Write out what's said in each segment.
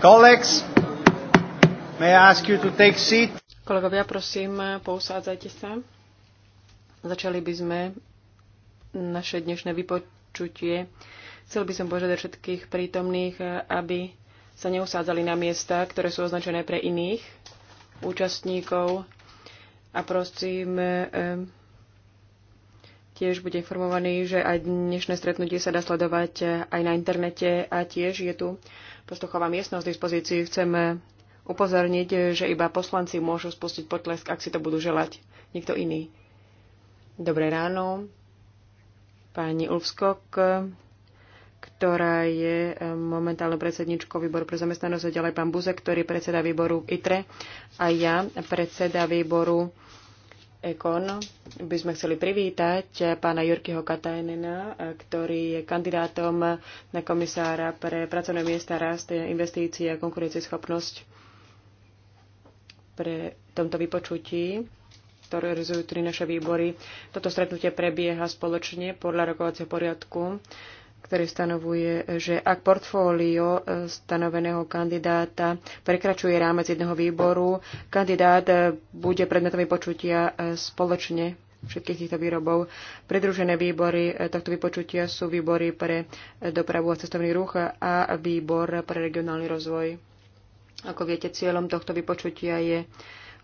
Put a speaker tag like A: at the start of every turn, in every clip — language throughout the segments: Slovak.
A: Colleagues, may I ask you to take seat?
B: Kolegovia, prosím, pousádzajte sa. Začali by sme naše dnešné vypočutie. Chcel by som požiadať všetkých prítomných, aby sa neusádzali na miesta, ktoré sú označené pre iných účastníkov. A prosím, ehm, tiež bude informovaný, že aj dnešné stretnutie sa dá sledovať eh, aj na internete a tiež je tu posluchová miestnosť v dispozícii. Chceme upozorniť, že iba poslanci môžu spustiť potlesk, ak si to budú želať. Nikto iný. Dobré ráno. Pani Ulfskok, ktorá je eh, momentálne predsedničkou výboru pre zamestnanosť a ďalej pán Buzek, ktorý je predseda výboru ITRE a ja predseda výboru Ekon by sme chceli privítať pána Jurkyho Katajnena, ktorý je kandidátom na komisára pre pracovné miesta, rast, investície a konkurencieschopnosť. Pre tomto vypočutí, ktoré rezultujú tri naše výbory, toto stretnutie prebieha spoločne podľa rokovacieho poriadku ktorý stanovuje, že ak portfólio e, stanoveného kandidáta prekračuje rámec jedného výboru, kandidát e, bude predmetom vypočutia e, spoločne všetkých týchto výrobov. Pridružené výbory tohto vypočutia sú výbory pre dopravu a cestovný ruch a výbor pre regionálny rozvoj. Ako viete, cieľom tohto vypočutia je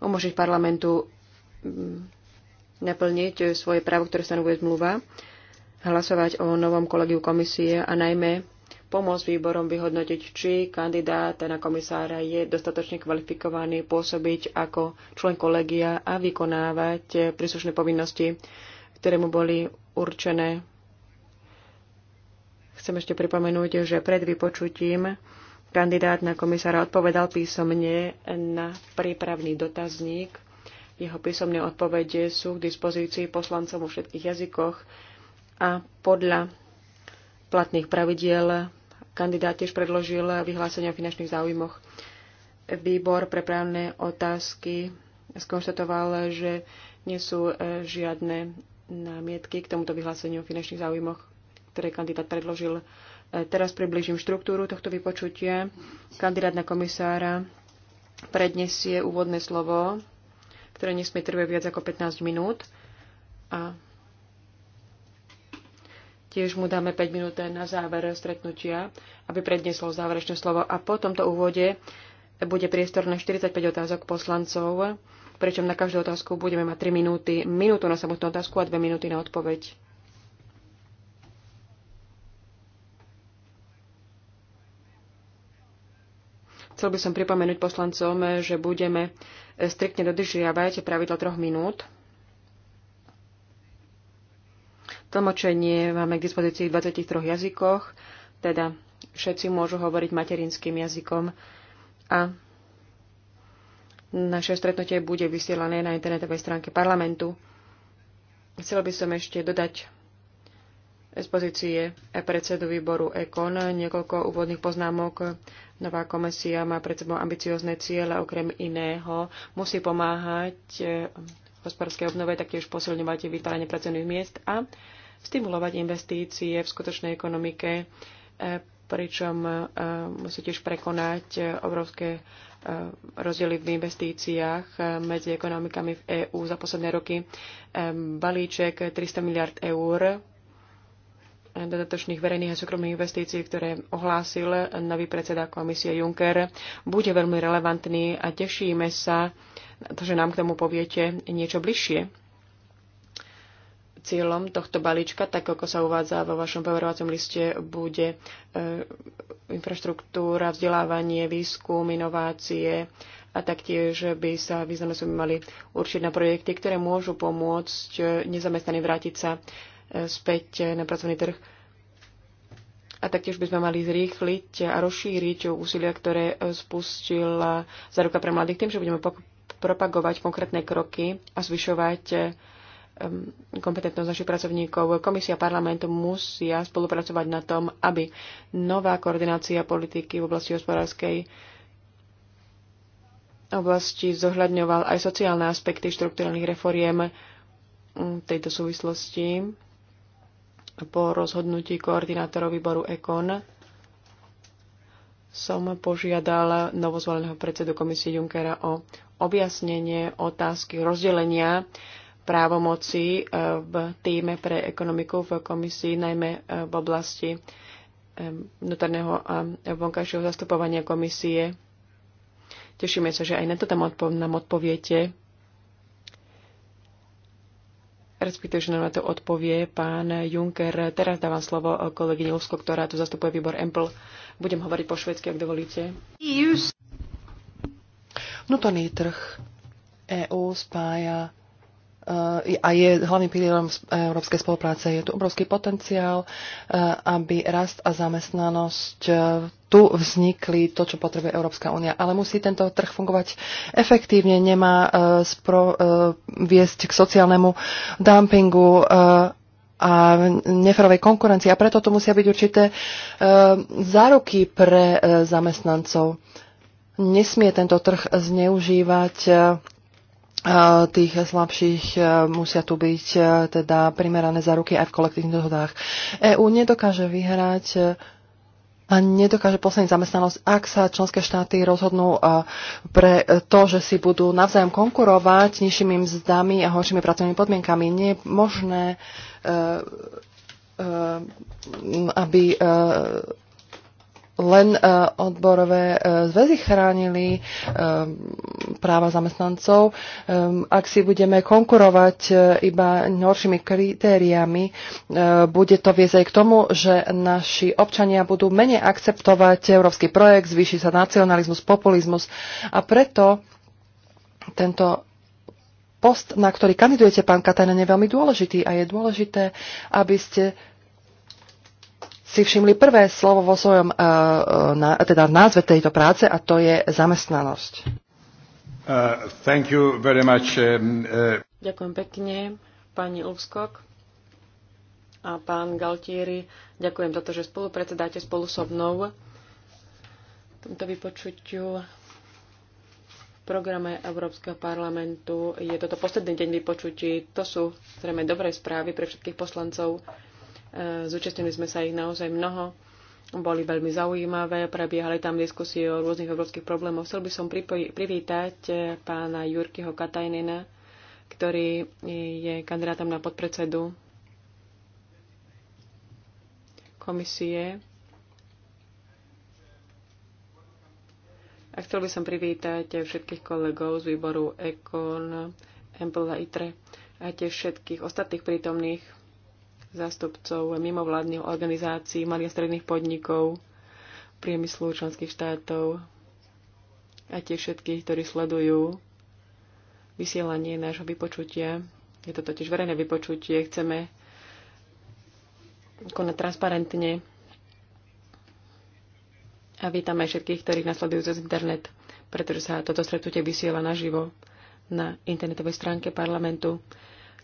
B: umožniť parlamentu naplniť svoje právo, ktoré stanovuje zmluva hlasovať o novom kolegiu komisie a najmä pomôcť výborom vyhodnotiť, či kandidát na komisára je dostatočne kvalifikovaný pôsobiť ako člen kolegia a vykonávať príslušné povinnosti, ktoré mu boli určené. Chcem ešte pripomenúť, že pred vypočutím kandidát na komisára odpovedal písomne na prípravný dotazník. Jeho písomné odpovede sú k dispozícii poslancom vo všetkých jazykoch a podľa platných pravidiel kandidát tiež predložil vyhlásenie o finančných záujmoch. Výbor pre právne otázky skonštatoval, že nie sú e, žiadne námietky k tomuto vyhláseniu o finančných záujmoch, ktoré kandidát predložil. E, teraz približím štruktúru tohto vypočutia. Kandidát na komisára predniesie úvodné slovo, ktoré nesmie trvať viac ako 15 minút a Tiež mu dáme 5 minút na záver stretnutia, aby predniesol záverečné slovo. A po tomto úvode bude priestor na 45 otázok poslancov, pričom na každú otázku budeme mať 3 minúty, minútu na samotnú otázku a 2 minúty na odpoveď. Chcel by som pripomenúť poslancom, že budeme striktne dodržiavať pravidlo troch minút Tlmočenie máme k dispozícii v 23 jazykoch, teda všetci môžu hovoriť materinským jazykom a naše stretnutie bude vysielané na internetovej stránke parlamentu. Chcela by som ešte dodať z pozície predsedu výboru EKON niekoľko úvodných poznámok. Nová komisia má pred sebou ambiciozne ciele, okrem iného musí pomáhať hospodárskej obnove, taktiež posilňovať vytváranie pracovných miest a stimulovať investície v skutočnej ekonomike, e, pričom e, musí tiež prekonať e, obrovské rozdiely v investíciách medzi ekonomikami v EÚ za posledné roky. Balíček 300 miliard eur dodatočných verejných a súkromných investícií, ktoré ohlásil nový predseda komisie Juncker, bude veľmi relevantný a tešíme sa, to, že nám k tomu poviete niečo bližšie. Cieľom tohto balíčka, tak ako sa uvádza vo vašom poverovacom liste, bude e, infraštruktúra, vzdelávanie, výskum, inovácie a taktiež by sa významné sumy mali určiť na projekty, ktoré môžu pomôcť e, nezamestnaným vrátiť sa e, späť na pracovný trh. A taktiež by sme mali zrýchliť a rozšíriť úsilia, ktoré spustila za ruka pre mladých tým, že budeme propagovať konkrétne kroky a zvyšovať Um, kompetentnosť našich pracovníkov. Komisia parlamentu musia spolupracovať na tom, aby nová koordinácia politiky v oblasti hospodárskej oblasti zohľadňoval aj sociálne aspekty štruktúrnych reforiem tejto súvislosti po rozhodnutí koordinátorov výboru EKON som požiadal novozvoleného predsedu komisie Junckera o objasnenie otázky rozdelenia právomoci e, v týme pre ekonomiku v komisii, najmä e, v oblasti e, vnútorného a vonkajšieho zastupovania komisie. Tešíme sa, že aj na to tam odpov- nám odpoviete. Respektíve, že nám na to odpovie pán Juncker. Teraz dávam slovo kolegyni Lusko, ktorá tu zastupuje výbor EMPL. Budem hovoriť po švedsky, ak dovolíte.
C: Vnútorný trh EÚ spája E, a je hlavným pilierom európskej spolupráce. Je tu obrovský potenciál, e, aby rast a zamestnanosť e, tu vznikli to, čo potrebuje Európska únia. Ale musí tento trh fungovať efektívne, nemá spro, viesť k sociálnemu dumpingu a neferovej konkurencii. A preto tu musia byť určité záruky pre zamestnancov. Nesmie tento trh zneužívať tých slabších e, musia tu byť e, teda primerané za ruky aj v kolektívnych dohodách. EÚ nedokáže vyhrať e, a nedokáže posledniť zamestnanosť, ak sa členské štáty rozhodnú pre to, že si budú navzájom konkurovať nižšími mzdami a horšími pracovnými podmienkami. Nie je možné, aby len e, odborové e, zväzy chránili e, práva zamestnancov. Ak si budeme konkurovať iba horšími kritériami, bude to viesť aj k tomu, že naši občania budú menej akceptovať európsky projekt, zvýši sa nacionalizmus, populizmus a preto tento post, na ktorý kandidujete, pán Katajnen, je veľmi dôležitý a je dôležité, aby ste si všimli prvé slovo vo svojom eh, eh, na, teda v názve tejto práce a to je
D: zamestnanosť. Uh, thank you very much, um, uh...
B: Ďakujem pekne, pani Ulfskok a pán Galtieri. Ďakujem za to, že spolupredsedáte spolu so mnou tomto vypočutiu v programe Európskeho parlamentu. Je toto posledný deň vypočutí. To sú zrejme dobré správy pre všetkých poslancov. E, zúčastnili sme sa ich naozaj mnoho. Boli veľmi zaujímavé, prebiehali tam diskusie o rôznych európskych problémoch. Chcel by som privítať e, pána Jurkyho Katajnina, ktorý je kandidátom na podpredsedu komisie. A chcel by som privítať všetkých kolegov z výboru EKON, Empel a ITRE a tiež všetkých ostatných prítomných zástupcov mimovládnych organizácií, malých a stredných podnikov, priemyslu členských štátov a tie všetkých, ktorí sledujú vysielanie nášho vypočutia. Je to totiž verejné vypočutie. Chceme konať transparentne a vítame všetkých, ktorí nasledujú cez internet, pretože sa toto stretnutie vysiela naživo na internetovej stránke parlamentu.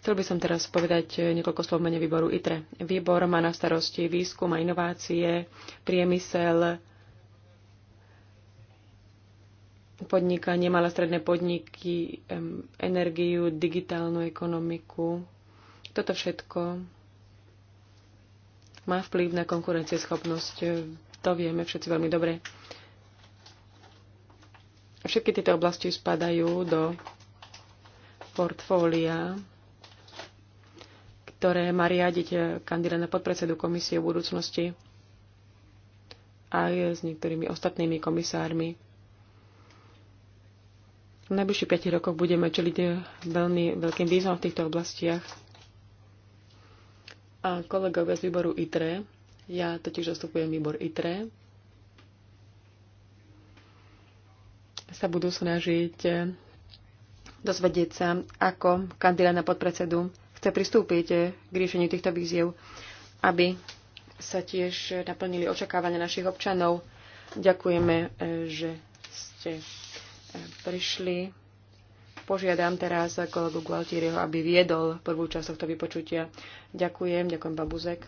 B: Chcel by som teraz povedať eh, niekoľko slov mene výboru ITRE. Výbor má na starosti výskum a inovácie, priemysel, podnikanie, malé stredné podniky, energiu, digitálnu ekonomiku. Toto všetko má vplyv na konkurencieschopnosť. To vieme všetci veľmi dobre. Všetky tieto oblasti spadajú do portfólia ktoré má riadiť e, kandidát na podpredsedu komisie v budúcnosti aj s niektorými ostatnými komisármi. V najbližších 5 rokoch budeme čeliť e, veľmi veľkým výzvam v týchto oblastiach. A kolegovia z výboru ITRE, ja totiž zastupujem výbor ITRE, sa budú snažiť e, dozvedieť sa, ako kandidát na podpredsedu chce pristúpiť eh, k riešeniu týchto víziev, aby sa tiež naplnili očakávania našich občanov. Ďakujeme, eh, že ste eh, prišli. Požiadam teraz kolegu Gualtierieho, aby viedol prvú časť tohto vypočutia. Ďakujem, ďakujem Babuzek.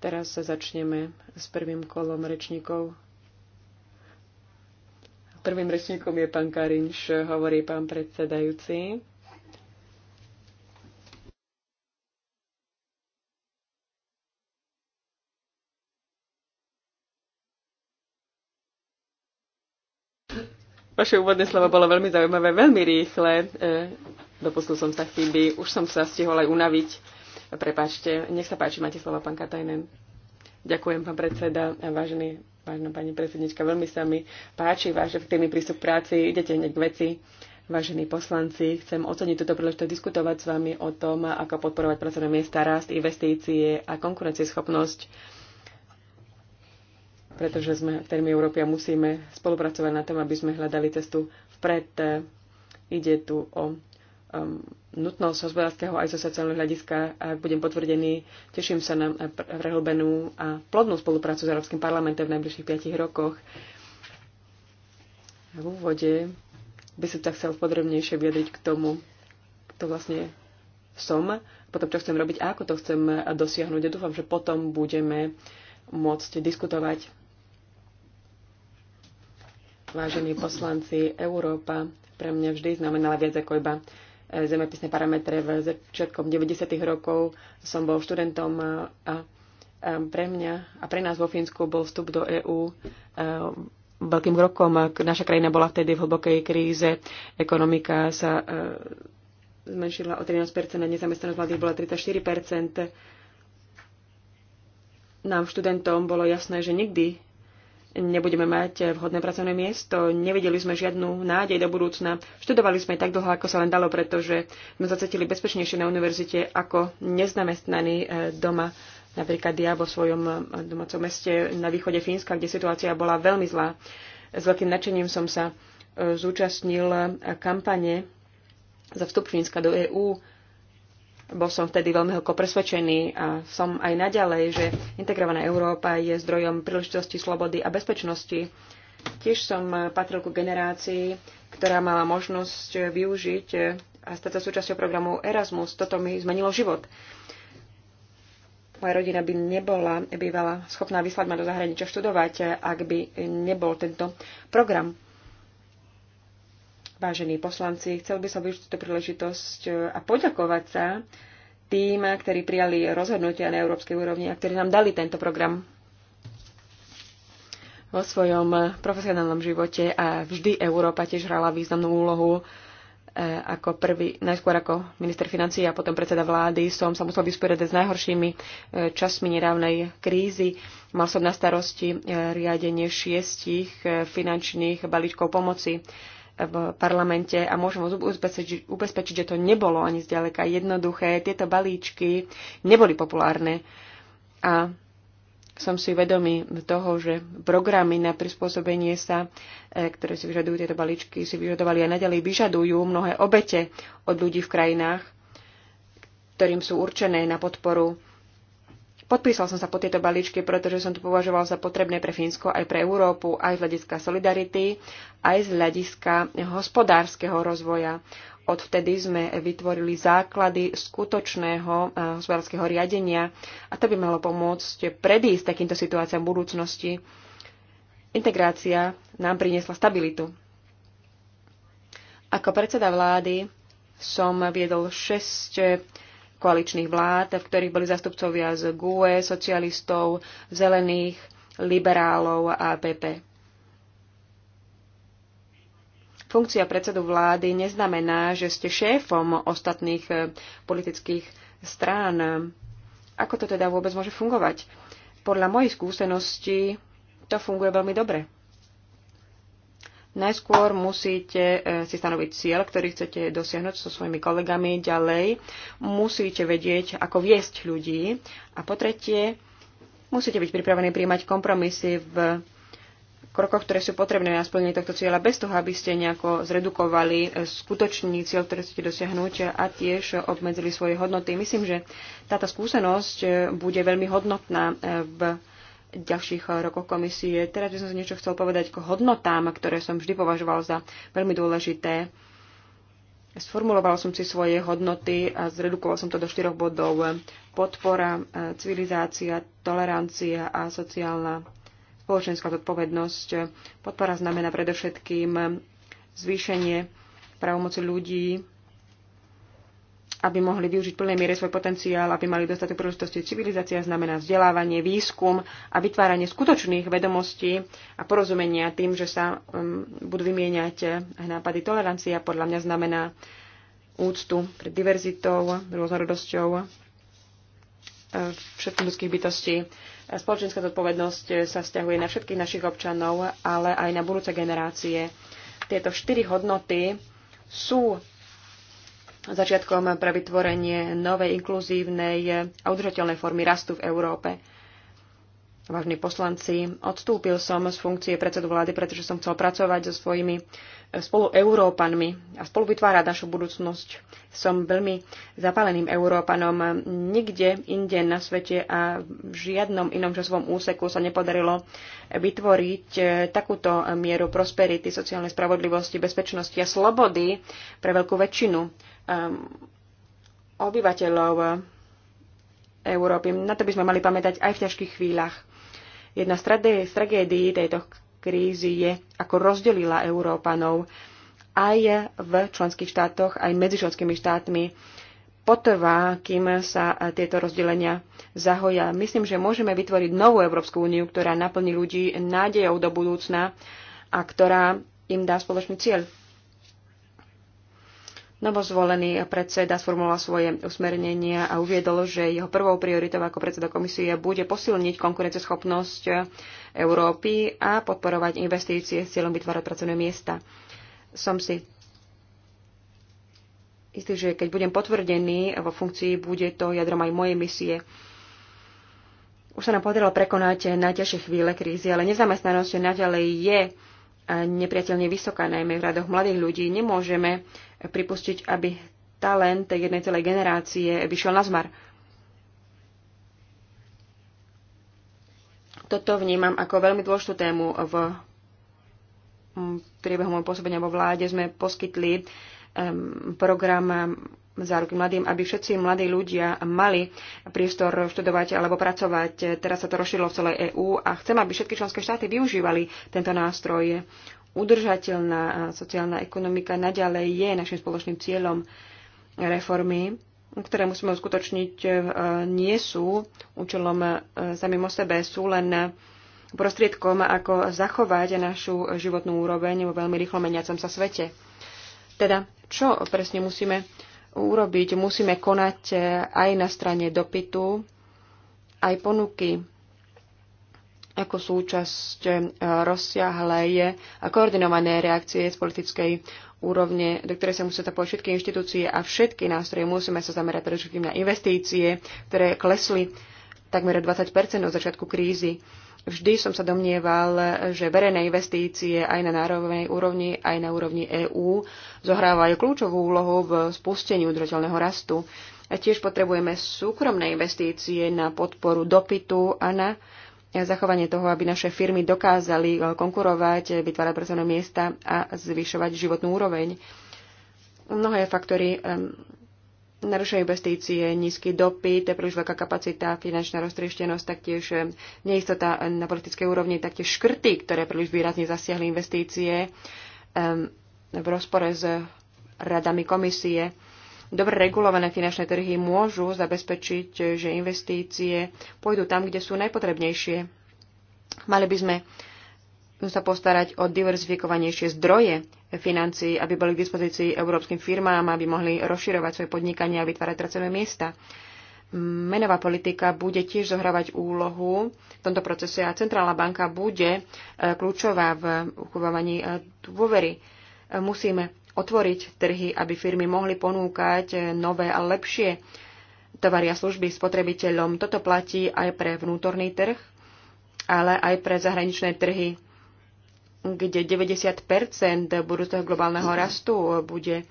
B: Teraz sa začneme s prvým kolom rečníkov. Prvým rečníkom je pán Karinš, hovorí pán predsedajúci. Vaše úvodné slovo bolo veľmi zaujímavé, veľmi rýchle. E, dopustil som sa chyby, už som sa stihol aj unaviť. Prepačte, nech sa páči, máte slovo, pán Katajnen. Ďakujem, pán predseda, a vážený, vážená pani predsednička, veľmi sa mi páči váš efektívny prístup k práci, idete hneď k veci. Vážení poslanci, chcem oceniť túto príležitosť diskutovať s vami o tom, ako podporovať pracovné miesta, rast, investície a konkurencieschopnosť pretože sme v termi a musíme spolupracovať na tom, aby sme hľadali cestu vpred. Ide tu o um, nutnosť hospodárskeho aj zo sociálneho hľadiska. Ak budem potvrdený, teším sa na prehlbenú a plodnú spoluprácu s Európskym parlamentom v najbližších 5 rokoch. V úvode by som tak chcel podrobnejšie vyjadriť k tomu, kto vlastne som, potom čo chcem robiť a ako to chcem dosiahnuť. A dúfam, že potom budeme môcť diskutovať Vážení poslanci, Európa pre mňa vždy znamenala viac ako iba e, zemepisné parametre. V začiatkom 90. rokov som bol študentom a pre mňa a pre nás vo Fínsku bol vstup do EÚ e, veľkým rokom. Naša krajina bola vtedy v hlbokej kríze, ekonomika sa e, zmenšila o 13%, a nezamestnanosť mladých bola 34%. Nám študentom bolo jasné, že nikdy nebudeme mať vhodné pracovné miesto. Nevideli sme žiadnu nádej do budúcna. Študovali sme tak dlho, ako sa len dalo, pretože sme sa cítili bezpečnejšie na univerzite ako neznamestnaní e, doma. Napríklad ja vo svojom e, domácom meste na východe Fínska, kde situácia bola veľmi zlá. S veľkým nadšením som sa e, zúčastnil kampane za vstup Fínska do EÚ bol som vtedy veľmi hlboko presvedčený a som aj naďalej, že integrovaná Európa je zdrojom príležitosti, slobody a bezpečnosti. Tiež som patril ku generácii, ktorá mala možnosť využiť a stať sa súčasťou programu Erasmus. Toto mi zmenilo život. Moja rodina by nebola bývala schopná vyslať ma do zahraničia študovať, ak by nebol tento program. Vážení poslanci, chcel by som využiť túto príležitosť e, a poďakovať sa tým, ktorí prijali rozhodnutia na európskej úrovni a ktorí nám dali tento program vo svojom profesionálnom živote a vždy Európa tiež hrala významnú úlohu e, ako prvý, najskôr ako minister financí a potom predseda vlády som sa musel vysporiadať s najhoršími e, časmi nedávnej krízy. Mal som na starosti riadenie šiestich finančných balíčkov pomoci v parlamente a môžem vás ubezpečiť, ubezpečiť, že to nebolo ani zďaleka jednoduché. Tieto balíčky neboli populárne a som si vedomý toho, že programy na prispôsobenie sa, e, ktoré si vyžadujú tieto balíčky, si vyžadovali a naďalej vyžadujú mnohé obete od ľudí v krajinách, ktorým sú určené na podporu Podpísal som sa po tieto balíčky, pretože som to považoval za potrebné pre Fínsko aj pre Európu, aj z hľadiska solidarity, aj z hľadiska hospodárskeho rozvoja. Odvtedy sme vytvorili základy skutočného eh, hospodárskeho riadenia a to by malo pomôcť predísť takýmto situáciám v budúcnosti. Integrácia nám priniesla stabilitu. Ako predseda vlády som viedol 6 koaličných vlád, v ktorých boli zastupcovia z GUE, socialistov, zelených, liberálov a PP. Funkcia predsedu vlády neznamená, že ste šéfom ostatných eh, politických strán. Ako to teda vôbec môže fungovať? Podľa mojich skúseností to funguje veľmi dobre. Najskôr musíte e, si stanoviť cieľ, ktorý chcete dosiahnuť so svojimi kolegami ďalej. Musíte vedieť, ako viesť ľudí. A po tretie, musíte byť pripravení príjmať kompromisy v krokoch, ktoré sú potrebné na splnenie tohto cieľa, bez toho, aby ste nejako zredukovali e, skutočný cieľ, ktorý chcete dosiahnuť a tiež obmedzili svoje hodnoty. Myslím, že táto skúsenosť e, bude veľmi hodnotná v ďalších eh, rokoch komisie. Teraz by som sa niečo chcel povedať k hodnotám, ktoré som vždy považoval za veľmi dôležité. Sformuloval som si svoje hodnoty a zredukoval som to do štyroch bodov. Podpora, eh, civilizácia, tolerancia a sociálna spoločenská zodpovednosť. Podpora znamená predovšetkým eh, zvýšenie právomoci ľudí aby mohli využiť plnej miere svoj potenciál, aby mali dostatok príležitosti. Civilizácia znamená vzdelávanie, výskum a vytváranie skutočných vedomostí a porozumenia tým, že sa um, budú vymieňať eh, nápady tolerancia. Podľa mňa znamená úctu pred diverzitou, rôznorodosťou eh, všetkých ľudských bytostí. Spoločenská zodpovednosť eh, sa vzťahuje na všetkých našich občanov, ale aj na budúce generácie. Tieto štyri hodnoty sú začiatkom pre vytvorenie novej inkluzívnej a udržateľnej formy rastu v Európe. Vážni poslanci, odstúpil som z funkcie predsedu vlády, pretože som chcel pracovať so svojimi eh, spolu Európanmi a spolu vytvárať našu budúcnosť. Som veľmi zapáleným Európanom. Nikde inde na svete a v žiadnom inom časovom úseku sa nepodarilo vytvoriť eh, takúto mieru prosperity, sociálnej spravodlivosti, bezpečnosti a slobody pre veľkú väčšinu Ehm, obyvateľov Európy. Na to by sme mali pamätať aj v ťažkých chvíľach. Jedna z tragédií tejto krízy je, ako rozdelila Európanov aj v členských štátoch, aj medzi členskými štátmi potrvá, kým sa tieto rozdelenia zahoja. Myslím, že môžeme vytvoriť novú Európsku úniu, ktorá naplní ľudí nádejou do budúcna a ktorá im dá spoločný cieľ. Novozvolený predseda sformuloval svoje usmernenia a uviedol, že jeho prvou prioritou ako predseda komisie bude posilniť konkurenceschopnosť Európy a podporovať investície s cieľom vytvárať pracovné miesta. Som si istý, že keď budem potvrdený vo funkcii, bude to jadrom aj mojej misie. Už sa nám podarilo prekonať najťažšie chvíle krízy, ale nezamestnanosť naďalej je nepriateľne vysoká, najmä v radoch mladých ľudí. Nemôžeme pripustiť, aby talent tej jednej celej generácie vyšiel na zmar. Toto vnímam ako veľmi dôležitú tému v priebehu môjho pôsobenia vo vláde. Sme poskytli program záruky mladým, aby všetci mladí ľudia mali priestor študovať alebo pracovať. Teraz sa to rozšírilo v celej EÚ a chcem, aby všetky členské štáty využívali tento nástroj udržateľná sociálna ekonomika naďalej je našim spoločným cieľom reformy, ktoré musíme uskutočniť, e, nie sú účelom e, samým o sebe, sú len prostriedkom, ako zachovať našu životnú úroveň vo veľmi rýchlo meniacom sa svete. Teda, čo presne musíme urobiť? Musíme konať e, aj na strane dopytu, aj ponuky ako súčasť e, rozsiahlej e, a koordinované reakcie z politickej úrovne, do ktorej sa musia zapojiť všetky inštitúcie a všetky nástroje. Musíme sa zamerať predovšetkým na investície, ktoré klesli takmer 20 od začiatku krízy. Vždy som sa domnieval, že verejné investície aj na národnej úrovni, aj na úrovni EÚ zohrávajú kľúčovú úlohu v spustení udržateľného rastu. A tiež potrebujeme súkromné investície na podporu dopytu a na zachovanie toho, aby naše firmy dokázali eh, konkurovať, eh, vytvárať pracovné miesta a zvyšovať životnú úroveň. Mnohé faktory eh, narušujú investície, nízky dopyt, príliš veľká kapacita, finančná roztrieštenosť, taktiež neistota na politickej úrovni, taktiež škrty, ktoré príliš výrazne zasiahli investície v rozpore s radami komisie. Dobre regulované finančné trhy môžu zabezpečiť, že investície pôjdu tam, kde sú najpotrebnejšie. Mali by sme sa postarať o diverzifikovanejšie zdroje financií, aby boli k dispozícii európskym firmám, aby mohli rozširovať svoje podnikanie a vytvárať pracovné miesta. Menová politika bude tiež zohrávať úlohu v tomto procese a Centrálna banka bude eh, kľúčová v uchovávaní eh, dôvery. Eh, musíme otvoriť trhy, aby firmy mohli ponúkať eh, nové a lepšie tovaria služby spotrebiteľom. Toto platí aj pre vnútorný trh, ale aj pre zahraničné trhy, kde 90 budúceho globálneho rastu eh, bude eh,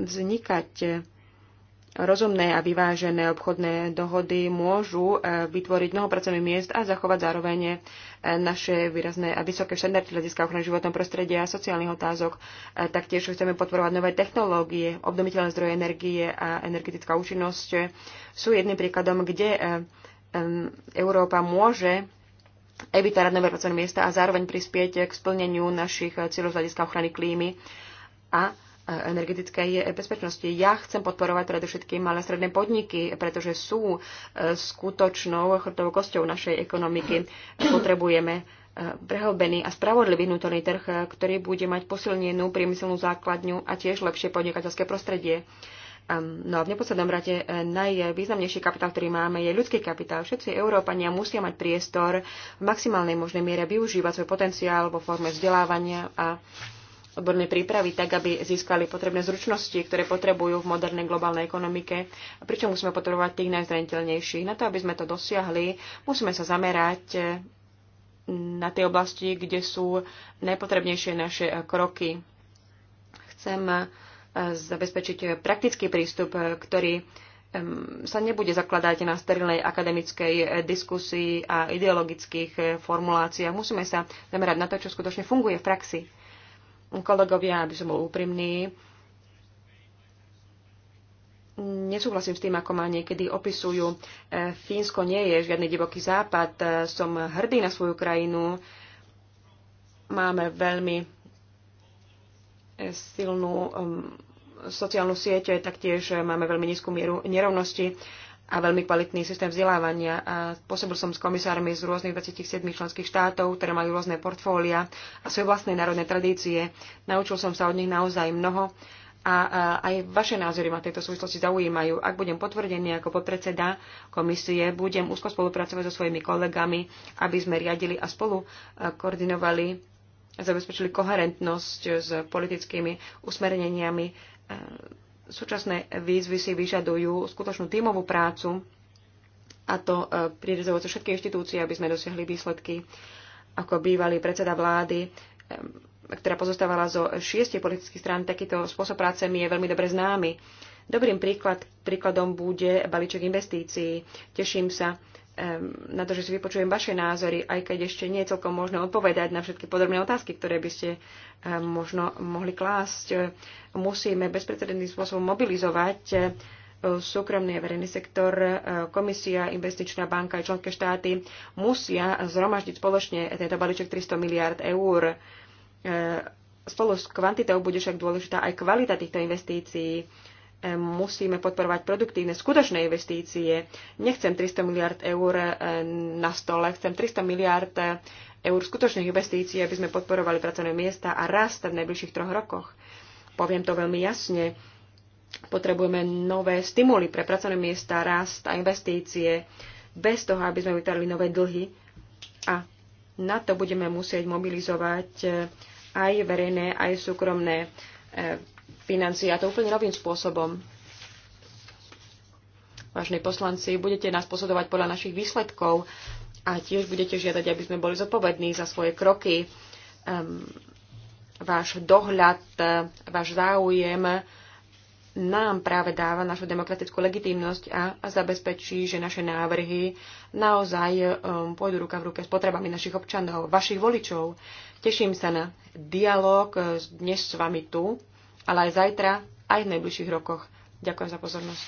B: vznikať rozumné a vyvážené obchodné dohody môžu e, vytvoriť mnoho pracovných miest a zachovať zároveň e, naše výrazné a vysoké štandardy hľadiska ochrany životného prostredia a sociálnych otázok. E, taktiež chceme podporovať nové technológie, obnoviteľné zdroje energie a energetická účinnosť sú jedným príkladom, kde Európa môže evitárať vytvárať nové pracovné miesta a zároveň prispieť k splneniu našich cieľov z hľadiska ochrany klímy a energetickej bezpečnosti. Ja chcem podporovať predovšetkým malé stredné podniky, pretože sú e, skutočnou chrtovou kosťou našej ekonomiky. Potrebujeme e, prehlbený a spravodlivý vnútorný trh, ktorý bude mať posilnenú priemyselnú základňu a tiež lepšie podnikateľské prostredie. No a v neposlednom rade e, najvýznamnejší kapitál, ktorý máme, je ľudský kapitál. Všetci Európania musia mať priestor v maximálnej možnej miere využívať svoj potenciál vo forme vzdelávania a odbornej prípravy, tak aby získali potrebné zručnosti, ktoré potrebujú v modernej globálnej ekonomike, pričom musíme potrebovať tých najzraniteľnejších. Na to, aby sme to dosiahli, musíme sa zamerať eh, na tie oblasti, kde sú najpotrebnejšie naše eh, kroky. Chcem eh, zabezpečiť praktický prístup, ktorý sa nebude zakladať na sterilnej akademickej diskusii a ideologických formuláciách. Musíme sa zamerať na to, čo skutočne funguje v praxi Kolegovia, aby som bol úprimný, nesúhlasím s tým, ako ma niekedy opisujú. E, Fínsko nie je žiadny divoký západ. E, som hrdý na svoju krajinu. Máme veľmi e, silnú sociálnu sieť, taktiež máme veľmi nízku mieru nerovnosti a veľmi kvalitný systém vzdelávania. A pôsobil som s komisármi z rôznych 27 členských štátov, ktoré majú rôzne portfólia a svoje vlastné národné tradície. Naučil som sa od nich naozaj mnoho a, aj vaše názory ma tejto súvislosti zaujímajú. Ak budem potvrdený ako podpredseda komisie, budem úzko spolupracovať so svojimi kolegami, aby sme riadili a spolu e, koordinovali a zabezpečili koherentnosť s politickými usmerneniami e, Súčasné výzvy si vyžadujú skutočnú tímovú prácu a to e, prierezovo cez všetky inštitúcie, aby sme dosiahli výsledky. Ako bývalý predseda vlády, e, ktorá pozostávala zo šiestich politických strán, takýto spôsob práce mi je veľmi dobre známy. Dobrým príklad, príkladom bude balíček investícií. Teším sa, na to, že si vypočujem vaše názory, aj keď ešte nie je celkom možné odpovedať na všetky podrobné otázky, ktoré by ste možno mohli klásť. Musíme bezprecedentným spôsobom mobilizovať e, súkromný a verejný sektor, e, komisia, investičná banka aj členské štáty musia zhromaždiť spoločne tento balíček 300 miliard eur. E, spolu s kvantitou bude však dôležitá aj kvalita týchto investícií musíme podporovať produktívne, skutočné investície. Nechcem 300 miliard eur eh, na stole, chcem 300 miliard eh, eur skutočných investícií, aby sme podporovali pracovné miesta a rast v najbližších troch rokoch. Poviem to veľmi jasne. Potrebujeme nové stimuly pre pracovné miesta, rast a investície, bez toho, aby sme vytvorili nové dlhy. A na to budeme musieť mobilizovať eh, aj verejné, aj súkromné financií a to úplne novým spôsobom. Vážení poslanci, budete nás posledovať podľa našich výsledkov a tiež budete žiadať, aby sme boli zodpovední za svoje kroky. Um, váš dohľad, váš záujem nám práve dáva našu demokratickú legitímnosť a, a zabezpečí, že naše návrhy naozaj um, pôjdu ruka v ruke s potrebami našich občanov, vašich voličov. Teším sa na dialog eh, dnes s vami tu ale aj zajtra, aj v najbližších rokoch. Ďakujem za pozornosť.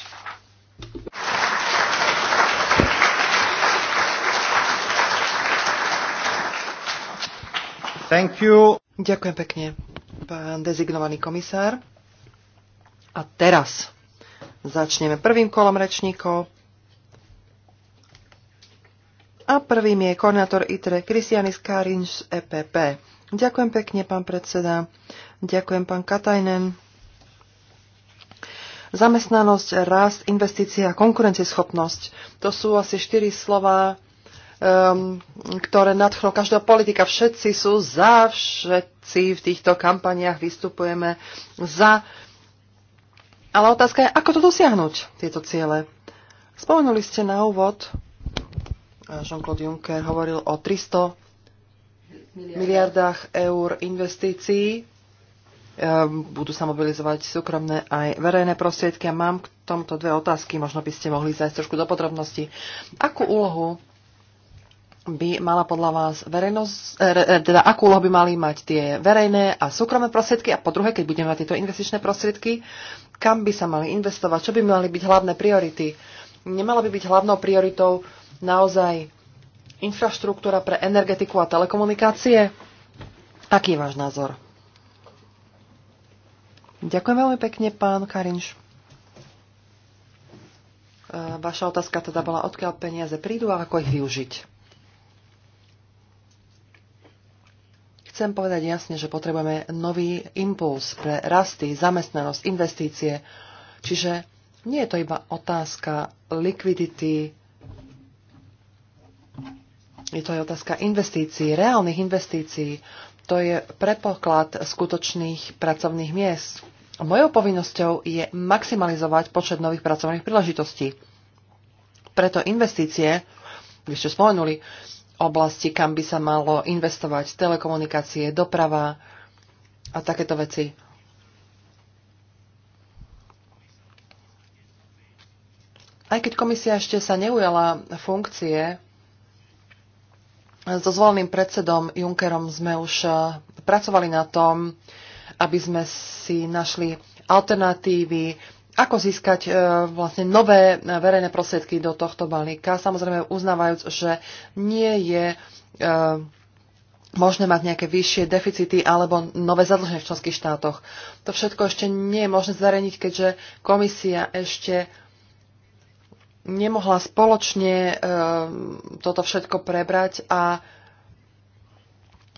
C: Thank you. Ďakujem pekne, pán dezignovaný komisár. A teraz začneme prvým kolom rečníkov. A prvým je koordinátor ITRE Kristianis Karinš z EPP. Ďakujem pekne, pán predseda. Ďakujem, pán Katajnen. Zamestnanosť, rast, investícia, konkurencieschopnosť. To sú asi štyri slova, um, ktoré nadchnú každého politika. Všetci sú za, všetci v týchto kampaniách vystupujeme za. Ale otázka je, ako to dosiahnuť, tieto ciele. Spomenuli ste na úvod, Jean-Claude Juncker hovoril o 300 miliardách eur investícií. Ehm, budú sa mobilizovať súkromné aj verejné prostriedky. A mám k tomto dve otázky, možno by ste mohli zájsť trošku do podrobnosti. Akú úlohu by mala podľa vás verejnosť, eh, eh, teda akú úlohu by mali mať tie verejné a súkromné prostriedky a po druhé, keď budeme mať tieto investičné prostriedky, kam by sa mali investovať, čo by mali byť hlavné priority. Nemala by byť hlavnou prioritou naozaj infraštruktúra pre energetiku a telekomunikácie. Aký je váš názor? Ďakujem veľmi pekne, pán Karinš. E, vaša otázka teda bola, odkiaľ peniaze prídu a ako ich využiť. Chcem povedať jasne, že potrebujeme nový impuls pre rasty, zamestnanosť, investície. Čiže nie je to iba otázka likvidity, je to aj otázka investícií, reálnych investícií. To je predpoklad skutočných pracovných miest. Mojou povinnosťou je maximalizovať počet nových pracovných príležitostí. Preto investície, vy ste spomenuli, oblasti, kam by sa malo investovať, telekomunikácie, doprava a takéto veci. Aj keď komisia ešte sa neujala funkcie, so zvoleným predsedom Junckerom sme už eh, pracovali na tom, aby sme si našli alternatívy, ako získať eh, vlastne nové eh, verejné prostriedky do tohto balíka, samozrejme uznávajúc, že nie je možné mať nejaké vyššie deficity alebo nové zadlženie v členských štátoch. To všetko ešte nie je možné zverejniť, keďže komisia ešte nemohla spoločne e, toto všetko prebrať a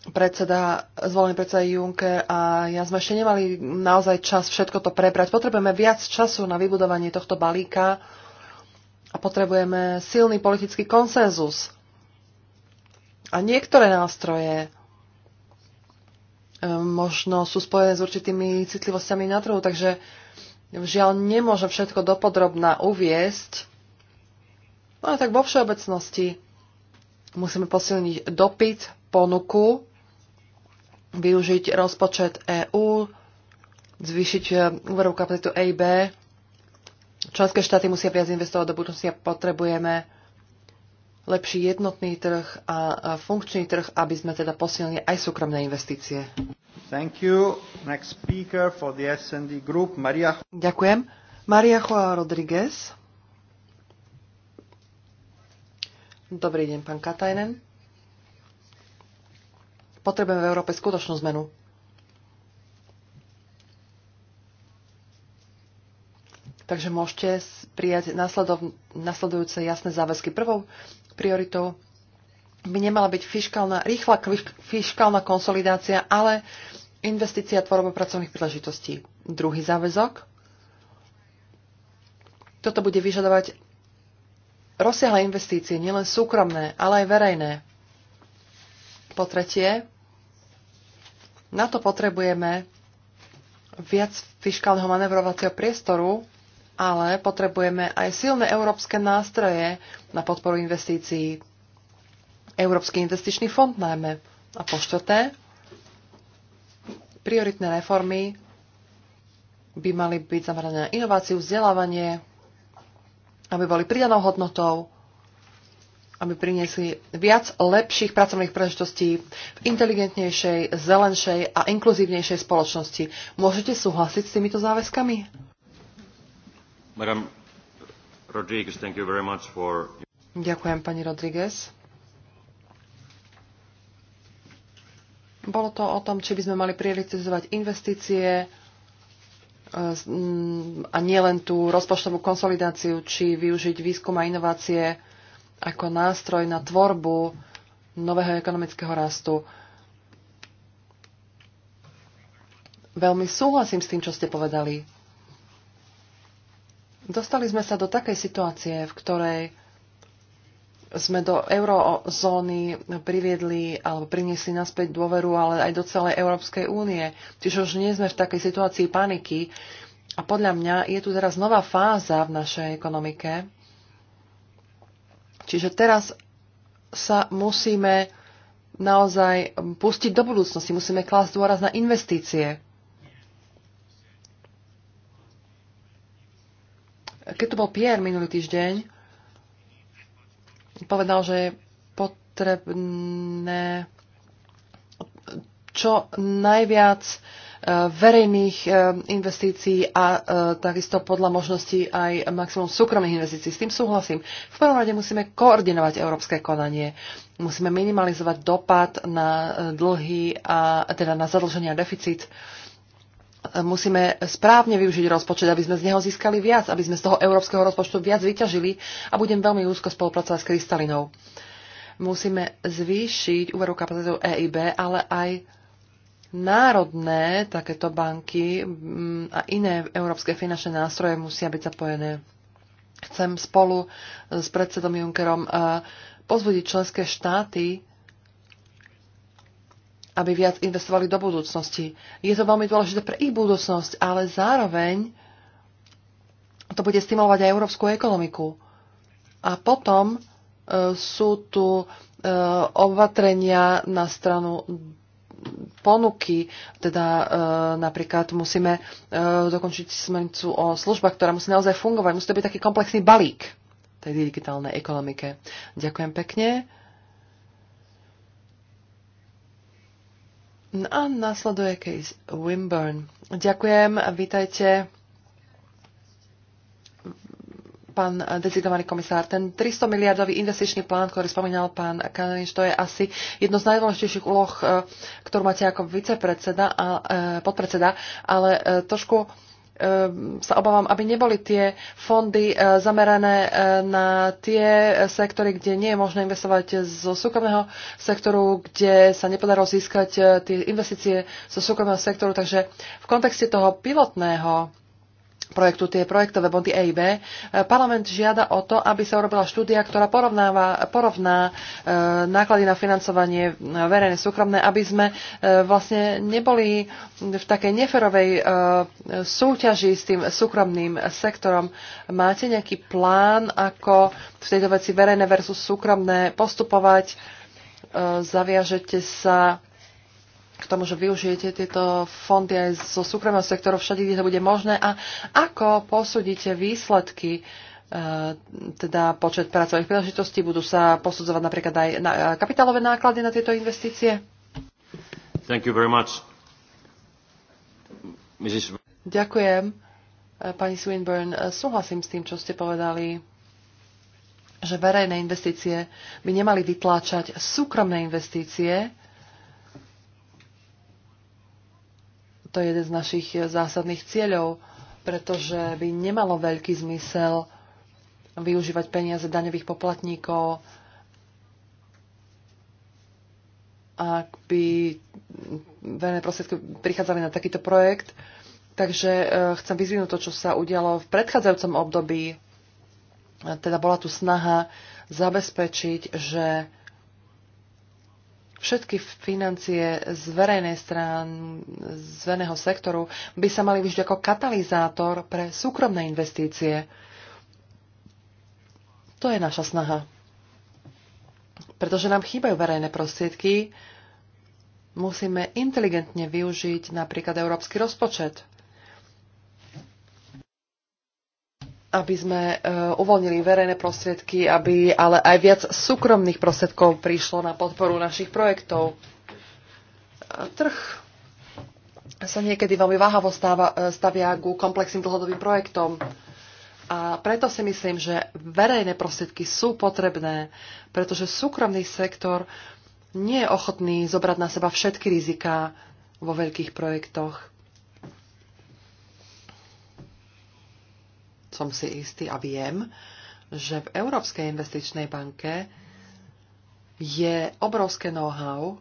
C: predseda, zvolený predseda Juncker a ja sme ešte nemali naozaj čas všetko to prebrať. Potrebujeme viac času na vybudovanie tohto balíka a potrebujeme silný politický konsenzus. A niektoré nástroje e, možno sú spojené s určitými citlivosťami na trhu, takže žiaľ nemôžem všetko dopodrobná uviesť, No a tak vo všeobecnosti musíme posilniť dopyt, ponuku, využiť rozpočet EÚ, zvýšiť eh, úverovú kapacitu EIB. Členské štáty musia viac investovať do budúcnosti a potrebujeme lepší jednotný trh a funkčný trh, aby sme teda posilnili aj súkromné investície.
B: Thank you. Next
D: speaker for the SND group, Maria.
C: Ďakujem. Maria Joa Rodriguez. Dobrý deň, pán Katajnen. Potrebujeme v Európe skutočnú zmenu. Takže môžete prijať nasledov, nasledujúce jasné záväzky. Prvou prioritou by nemala byť fiskálna, rýchla fiskálna konsolidácia, ale investícia tvorba pracovných príležitostí. Druhý záväzok. Toto bude vyžadovať rozsiahle investície, nielen súkromné, ale aj verejné. Po tretie, na to potrebujeme viac fiskálneho manevrovacieho priestoru, ale potrebujeme aj silné európske nástroje na podporu investícií. Európsky investičný fond najmä. A po štvrté, prioritné reformy by mali byť zamerané na inováciu, vzdelávanie, aby boli pridanou hodnotou, aby priniesli viac lepších pracovných príležitostí v inteligentnejšej, zelenšej a inkluzívnejšej spoločnosti. Môžete súhlasiť s týmito záväzkami?
D: Madam Rodriguez, thank you very much for...
C: Ďakujem, pani Rodriguez. Bolo to o tom, či by sme mali prioritizovať investície, a mm, nie len tú rozpočtovú konsolidáciu, či využiť výskum a inovácie ako nástroj na tvorbu nového ekonomického rastu. Veľmi súhlasím s tým, čo ste povedali. Dostali sme sa do takej situácie, v ktorej sme do eurozóny priviedli alebo priniesli naspäť dôveru, ale aj do celej Európskej únie. Čiže už nie sme v takej situácii paniky. A podľa mňa je tu teraz nová fáza v našej ekonomike. Čiže teraz sa musíme naozaj pustiť do budúcnosti. Musíme klásť dôraz na investície. Keď tu bol Pierre minulý týždeň, povedal, že je potrebné čo najviac e, verejných e, investícií a e, takisto podľa možností aj maximum súkromných investícií. S tým súhlasím. V prvom rade musíme koordinovať európske konanie. Musíme minimalizovať dopad na dlhy a teda na zadlženie a deficit. Uh, musíme správne využiť rozpočet, aby sme z neho získali viac, aby sme z toho európskeho rozpočtu viac vyťažili a budem veľmi úzko spolupracovať s Kristalinou. Musíme zvýšiť úveru kapacitu EIB, ale aj národné takéto banky mm, a iné európske finančné nástroje musia byť zapojené. Chcem spolu s predsedom Junckerom eh, pozvodiť členské štáty, aby viac investovali do budúcnosti. Je to veľmi dôležité pre ich budúcnosť, ale zároveň to bude stimulovať aj európsku ekonomiku. A potom e, sú tu e, opatrenia na stranu ponuky, teda e, napríklad musíme e, dokončiť smernicu o službách, ktorá musí naozaj fungovať. Musí to byť taký komplexný balík tej digitálnej ekonomike. Ďakujem pekne. No a nasleduje case Wimburn. Ďakujem, vítajte pán dezignovaný komisár. Ten 300 miliardový investičný plán, ktorý spomínal pán Kanenič, to je asi jedno z najdôležitejších úloh, eh, ktorú máte ako vicepredseda a eh, podpredseda, ale eh, trošku Ehm, sa obávam, aby neboli tie fondy e, zamerané e, na tie sektory, kde nie je možné investovať zo súkromného sektoru, kde sa nepodarilo získať e, tie investície zo súkromného sektoru. Takže v kontexte toho pilotného projektu, tie projektové bondy EIB, e, parlament žiada o to, aby sa urobila štúdia, ktorá porovnáva, porovná e, náklady na financovanie e, verejné súkromné, aby sme vlastne neboli v takej neferovej súťaži s tým súkromným sektorom. Máte nejaký plán, ako v tejto veci verejné versus súkromné postupovať? Zaviažete sa k tomu, že využijete tieto fondy aj zo súkromného sektoru všade, kde to bude možné a ako posúdite výsledky e, teda počet pracovných príležitostí, budú sa posudzovať napríklad aj na, e, kapitálové náklady na tieto investície?
D: Thank you very much. Mrs.
C: Ďakujem, e, pani Swinburne. Súhlasím s tým, čo ste povedali, že verejné investície by nemali vytláčať súkromné investície, to je jeden z našich zásadných cieľov, pretože by nemalo veľký zmysel využívať peniaze daňových poplatníkov, ak by verejné prostriedky prichádzali na takýto projekt. Takže e, chcem vyzvinúť to, čo sa udialo v predchádzajúcom období. E, teda bola tu snaha zabezpečiť, že všetky financie z verejnej strán, z verejného sektoru by sa mali vyžiť ako katalizátor pre súkromné investície. To je naša snaha. Pretože nám chýbajú verejné prostriedky, musíme inteligentne využiť napríklad európsky rozpočet. aby sme e, uvoľnili verejné prostriedky, aby ale aj viac súkromných prostriedkov prišlo na podporu našich projektov. E, trh sa niekedy veľmi váhavo stáva, e, stavia ku komplexným dlhodobým projektom. A preto si myslím, že verejné prostriedky sú potrebné, pretože súkromný sektor nie je ochotný zobrať na seba všetky riziká vo veľkých projektoch. som si istý a viem, že v Európskej investičnej banke je obrovské know-how,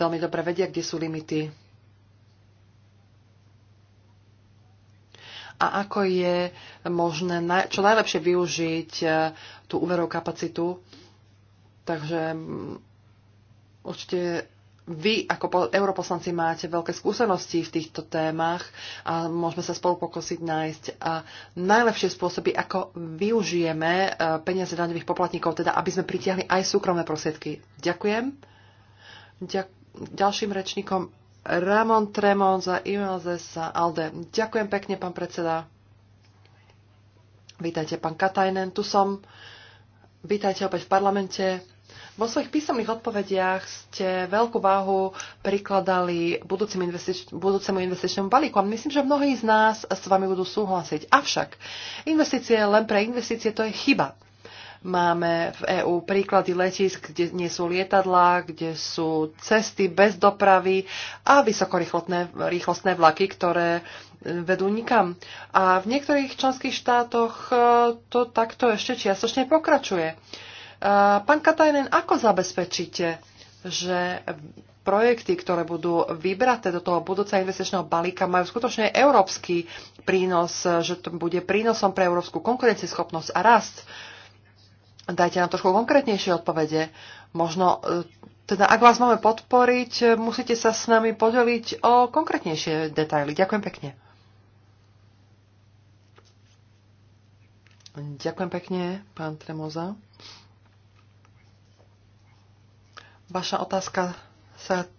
C: veľmi dobre vedia, kde sú limity a ako je možné čo najlepšie využiť eh, tú úverovú kapacitu. Takže mm, určite vy ako europoslanci máte veľké skúsenosti v týchto témach a môžeme sa spolu pokosiť nájsť a najlepšie spôsoby, ako využijeme e, peniaze daňových poplatníkov, teda aby sme pritiahli aj súkromné prosiedky. Ďakujem. Ďak- ďalším rečníkom Ramon Tremon za Imelzesa Alde. Ďakujem pekne, pán predseda. Vítajte, pán Katajnen, tu som. Vítajte opäť v parlamente. Vo svojich písomných odpovediach ste veľkú váhu prikladali budúcim investič- budúcemu investičnému balíku a myslím, že mnohí z nás s vami budú súhlasiť. Avšak investície len pre investície to je chyba. Máme v EÚ príklady letisk, kde nie sú lietadlá, kde sú cesty bez dopravy a vysokorýchlostné vlaky, ktoré vedú nikam. A v niektorých členských štátoch eh, to takto ešte čiastočne pokračuje. Eh, pán Katajnen, ako zabezpečíte, že projekty, ktoré budú vybraté do toho budúca investičného balíka, majú skutočne európsky prínos, že to bude prínosom pre európsku konkurencieschopnosť a rast. Dajte nám trošku konkrétnejšie odpovede. Možno, eh, teda ak vás máme podporiť, musíte sa s nami podeliť o konkrétnejšie detaily. Ďakujem pekne. Ďakujem pekne, pán Tremoza. Vaša otázka sa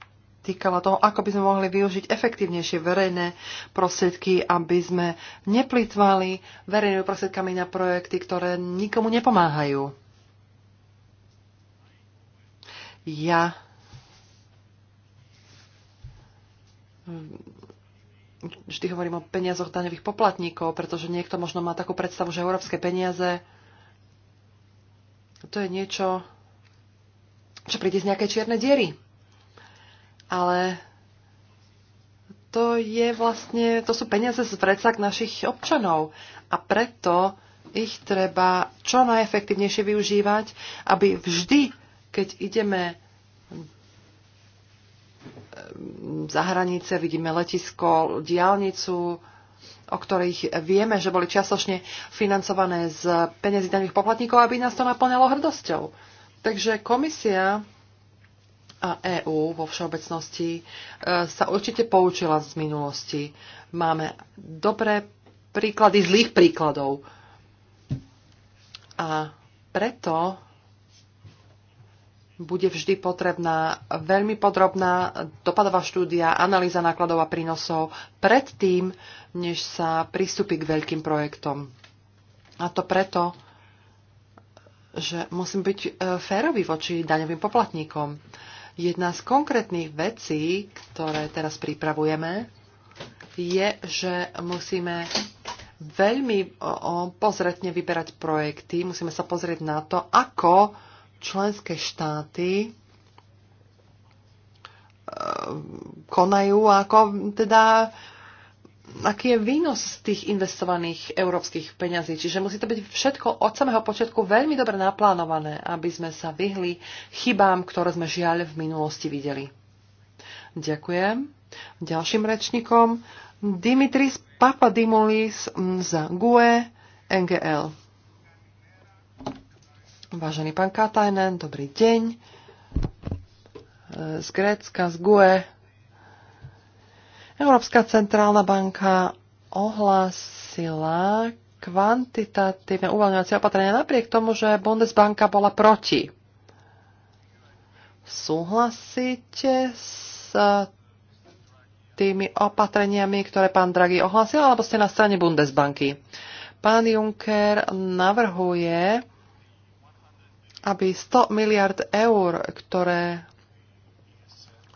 C: týkala toho, ako by sme mohli využiť efektívnejšie verejné prostriedky, aby sme neplýtvali verejnými prostriedkami na projekty, ktoré nikomu nepomáhajú. Ja vždy hovorím o peniazoch daňových poplatníkov, pretože niekto možno má takú predstavu, že európske peniaze to je niečo, že príde z nejaké čierne diery. Ale to je vlastne, to sú peniaze z vrecak našich občanov a preto ich treba čo najefektívnejšie využívať, aby vždy, keď ideme ehm, za hranice, vidíme letisko, diálnicu, o ktorých vieme, že boli čiastočne financované z peniazí daných poplatníkov, aby nás to naplňalo hrdosťou. Takže komisia a EÚ vo všeobecnosti e, sa určite poučila z minulosti. Máme dobré príklady zlých príkladov. A preto bude vždy potrebná veľmi podrobná dopadová štúdia, analýza nákladov a prínosov predtým, než sa pristúpi k veľkým projektom. A to preto, že musím byť e, férový voči daňovým poplatníkom. Jedna z konkrétnych vecí, ktoré teraz pripravujeme, je, že musíme veľmi pozretne vyberať projekty, musíme sa pozrieť na to, ako členské štáty e, konajú, ako teda aký je výnos tých investovaných európskych peňazí. Čiže musí to byť všetko od samého počiatku veľmi dobre naplánované, aby sme sa vyhli chybám, ktoré sme žiaľ v minulosti videli. Ďakujem. Ďalším rečníkom Dimitris Papadimulis za GUE NGL. Vážený pán Katajnen, dobrý deň. Z Grécka, z GUE Európska centrálna banka ohlásila kvantitatívne uvoľňovacie opatrenia napriek tomu, že Bundesbanka bola proti. Súhlasíte s tými opatreniami, ktoré pán Draghi ohlásil, alebo ste na strane Bundesbanky? Pán Juncker navrhuje, aby 100 miliard eur, ktoré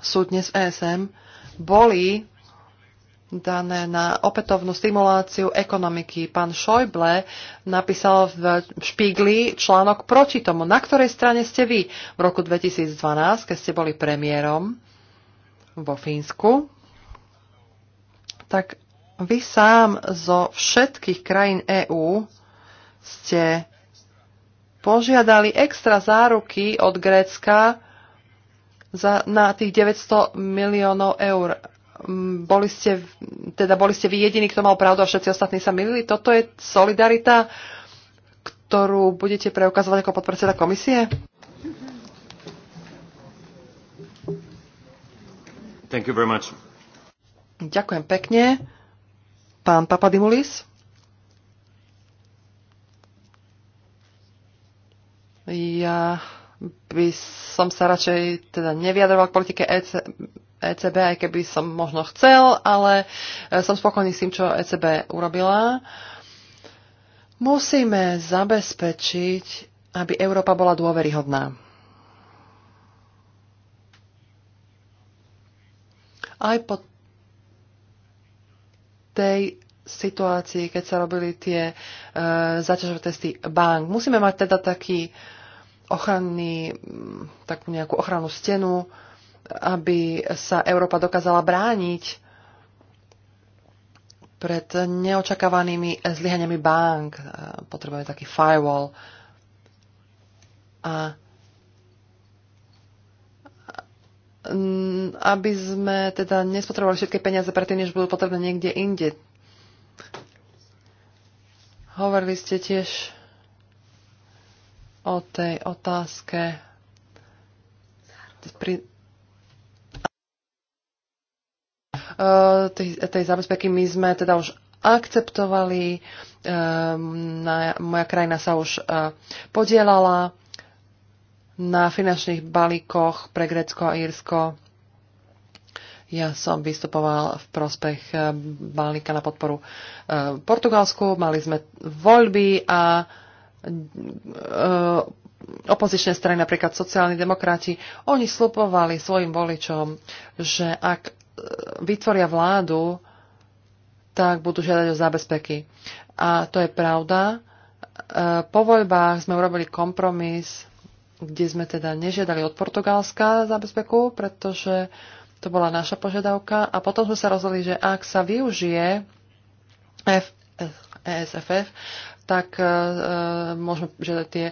C: sú dnes v ESM, boli dané na opätovnú stimuláciu ekonomiky. Pán Šojble napísal v Špigli článok proti tomu, na ktorej strane ste vy v roku 2012, keď ste boli premiérom vo Fínsku. Tak vy sám zo všetkých krajín EÚ ste požiadali extra záruky od Grécka za, na tých 900 miliónov eur boli ste, teda boli ste vy jediní, kto mal pravdu a všetci ostatní sa milili. Toto je solidarita, ktorú budete preukazovať ako podpredseda komisie?
D: Thank you very much.
C: Ďakujem pekne. Pán Papadimulis? Ja by som sa radšej teda neviadroval k politike e ECB, aj keby som možno chcel, ale e, som spokojný s tým, čo ECB urobila. Musíme zabezpečiť, aby Európa bola dôveryhodná. Aj po tej situácii, keď sa robili tie e, zaťažové testy bank. Musíme mať teda taký ochranný, takú nejakú ochrannú stenu, aby sa Európa dokázala brániť pred neočakávanými zlyhaniami bank. E, potrebujeme taký firewall. A mm, aby sme teda nespotrebovali všetky peniaze predtým, než budú potrebné niekde inde. Hovorili ste tiež o tej otázke pri Eh, tej, tej zabezpeky my sme teda už akceptovali, eh, moja krajina sa už eh, podielala na finančných balíkoch pre Grécko a Írsko. Ja som vystupoval v prospech balíka na podporu Portugalsku, mali sme voľby a opozičné strany, napríklad sociálni demokrati, oni slupovali svojim voličom, že ak vytvoria vládu, tak budú žiadať o zábezpeky. A to je pravda. E, po voľbách sme urobili kompromis, kde sme teda nežiadali od Portugalska zábezpeku, pretože to bola naša požiadavka. A potom sme sa rozhodli, že ak sa využije F, ESFF, tak e, e, môžeme žiadať tie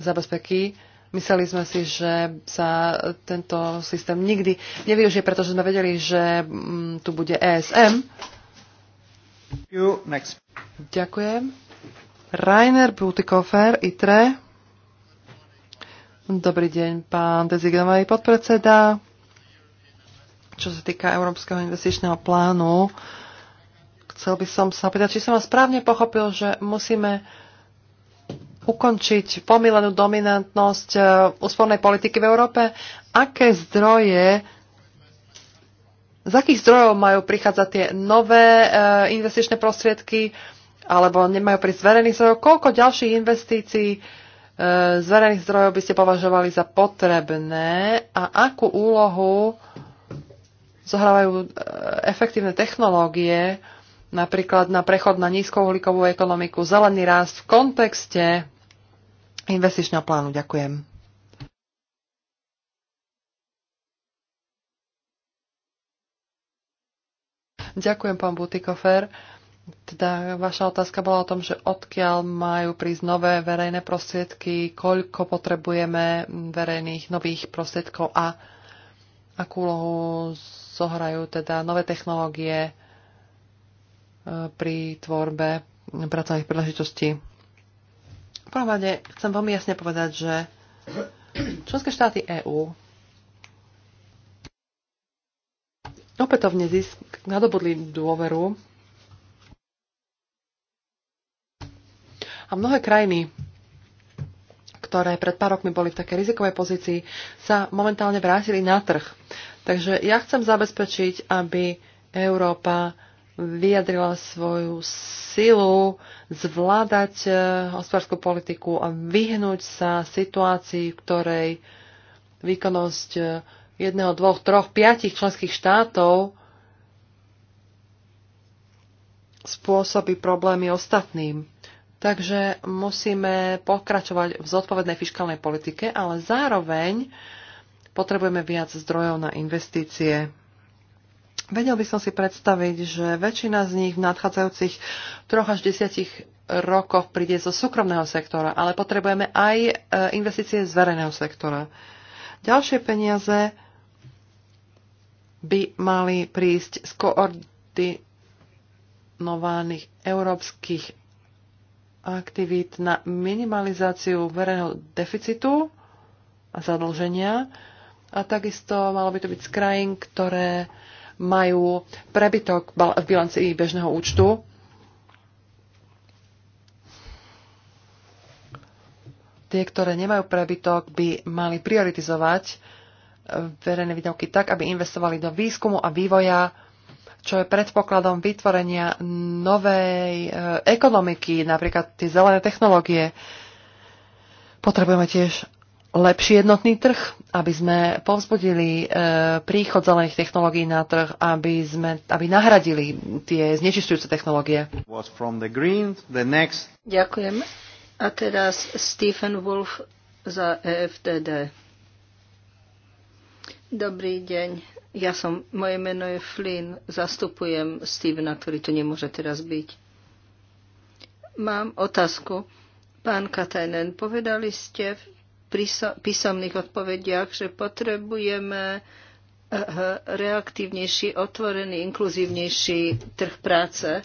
C: zabezpeky Mysleli sme si, že sa tento systém nikdy nevyužije, pretože sme vedeli, že mm, tu bude ESM. Ďakujem. Rainer Butikofer, ITRE. Dobrý deň, pán dezignovaný podpredseda. Čo sa týka Európskeho investičného plánu, chcel by som sa pýtať, či som vás správne pochopil, že musíme ukončiť pomilenú dominantnosť e, úspornej politiky v Európe? Aké zdroje, z akých zdrojov majú prichádzať tie nové e, investičné prostriedky, alebo nemajú prísť zverejných zdrojov? Koľko ďalších investícií e, z verejných zdrojov by ste považovali za potrebné a akú úlohu zohrávajú efektívne technológie, napríklad na prechod na nízkouhlíkovú ekonomiku, zelený rast v kontexte investičného plánu. Ďakujem. Ďakujem, pán Butikofer. Teda vaša otázka bola o tom, že odkiaľ majú prísť nové verejné prostriedky, koľko potrebujeme verejných nových prostriedkov a akú úlohu zohrajú teda nové technológie e, pri tvorbe pracovných príležitostí prvom rade chcem veľmi jasne povedať, že členské štáty EÚ opätovne zisk, nadobudli dôveru a mnohé krajiny, ktoré pred pár rokmi boli v takej rizikovej pozícii, sa momentálne vrátili na trh. Takže ja chcem zabezpečiť, aby Európa vyjadrila svoju silu zvládať e, hospodárskú politiku a vyhnúť sa situácii, v ktorej výkonnosť e, jedného, dvoch, troch, piatich členských štátov spôsobí problémy ostatným. Takže musíme pokračovať v zodpovednej fiskálnej politike, ale zároveň potrebujeme viac zdrojov na investície. Vedel by som si predstaviť, že väčšina z nich v nadchádzajúcich troch až desiatich rokoch príde zo súkromného sektora, ale potrebujeme aj e, investície z verejného sektora. Ďalšie peniaze by mali prísť z koordinovaných európskych aktivít na minimalizáciu verejného deficitu a zadlženia a takisto malo by to byť z krajín, ktoré majú prebytok v bilancii bežného účtu. Tie, ktoré nemajú prebytok, by mali prioritizovať eh, verejné výdavky tak, aby investovali do výskumu a vývoja, čo je predpokladom vytvorenia novej eh, ekonomiky, napríklad tie zelené technológie. Potrebujeme tiež lepší jednotný trh, aby sme povzbudili e, príchod zelených technológií na trh, aby, sme, aby nahradili tie znečistujúce technológie.
D: green, next...
A: Ďakujem. A teraz Stephen Wolf za EFTD. Dobrý deň. Ja som, moje meno je Flynn, zastupujem Stevena, ktorý tu nemôže teraz byť. Mám otázku. Pán Katajnen, povedali ste písomných odpovediach, že potrebujeme eh, eh, reaktívnejší, otvorený, inkluzívnejší trh práce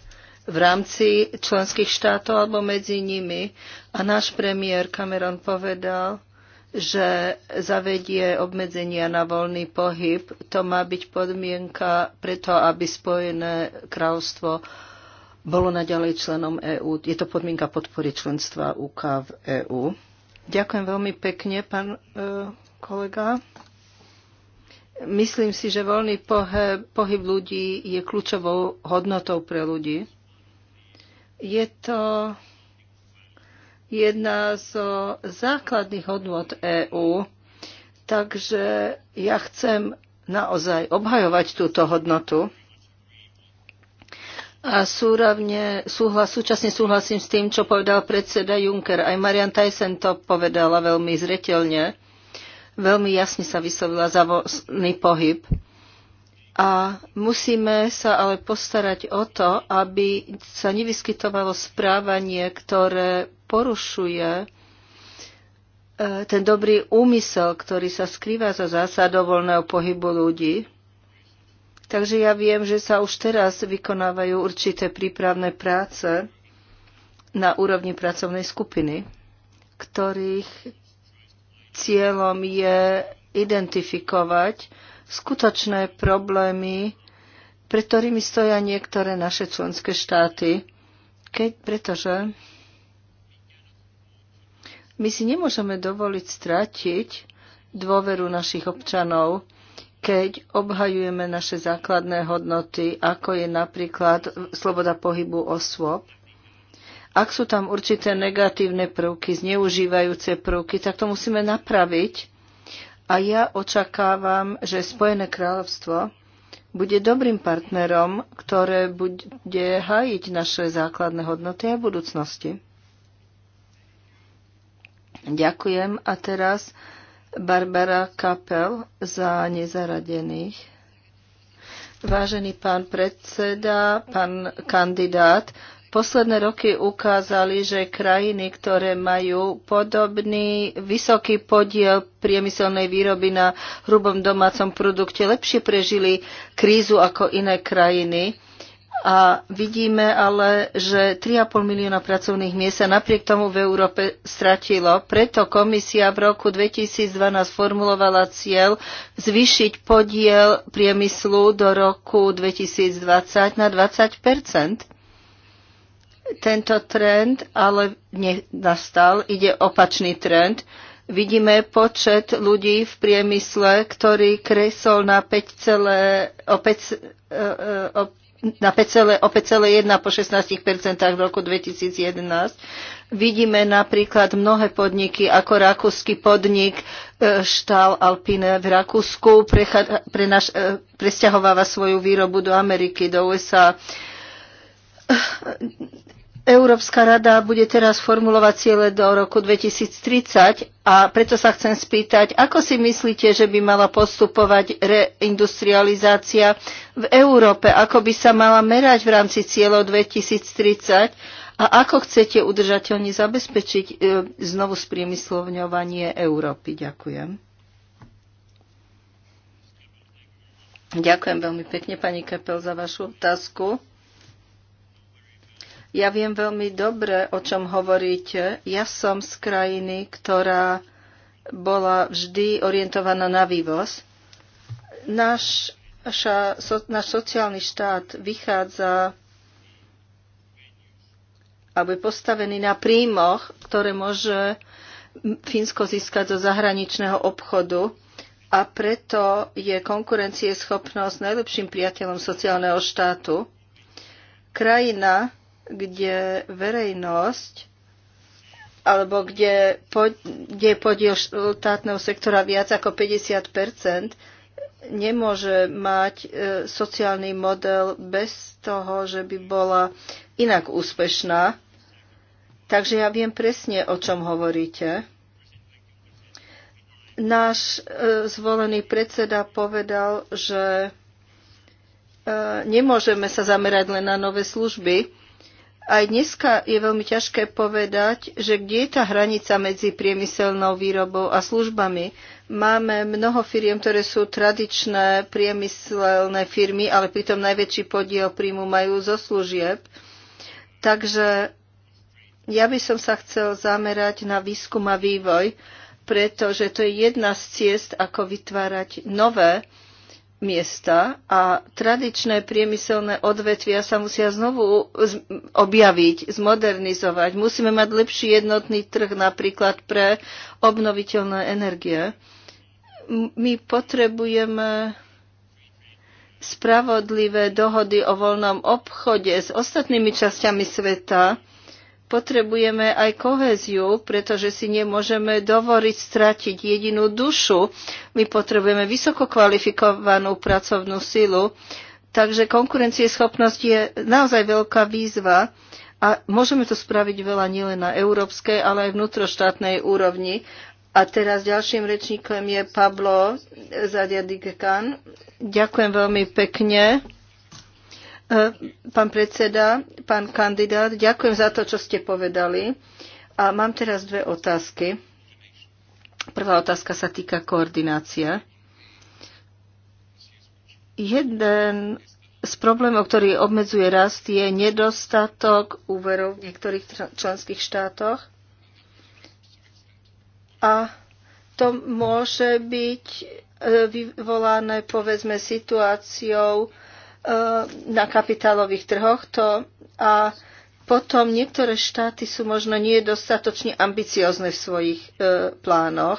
A: v rámci členských štátov alebo medzi nimi. A náš premiér Cameron povedal, že zavedie obmedzenia na voľný pohyb. To má byť podmienka preto, aby Spojené kráľstvo bolo naďalej členom EÚ. Je to podmienka podpory členstva UK v EÚ. Ďakujem veľmi pekne, pán e, kolega. Myslím si, že voľný pohyb, pohyb ľudí je kľúčovou hodnotou pre ľudí. Je to jedna zo základných hodnot EÚ, takže ja chcem naozaj obhajovať túto hodnotu. A súrovne, súhlas, súčasne súhlasím s tým, čo povedal predseda Juncker. Aj Marian Tyson to povedala veľmi zretelne. Veľmi jasne sa vyslovila za vozný pohyb. A musíme sa ale postarať o to, aby sa nevyskytovalo správanie, ktoré porušuje e, ten dobrý úmysel, ktorý sa skrýva za zásadou voľného pohybu ľudí Takže ja viem, že sa už teraz vykonávajú určité prípravné práce na úrovni pracovnej skupiny, ktorých cieľom je identifikovať skutočné problémy, pre ktorými stoja niektoré naše členské štáty, keď, pretože my si nemôžeme dovoliť stratiť dôveru našich občanov keď obhajujeme naše základné hodnoty, ako je napríklad sloboda pohybu osôb, ak sú tam určité negatívne prvky, zneužívajúce prvky, tak to musíme napraviť. A ja očakávam, že Spojené kráľovstvo bude dobrým partnerom, ktoré bude hájiť naše základné hodnoty aj v budúcnosti. Ďakujem a teraz Barbara Kapel za nezaradených. Vážený pán predseda, pán kandidát, posledné roky ukázali, že krajiny, ktoré majú podobný vysoký podiel priemyselnej výroby na hrubom domácom produkte, lepšie prežili krízu ako iné krajiny a vidíme ale, že 3,5 milióna pracovných miest sa napriek tomu v Európe stratilo. Preto komisia v roku 2012 formulovala cieľ zvýšiť podiel priemyslu do roku 2020 na 20 Tento trend ale nenastal, ide opačný trend. Vidíme počet ľudí v priemysle, ktorý kresol na 5, o 5, e, e, o na 5, o 5,1 po 16 v roku 2011. Vidíme napríklad mnohé podniky, ako rakúsky podnik Štál e, Alpine v Rakúsku prechá, pre naš, e, presťahováva svoju výrobu do Ameriky, do USA Európska rada bude teraz formulovať ciele do roku 2030 a preto sa chcem spýtať, ako si myslíte, že by mala postupovať reindustrializácia v Európe? Ako by sa mala merať v rámci cieľov 2030? A ako chcete udržateľne zabezpečiť e, znovu spriemyslovňovanie Európy? Ďakujem. Ďakujem veľmi pekne, pani Kepel, za vašu otázku. Ja viem veľmi dobre, o čom hovoríte. Ja som z krajiny, ktorá bola vždy orientovaná na vývoz. Náš, naša, so, náš sociálny štát vychádza alebo je postavený na príjmoch, ktoré môže Fínsko získať zo zahraničného obchodu a preto je konkurencieschopnosť najlepším priateľom sociálneho štátu. Krajina, kde verejnosť alebo kde, po, kde je podiel štátneho sektora viac ako 50 nemôže mať e, sociálny model bez toho, že by bola inak úspešná. Takže ja viem presne, o čom hovoríte. Náš e, zvolený predseda povedal, že e, nemôžeme sa zamerať len na nové služby, aj dneska je veľmi ťažké povedať, že kde je tá hranica medzi priemyselnou výrobou a službami. Máme mnoho firiem, ktoré sú tradičné priemyselné firmy, ale pritom najväčší podiel príjmu majú zo služieb. Takže ja by som sa chcel zamerať na výskum a vývoj, pretože to je jedna z ciest, ako vytvárať nové miesta a tradičné priemyselné odvetvia sa musia znovu objaviť, zmodernizovať. Musíme mať lepší jednotný trh napríklad pre obnoviteľné energie. My potrebujeme spravodlivé dohody o voľnom obchode s ostatnými časťami sveta, Potrebujeme aj kohéziu, pretože si nemôžeme dovoriť stratiť jedinú dušu. My potrebujeme vysoko kvalifikovanú pracovnú silu, takže konkurencieschopnosť je naozaj veľká výzva. A môžeme to spraviť veľa nielen na európskej, ale aj vnútroštátnej úrovni. A teraz ďalším rečníkom je Pablo Zadiadigekan. Ďakujem veľmi pekne. E, pán predseda, pán kandidát, ďakujem za to, čo ste povedali. A mám teraz dve otázky. Prvá otázka sa týka koordinácie. Jeden z problémov, ktorý obmedzuje rast, je nedostatok úverov v niektorých členských štátoch. A to môže byť e, vyvolané, povedzme, situáciou, Eh, na kapitálových trhoch. To a potom niektoré štáty sú možno nedostatočne ambiciozne v svojich e, plánoch.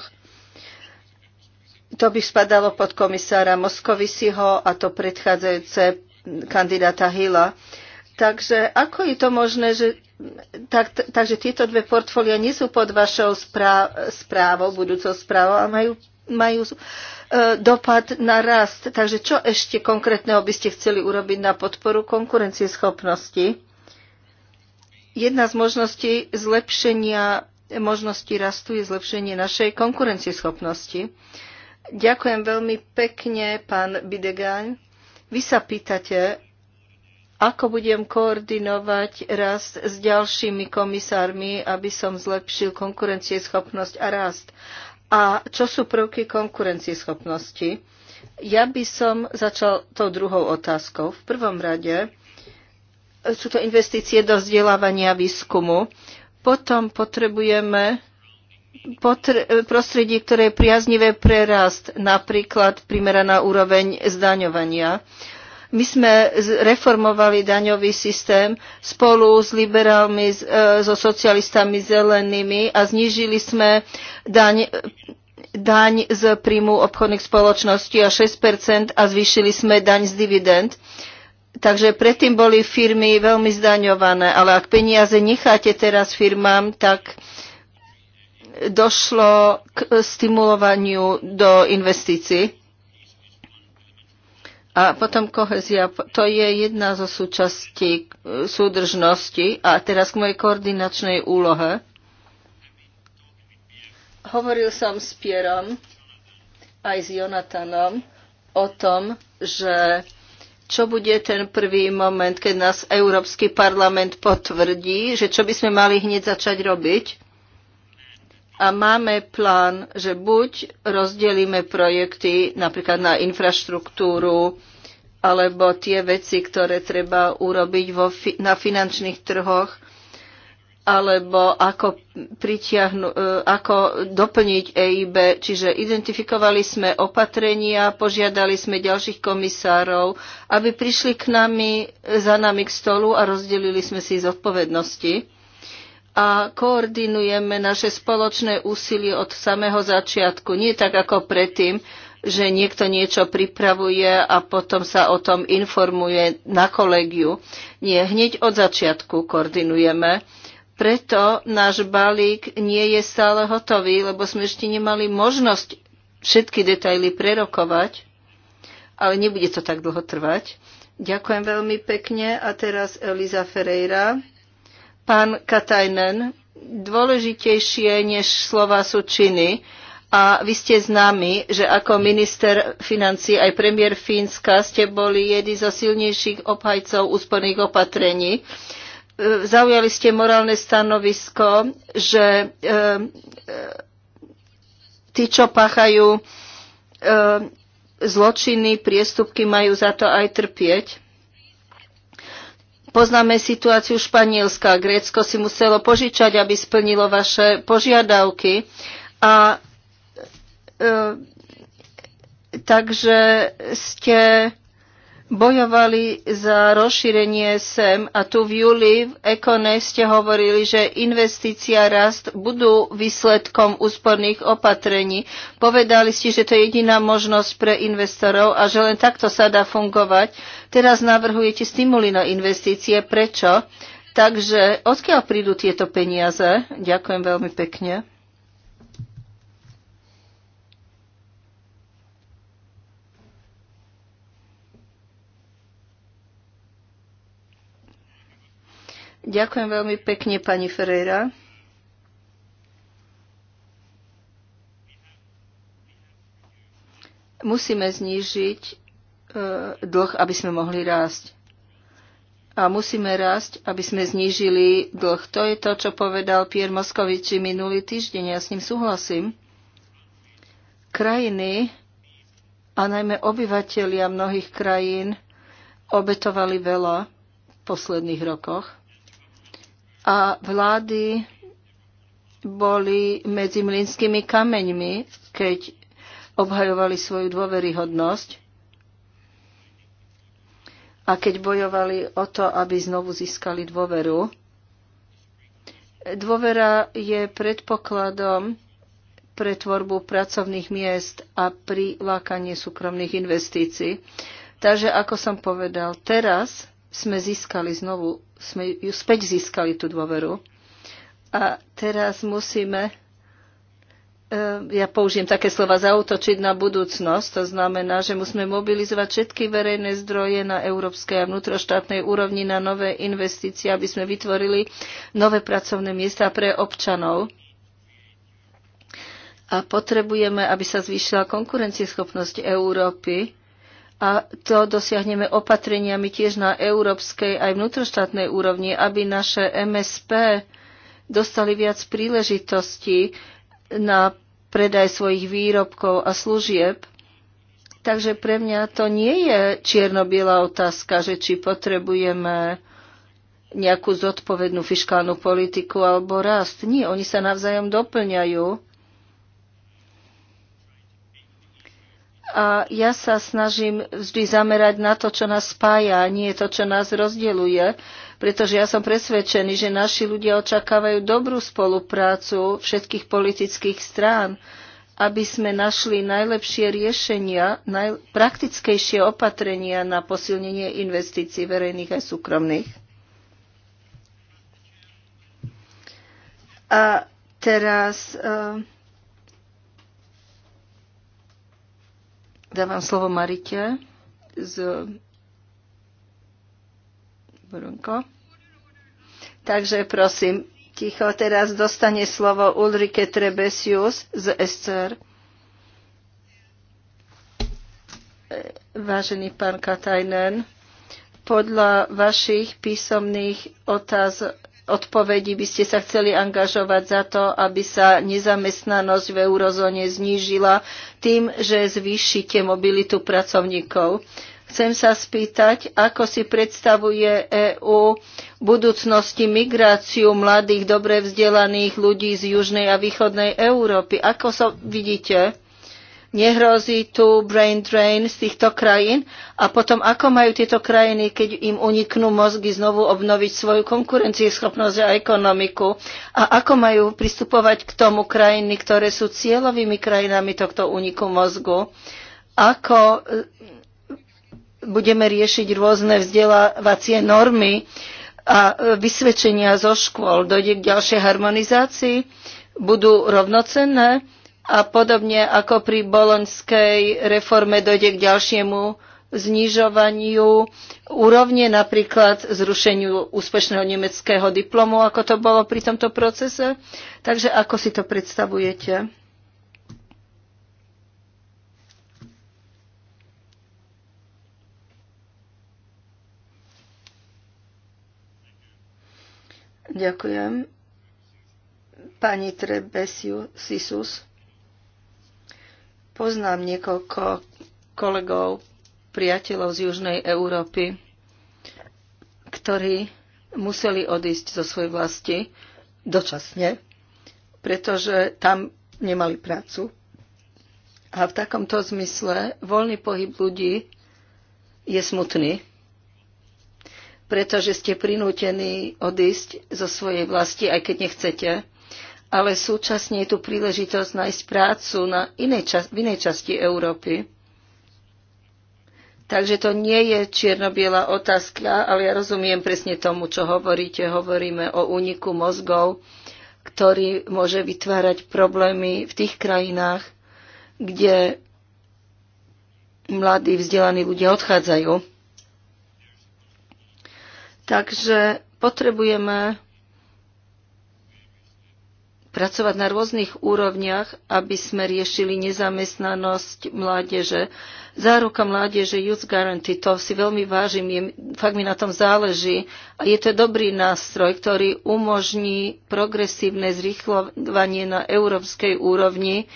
A: To by spadalo pod komisára Moskovisiho a to predchádzajúce kandidáta Hilla. Takže ako je to možné, že tak, takže tieto dve portfólia nie sú pod vašou správ, správou, budúcou správou, a majú majú e, dopad na rast. Takže čo ešte konkrétneho by ste chceli urobiť na podporu konkurencieschopnosti? Jedna z možností zlepšenia možnosti rastu je zlepšenie našej konkurencieschopnosti. Ďakujem veľmi pekne, pán Bidegaň. Vy sa pýtate, ako budem koordinovať rast s ďalšími komisármi, aby som zlepšil konkurencieschopnosť a rast. A čo sú prvky konkurencieschopnosti? Ja by som začal tou druhou otázkou. V prvom rade e, sú to investície do vzdelávania výskumu. Potom potrebujeme e, prostredie, ktoré je priaznivé pre rast, napríklad primeraná úroveň zdaňovania. My sme reformovali daňový systém spolu s liberálmi, e, so socialistami zelenými a znížili sme daň daň z príjmu obchodných spoločností a 6 a zvýšili sme daň z dividend. Takže predtým boli firmy veľmi zdaňované, ale ak peniaze necháte teraz firmám, tak došlo k stimulovaniu do investícií. A potom kohezia, to je jedna zo súčastí e, súdržnosti. A teraz k mojej koordinačnej úlohe. Hovoril som s Pierom aj s Jonatanom o tom, že čo bude ten prvý moment, keď nás Európsky parlament potvrdí, že čo by sme mali hneď začať robiť a máme plán, že buď rozdelíme projekty napríklad na infraštruktúru, alebo tie veci, ktoré treba urobiť vo, na finančných trhoch, alebo ako, pritiahnu, e, ako doplniť EIB. Čiže identifikovali sme opatrenia, požiadali sme ďalších komisárov, aby prišli k nami, za nami k stolu a rozdelili sme si zodpovednosti a koordinujeme naše spoločné úsilie od samého začiatku. Nie tak ako predtým, že niekto niečo pripravuje a potom sa o tom informuje na kolegiu. Nie, hneď od začiatku koordinujeme. Preto náš balík nie je stále hotový, lebo sme ešte nemali možnosť všetky detaily prerokovať, ale nebude to tak dlho trvať. Ďakujem veľmi pekne a teraz Eliza Ferreira. Pán Katajnen, dôležitejšie než slova sú činy. A vy ste známi, že ako minister financí aj premiér Fínska ste boli jedni zo silnejších obhajcov úsporných opatrení. E, zaujali ste morálne stanovisko, že e, e, tí, čo páchajú e, zločiny, priestupky, majú za to aj trpieť. Poznáme situáciu Španielska. Grécko si muselo požičať, aby splnilo vaše požiadavky. A e, takže ste bojovali za rozšírenie SEM a tu v júli v Ekone ste hovorili, že investícia rast budú výsledkom úsporných opatrení. Povedali ste, že to je jediná možnosť pre investorov a že len takto sa dá fungovať. Teraz navrhujete stimuly na investície. Prečo? Takže odkiaľ prídu tieto peniaze? Ďakujem veľmi pekne. Ďakujem veľmi pekne, pani Ferreira. Musíme znížiť e, dlh, aby sme mohli rásť. A musíme rásť, aby sme znížili dlh. To je to, čo povedal Pier Moskovici minulý týždeň. Ja s ním súhlasím. Krajiny a najmä obyvatelia mnohých krajín obetovali veľa v posledných rokoch a vlády boli medzi mlinskými kameňmi, keď obhajovali svoju dôveryhodnosť a keď bojovali o to, aby znovu získali dôveru. Dôvera je predpokladom pre tvorbu pracovných miest a prilákanie súkromných investícií. Takže, ako som povedal, teraz sme získali znovu sme ju späť získali, tú dôveru. A teraz musíme, eh, ja použijem také slova, zautočiť na budúcnosť. To znamená, že musíme mobilizovať všetky verejné zdroje na európskej a vnútroštátnej úrovni na nové investície, aby sme vytvorili nové pracovné miesta pre občanov a potrebujeme, aby sa zvýšila konkurencieschopnosť Európy a to dosiahneme opatreniami tiež na európskej aj vnútroštátnej úrovni, aby naše MSP dostali viac príležitostí na predaj svojich výrobkov a služieb. Takže pre mňa to nie je čierno-biela otázka, že či potrebujeme nejakú zodpovednú fiskálnu politiku alebo rast. Nie, oni sa navzájom doplňajú A ja sa snažím vždy zamerať na to, čo nás spája, a nie to, čo nás rozdeluje, pretože ja som presvedčený, že naši ľudia očakávajú dobrú spoluprácu všetkých politických strán, aby sme našli najlepšie riešenia, najpraktickejšie opatrenia na posilnenie investícií verejných aj súkromných. A teraz uh, Dávam slovo Marite z Brunko. Takže prosím, ticho, teraz dostane slovo Ulrike Trebesius z SCR. Vážený pán Katajnen, podľa vašich písomných otázok odpovedí by ste sa chceli angažovať za to, aby sa nezamestnanosť v eurozóne znížila tým, že zvýšite mobilitu pracovníkov. Chcem sa spýtať, ako si predstavuje EÚ v budúcnosti migráciu mladých, dobre vzdelaných ľudí z južnej a východnej Európy. Ako sa so vidíte? Nehrozí tu brain drain z týchto krajín? A potom, ako majú tieto krajiny, keď im uniknú mozgy, znovu obnoviť svoju konkurencieschopnosť a ekonomiku? A ako majú pristupovať k tomu krajiny, ktoré sú cieľovými krajinami tohto úniku mozgu? Ako e, budeme riešiť rôzne vzdelávacie normy a e, vysvedčenia zo škôl? Dojde k ďalšej harmonizácii? Budú rovnocenné? a podobne ako pri bolonskej reforme dojde k ďalšiemu znižovaniu úrovne, napríklad zrušeniu úspešného nemeckého diplomu, ako to bolo pri tomto procese. Takže ako si to predstavujete? Ďakujem. Pani Trebesiu Sisus. Poznám niekoľko kolegov, priateľov z Južnej Európy, ktorí museli odísť zo svojej vlasti dočasne, pretože tam nemali prácu. A v takomto zmysle voľný pohyb ľudí je smutný, pretože ste prinútení odísť zo svojej vlasti, aj keď nechcete ale súčasne je tu príležitosť nájsť prácu na inej čas, v inej časti Európy. Takže to nie je čierno otázka, ale ja rozumiem presne tomu, čo hovoríte. Hovoríme o úniku mozgov, ktorý môže vytvárať problémy v tých krajinách, kde mladí vzdelaní ľudia odchádzajú. Takže potrebujeme pracovať na rôznych úrovniach, aby sme riešili nezamestnanosť mládeže. Záruka mládeže Youth Guarantee, to si veľmi vážim, je, fakt mi na tom záleží. A je to dobrý nástroj, ktorý umožní progresívne zrýchľovanie na európskej úrovni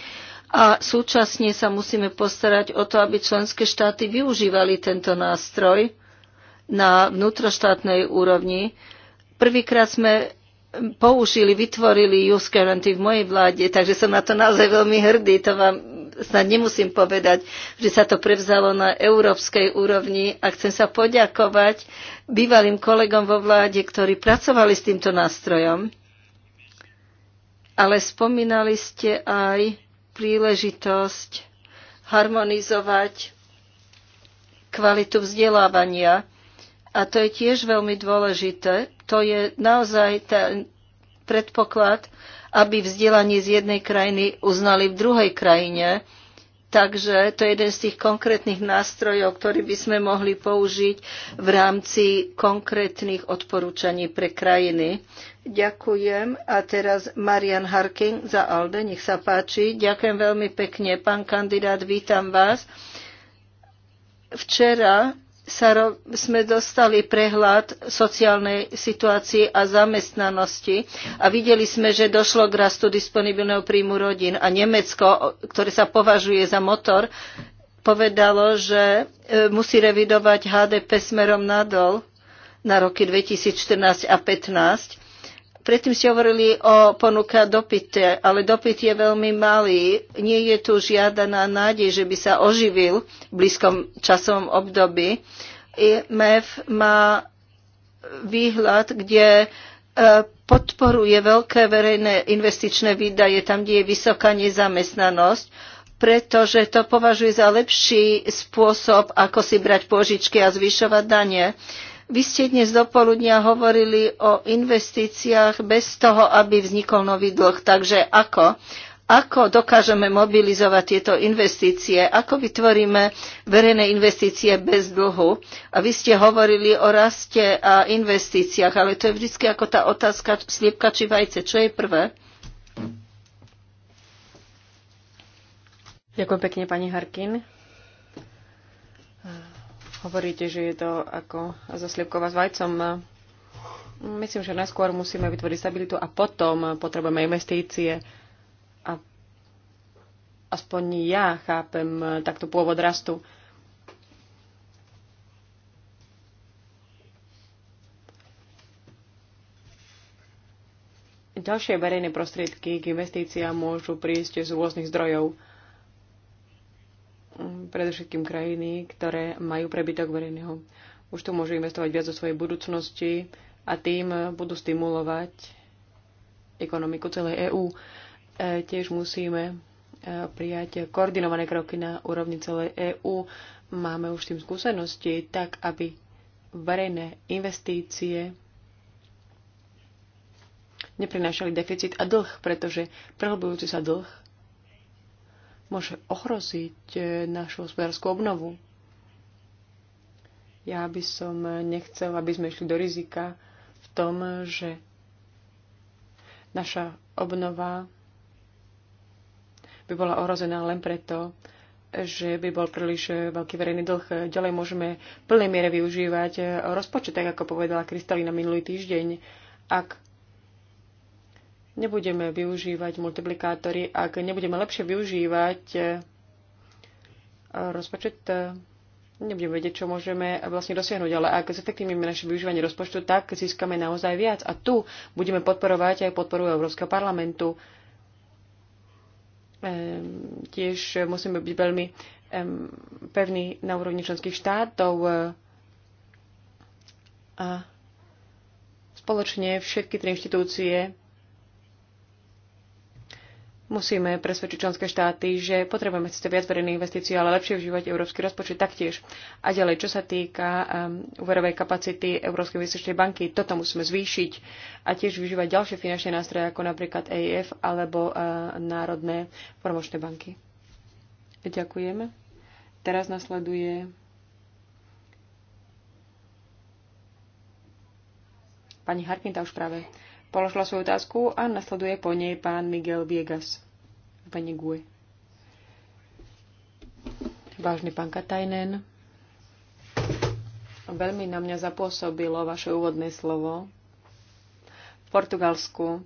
A: a súčasne sa musíme postarať o to, aby členské štáty využívali tento nástroj na vnútroštátnej úrovni. Prvýkrát sme použili, vytvorili Youth Guarantee v mojej vláde, takže som na to naozaj veľmi hrdý, to vám snad nemusím povedať, že sa to prevzalo na európskej úrovni a chcem sa poďakovať bývalým kolegom vo vláde, ktorí pracovali s týmto nástrojom. Ale spomínali ste aj príležitosť harmonizovať kvalitu vzdelávania a to je tiež veľmi dôležité. To je naozaj ten predpoklad, aby vzdelanie z jednej krajiny uznali v druhej krajine. Takže to je jeden z tých konkrétnych nástrojov, ktorý by sme mohli použiť v rámci konkrétnych odporúčaní pre krajiny. Ďakujem. A teraz Marian Harking za ALDE. Nech sa páči. Ďakujem veľmi pekne. Pán kandidát, vítam vás. Včera sa ro- sme dostali prehľad sociálnej situácii a zamestnanosti a videli sme, že došlo k rastu disponibilného príjmu rodín a Nemecko, ktoré sa považuje za motor, povedalo, že e, musí revidovať HDP smerom nadol na roky 2014 a 2015 Predtým ste hovorili o ponuka dopite, ale dopyt je veľmi malý. Nie je tu žiadaná nádej, že by sa oživil v blízkom časovom období. IMF má výhľad, kde e, podporuje veľké verejné investičné výdaje tam, kde je vysoká nezamestnanosť pretože to považuje za lepší spôsob, ako si brať požičky a zvyšovať danie. Vy ste dnes dopoludnia hovorili o investíciách bez toho, aby vznikol nový dlh. Takže ako? Ako dokážeme mobilizovať tieto investície? Ako vytvoríme verejné investície bez dlhu? A vy ste hovorili o raste a investíciách, ale to je vždy ako tá otázka sliepka či vajce. Čo je prvé?
B: Ďakujem pekne, pani Harkin. Hovoríte, že je to ako so s vajcom. Myslím, že najskôr musíme vytvoriť stabilitu a potom potrebujeme investície. A aspoň ja chápem takto pôvod rastu. Ďalšie verejné prostriedky k investíciám môžu prísť z rôznych zdrojov predovšetkým krajiny, ktoré majú prebytok verejného. Už tu môžu investovať viac do svojej budúcnosti a tým budú stimulovať ekonomiku celej EÚ. E, tiež musíme e, prijať koordinované kroky na úrovni celej EÚ. Máme už tým skúsenosti, tak aby verejné investície neprinášali deficit a dlh, pretože prehlbujúci sa dlh môže ohroziť e, našu hospodárskú obnovu. Ja by som e, nechcel, aby sme išli do rizika v tom, že naša obnova by bola ohrozená len preto, že by bol príliš e, veľký verejný dlh. Ďalej môžeme v plnej miere využívať rozpočet, tak ako povedala Kristalina minulý týždeň. Ak nebudeme využívať multiplikátory, ak nebudeme lepšie využívať eh, rozpočet, eh, nebudeme vedieť, čo môžeme vlastne dosiahnuť, ale ak zefektívnime naše využívanie rozpočtu, tak získame naozaj viac. A tu budeme podporovať aj podporu Európskeho parlamentu. Ehm, tiež musíme byť veľmi ehm, pevní na úrovni členských štátov eh, a spoločne všetky tri inštitúcie musíme presvedčiť členské štáty, že potrebujeme síce viac verejných investícií, ale lepšie využívať európsky rozpočet taktiež. A ďalej, čo sa týka um, úverovej kapacity Európskej investičnej banky, toto musíme zvýšiť a tiež využívať ďalšie finančné nástroje, ako napríklad EIF alebo uh, Národné promočné banky. Ďakujem. Teraz nasleduje pani Harkinta už práve položila svoju otázku a nasleduje po nej pán Miguel Viegas. Pani Gue. Vážny pán Katajnen, veľmi na mňa zapôsobilo vaše úvodné slovo. V Portugalsku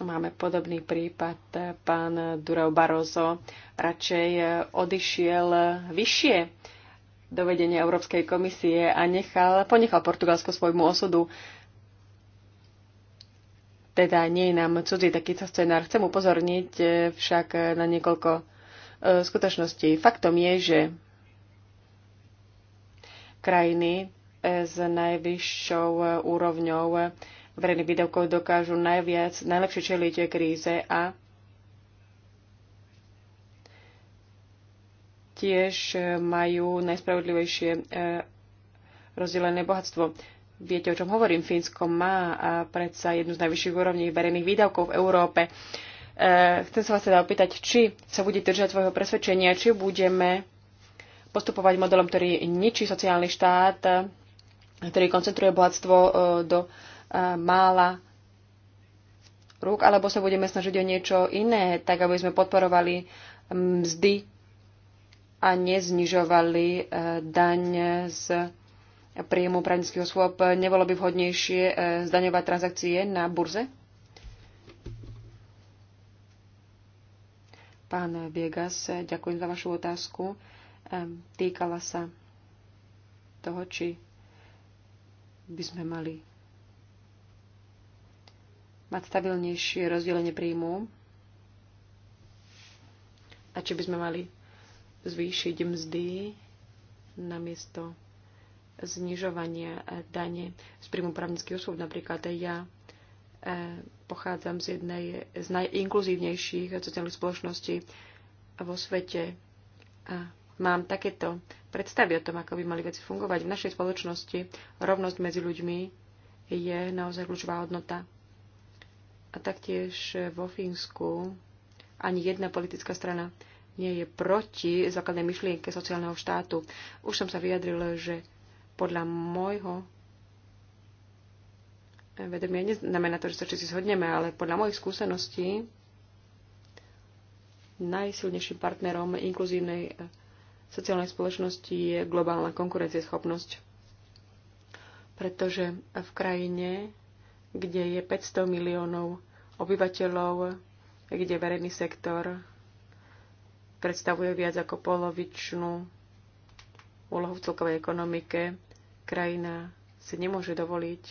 B: máme podobný prípad. Pán Durov Barroso radšej odišiel vyššie do vedenia Európskej komisie a nechal, ponechal Portugalsko svojmu osudu. Teda nie je nám cudzí takýto scenár. Chcem upozorniť e, však e, na niekoľko e, skutočností. Faktom je, že krajiny s najvyššou úrovňou verejných výdavkov dokážu najviac, najlepšie čeliť kríze a tiež majú najspravodlivejšie rozdelené bohatstvo viete, o čom hovorím. Fínsko má a predsa jednu z najvyšších úrovní verejných výdavkov v Európe. E, chcem sa vás teda opýtať, či sa bude držať svojho presvedčenia, či budeme postupovať modelom, ktorý ničí sociálny štát, ktorý koncentruje bohatstvo e, do e, mála rúk, alebo sa budeme snažiť o niečo iné, tak aby sme podporovali mzdy a neznižovali daň z príjmu právnických osôb, nebolo by vhodnejšie e, zdaňovať transakcie na burze? Pán Viegas, ďakujem za vašu otázku. E, týkala sa toho, či by sme mali mať stabilnejšie rozdelenie príjmu a či by sme mali zvýšiť mzdy namiesto znižovania eh, dane z príjmu právnických osôb. Napríklad ja eh, pochádzam z jednej z najinkluzívnejších sociálnych spoločností vo svete a mám takéto predstavy o tom, ako by mali veci fungovať. V našej spoločnosti rovnosť medzi ľuďmi je naozaj kľúčová hodnota. A taktiež eh, vo Fínsku ani jedna politická strana nie je proti základnej myšlienke sociálneho štátu. Už som sa vyjadril, že podľa môjho vedomia, neznamená to, že sa všetci zhodneme, ale podľa mojich skúseností najsilnejším partnerom inkluzívnej e, sociálnej spoločnosti je globálna konkurencieschopnosť. Pretože v krajine, kde je 500 miliónov obyvateľov, kde verejný sektor predstavuje viac ako polovičnú úlohu v celkovej ekonomike. Krajina si nemôže dovoliť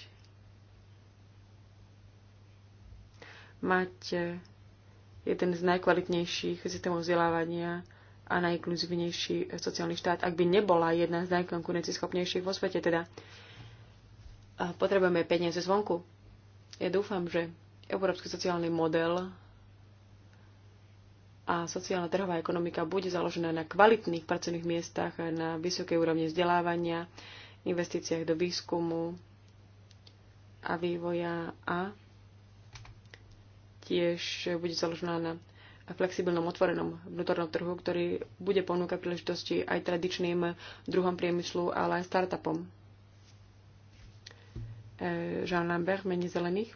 B: mať jeden z najkvalitnejších systémov vzdelávania a najinkluzívnejší sociálny štát, ak by nebola jedna z najkonkurencieschopnejších vo svete. Teda potrebujeme peniaze zvonku. Ja dúfam, že európsky sociálny model a sociálna trhová ekonomika bude založená na kvalitných pracovných miestach, na vysokej úrovni vzdelávania, investíciách do výskumu a vývoja a tiež bude založená na flexibilnom otvorenom vnútornom trhu, ktorý bude ponúkať príležitosti aj tradičným druhom priemyslu, ale aj startupom. E, Jean Lambert, mení zelených.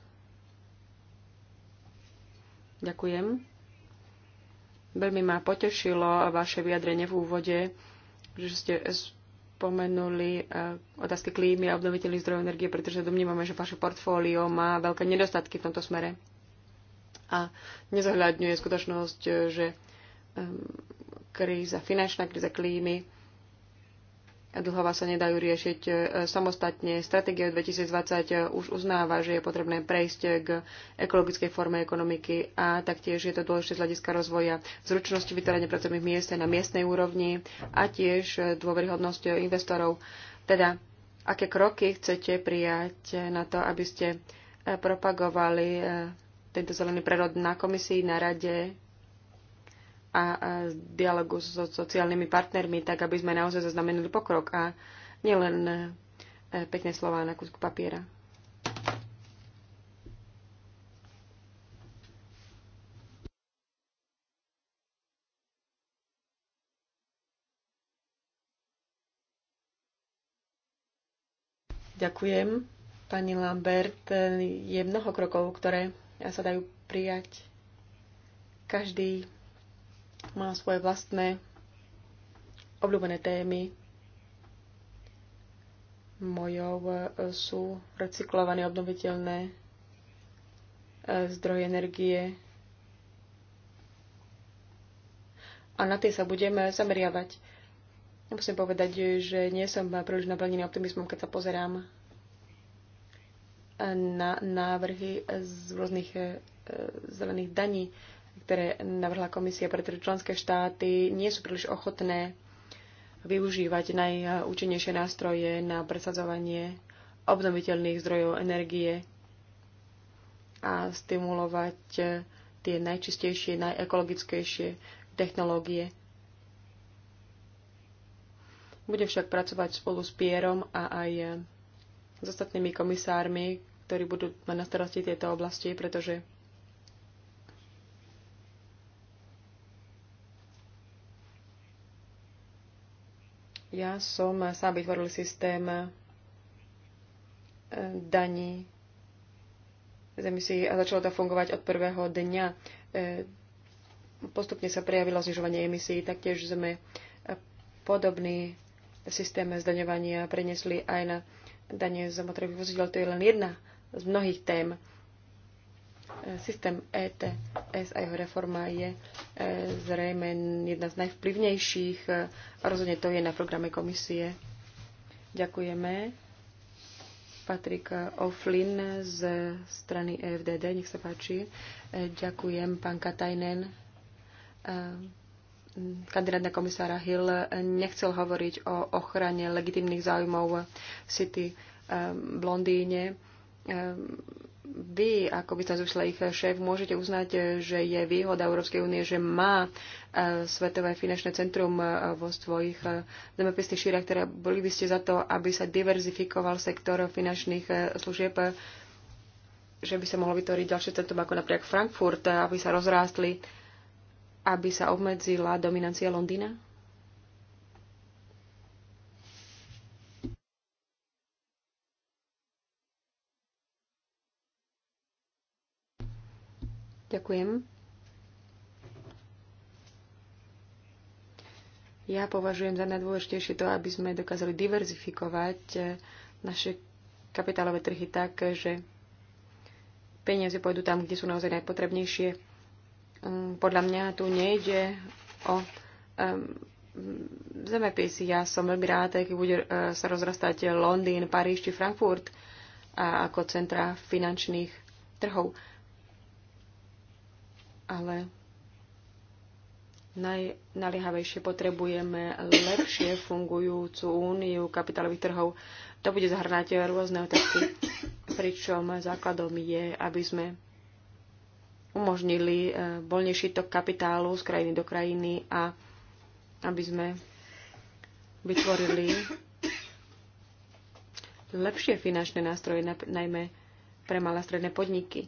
B: Ďakujem. Veľmi ma potešilo vaše vyjadrenie v úvode, že ste spomenuli e, otázky klímy a obnoviteľných zdrojov energie, pretože domnívame, že vaše portfólio má veľké nedostatky v tomto smere a nezohľadňuje skutočnosť, že e, kríza, finančná kríza klímy dlhova sa nedajú riešiť e, samostatne. Stratégia 2020 e, už uznáva, že je potrebné prejsť k ekologickej forme ekonomiky a taktiež je to dôležité z hľadiska rozvoja zručnosti vytvárania pracovných miest na miestnej úrovni a tiež e, dôveryhodnosť investorov. Teda, aké kroky chcete prijať na to, aby ste propagovali tento zelený prerod na komisii, na rade, a dialogu so sociálnymi partnermi, tak aby sme naozaj zaznamenali pokrok a nielen e, pekné slova na kúsku papiera. Ďakujem, pani Lambert. Je mnoho krokov, ktoré sa dajú prijať. Každý má svoje vlastné obľúbené témy. Mojou e, sú recyklované obnoviteľné e, zdroje energie. A na tie sa budeme zameriavať. Musím povedať, že nie som príliš naplnený optimizmom, keď sa pozerám e, na návrhy z rôznych zelených daní ktoré navrhla komisia, pretože členské štáty nie sú príliš ochotné využívať najúčinnejšie nástroje na presadzovanie obnoviteľných zdrojov energie a stimulovať tie najčistejšie, najekologickejšie technológie. Budem však pracovať spolu s Pierom a aj s ostatnými komisármi, ktorí budú mať na starosti tieto oblasti, pretože Ja som eh, sám vytvoril systém eh, daní z emisí a začalo to fungovať od prvého dňa. Eh, postupne sa prejavilo znižovanie emisí, taktiež sme podobný systém zdaňovania preniesli aj na danie z motorových vozidel. To je len jedna z mnohých tém, E, systém ETS a jeho reforma je e, zrejme jedna z najvplyvnejších e, rozhodne to je na programe komisie. Ďakujeme. Patrik Oflin z strany EFDD, nech sa páči. Ďakujem, pán Katajnen kandidát na komisára Hill nechcel hovoriť o ochrane legitimných záujmov City v vy, ako by sa zúšla ich šéf, môžete uznať, že je výhoda Európskej únie, že má e, Svetové finančné centrum e, vo svojich e, zemepisných šírach, ktoré teda boli by ste za to, aby sa diverzifikoval sektor finančných služieb, že by sa mohlo vytvoriť ďalšie centrum ako napríklad Frankfurt, aby sa rozrástli, aby sa obmedzila dominancia Londýna? Ďakujem. Ja považujem za najdôležitejšie to, aby sme dokázali diverzifikovať e, naše kapitálové trhy tak, že peniaze pôjdu tam, kde sú naozaj najpotrebnejšie. Mm, podľa mňa tu nejde o zemepisy. Ja som veľmi rád, keď bude e, sa rozrastať Londýn, Paríž či Frankfurt ako centra finančných trhov ale najnaliehavejšie potrebujeme lepšie fungujúcu úniu kapitálových trhov. To bude zahrnáť rôzne otázky, pričom základom je, aby sme umožnili e, voľnejší tok kapitálu z krajiny do krajiny a aby sme vytvorili lepšie finančné nástroje, najmä pre malé stredné podniky.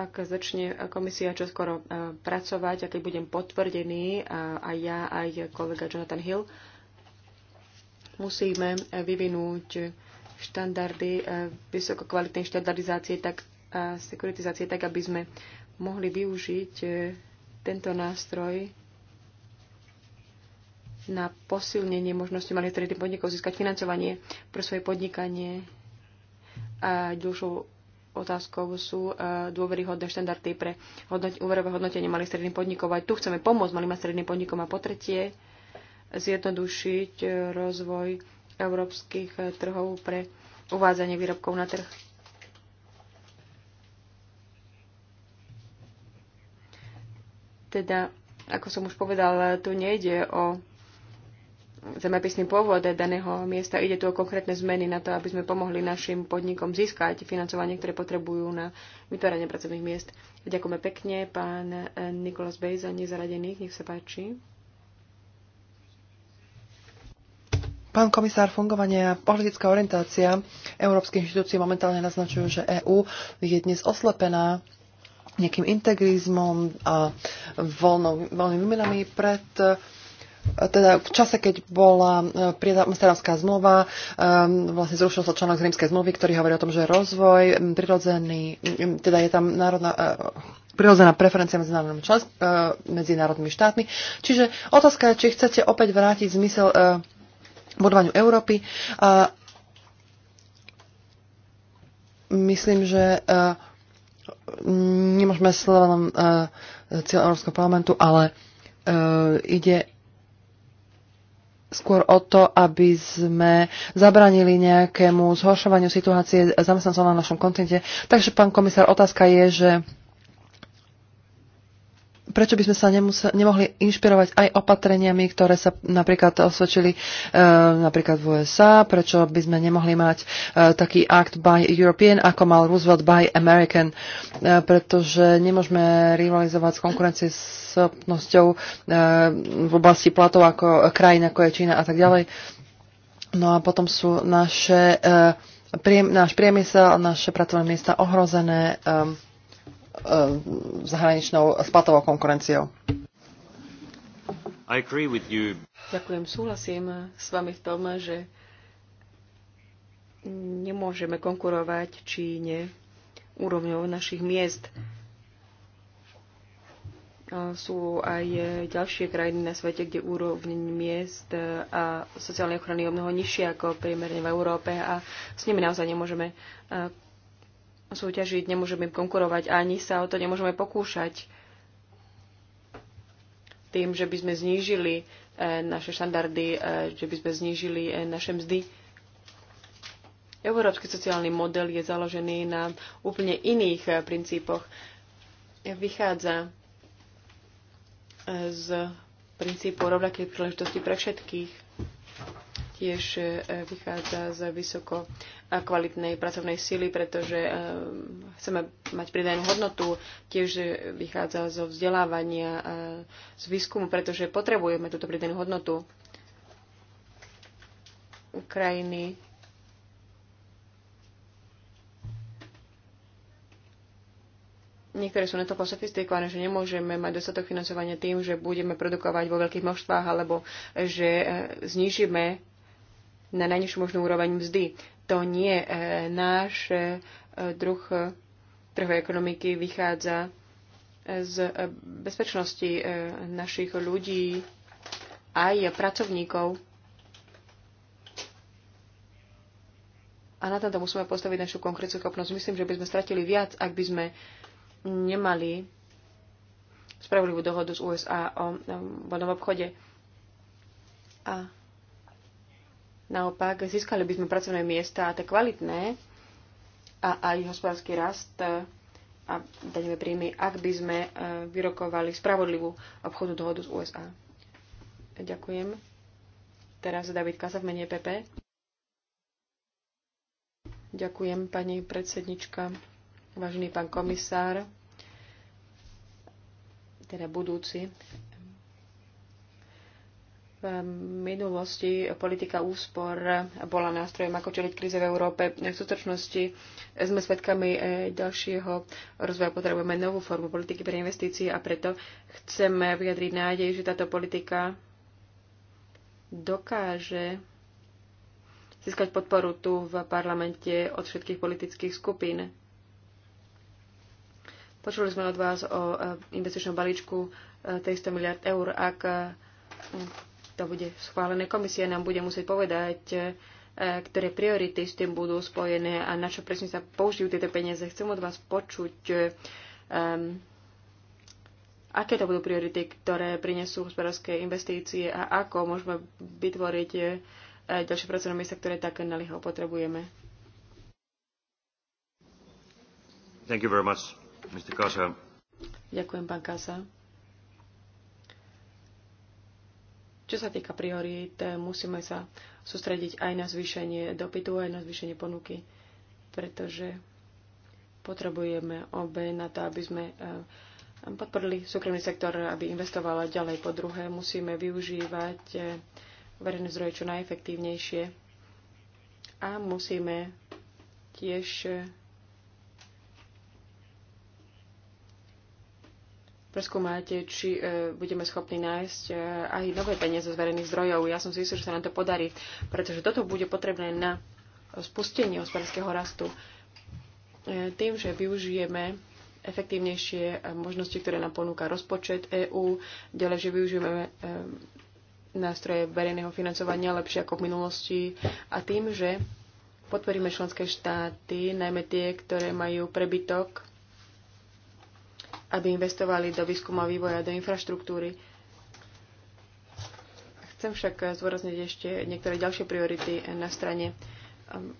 B: ak začne komisia čoskoro e, pracovať a keď budem potvrdený, aj ja, aj kolega Jonathan Hill, musíme vyvinúť štandardy, e, vysokokvalitnej štandardizácie, tak, a sekuritizácie, tak aby sme mohli využiť e, tento nástroj na posilnenie možnosti malých stredných podnikov získať financovanie pre svoje podnikanie a ďalšou otázkou sú e, dôveryhodné štandardy pre úverové hodnotenie malých stredných podnikov. Aj tu chceme pomôcť malým a stredným podnikom a po tretie zjednodušiť e, rozvoj európskych e, trhov pre uvádzanie výrobkov na trh. Teda, ako som už povedal, tu nejde o zemepisný pôvod daného miesta. Ide tu o konkrétne zmeny na to, aby sme pomohli našim podnikom získať financovanie, ktoré potrebujú na vytváranie pracovných miest. Ďakujeme pekne, pán eh, Nikolas Bej za nezaradených. Nech sa páči.
C: Pán komisár, fungovanie a politická orientácia európskych inštitúcií momentálne naznačujú, že EÚ je dnes oslepená nejakým integrizmom a voľnou, voľnými výmenami pred uh, teda v čase, keď bola e, prijatá Amsterdamská zmluva, e, vlastne zrušil sa článok z rímskej zmluvy, ktorý hovorí o tom, že rozvoj prirodzený, teda je tam národná, e, prirodzená preferencia medzi, člen, medzi národnými štátmi. Čiže otázka je, či chcete opäť vrátiť zmysel budovaniu Európy. A myslím, že nemôžeme uh, cieľ Európskeho parlamentu, ale ide skôr o to, aby sme zabranili nejakému zhoršovaniu situácie zamestnancov na našom kontinente. Takže, pán komisár, otázka je, že prečo by sme sa nemuseli, nemohli inšpirovať aj opatreniami, ktoré sa napríklad osvedčili e, napríklad v USA, prečo by sme nemohli mať e, taký akt by European, ako mal Roosevelt by American, e, pretože nemôžeme rivalizovať s konkurencieschopnosťou e, v oblasti platov ako krajín, ako je Čína a tak ďalej. No a potom sú naše, e, priem, náš priemysel a naše pracovné miesta ohrozené. E, E, zahraničnou spatovou konkurenciou.
D: I agree with you.
B: Ďakujem, súhlasím s vami v tom, že nemôžeme konkurovať Číne úrovňou našich miest. Sú aj ďalšie krajiny na svete, kde úrovne miest a sociálnej ochrany je o mnoho nižšie ako priemerne v Európe a s nimi naozaj nemôžeme súťažiť, nemôžeme im konkurovať ani sa o to nemôžeme pokúšať tým, že by sme znížili e, naše štandardy, e, že by sme znížili e, naše mzdy. Európsky sociálny model je založený na úplne iných princípoch. Vychádza z princípu rovnakej príležitosti pre všetkých tiež e, vychádza z vysoko e, kvalitnej pracovnej síly, pretože e, chceme mať pridanú hodnotu, tiež vychádza zo vzdelávania, z výskumu, pretože potrebujeme túto pridanú hodnotu. Ukrajiny niektoré sú natoľko sofistikované, že nemôžeme mať dostatok financovania tým, že budeme produkovať vo veľkých množstvách alebo že znižíme na najnižšiu možnú úroveň mzdy. To nie. E, náš e, druh e, trhovej ekonomiky vychádza z bezpečnosti našich ľudí aj pracovníkov. A na tomto musíme postaviť našu konkrétnu schopnosť. Myslím, že by sme stratili viac, ak by sme nemali spravodlivú dohodu z USA o voľnom obchode. A Naopak, získali by sme pracovné miesta, a tie kvalitné, a aj hospodársky rast a daňové príjmy, ak by sme e, vyrokovali spravodlivú obchodnú dohodu z USA. Ďakujem. Teraz David Kasa v mene PP. E Ďakujem, pani predsednička, vážený pán komisár, teda budúci v minulosti politika úspor bola nástrojom, ako čeliť kríze v Európe. V súčasnosti sme svedkami e, ďalšieho rozvoja. Potrebujeme novú formu politiky pre investície a preto chceme vyjadriť nádej, že táto politika dokáže získať podporu tu v parlamente od všetkých politických skupín. Počuli sme od vás o e, investičnom balíčku 300 e, miliard eur. Ak to bude schválené. Komisia nám bude musieť povedať, e, ktoré priority s tým budú spojené a na čo presne sa použijú tieto peniaze. Chcem od vás počuť, um, aké to budú priority, ktoré prinesú hospodárske investície a ako môžeme vytvoriť e, ďalšie pracovné miesta, ktoré tak naliho potrebujeme.
D: Thank you very much, Mr. Kasa.
B: Ďakujem, pán Kasa. Čo sa týka priorít, musíme sa sústrediť aj na zvýšenie dopytu, aj na zvýšenie ponuky, pretože potrebujeme obe na to, aby sme eh, podporili súkromný sektor, aby investoval ďalej. Po druhé, musíme využívať eh, verejné zdroje čo najefektívnejšie a musíme tiež eh, preskúmate, či e, budeme schopní nájsť e, aj nové peniaze z verejných zdrojov. Ja som si istý, že sa nám to podarí, pretože toto bude potrebné na spustenie hospodárskeho rastu. E, tým, že využijeme efektívnejšie e, možnosti, ktoré nám ponúka rozpočet EÚ, ďalej, že využijeme e, nástroje verejného financovania lepšie ako v minulosti a tým, že podporíme členské štáty, najmä tie, ktoré majú prebytok aby investovali do výskuma vývoja, do infraštruktúry. Chcem však zdôrazniť ešte niektoré ďalšie priority na strane um,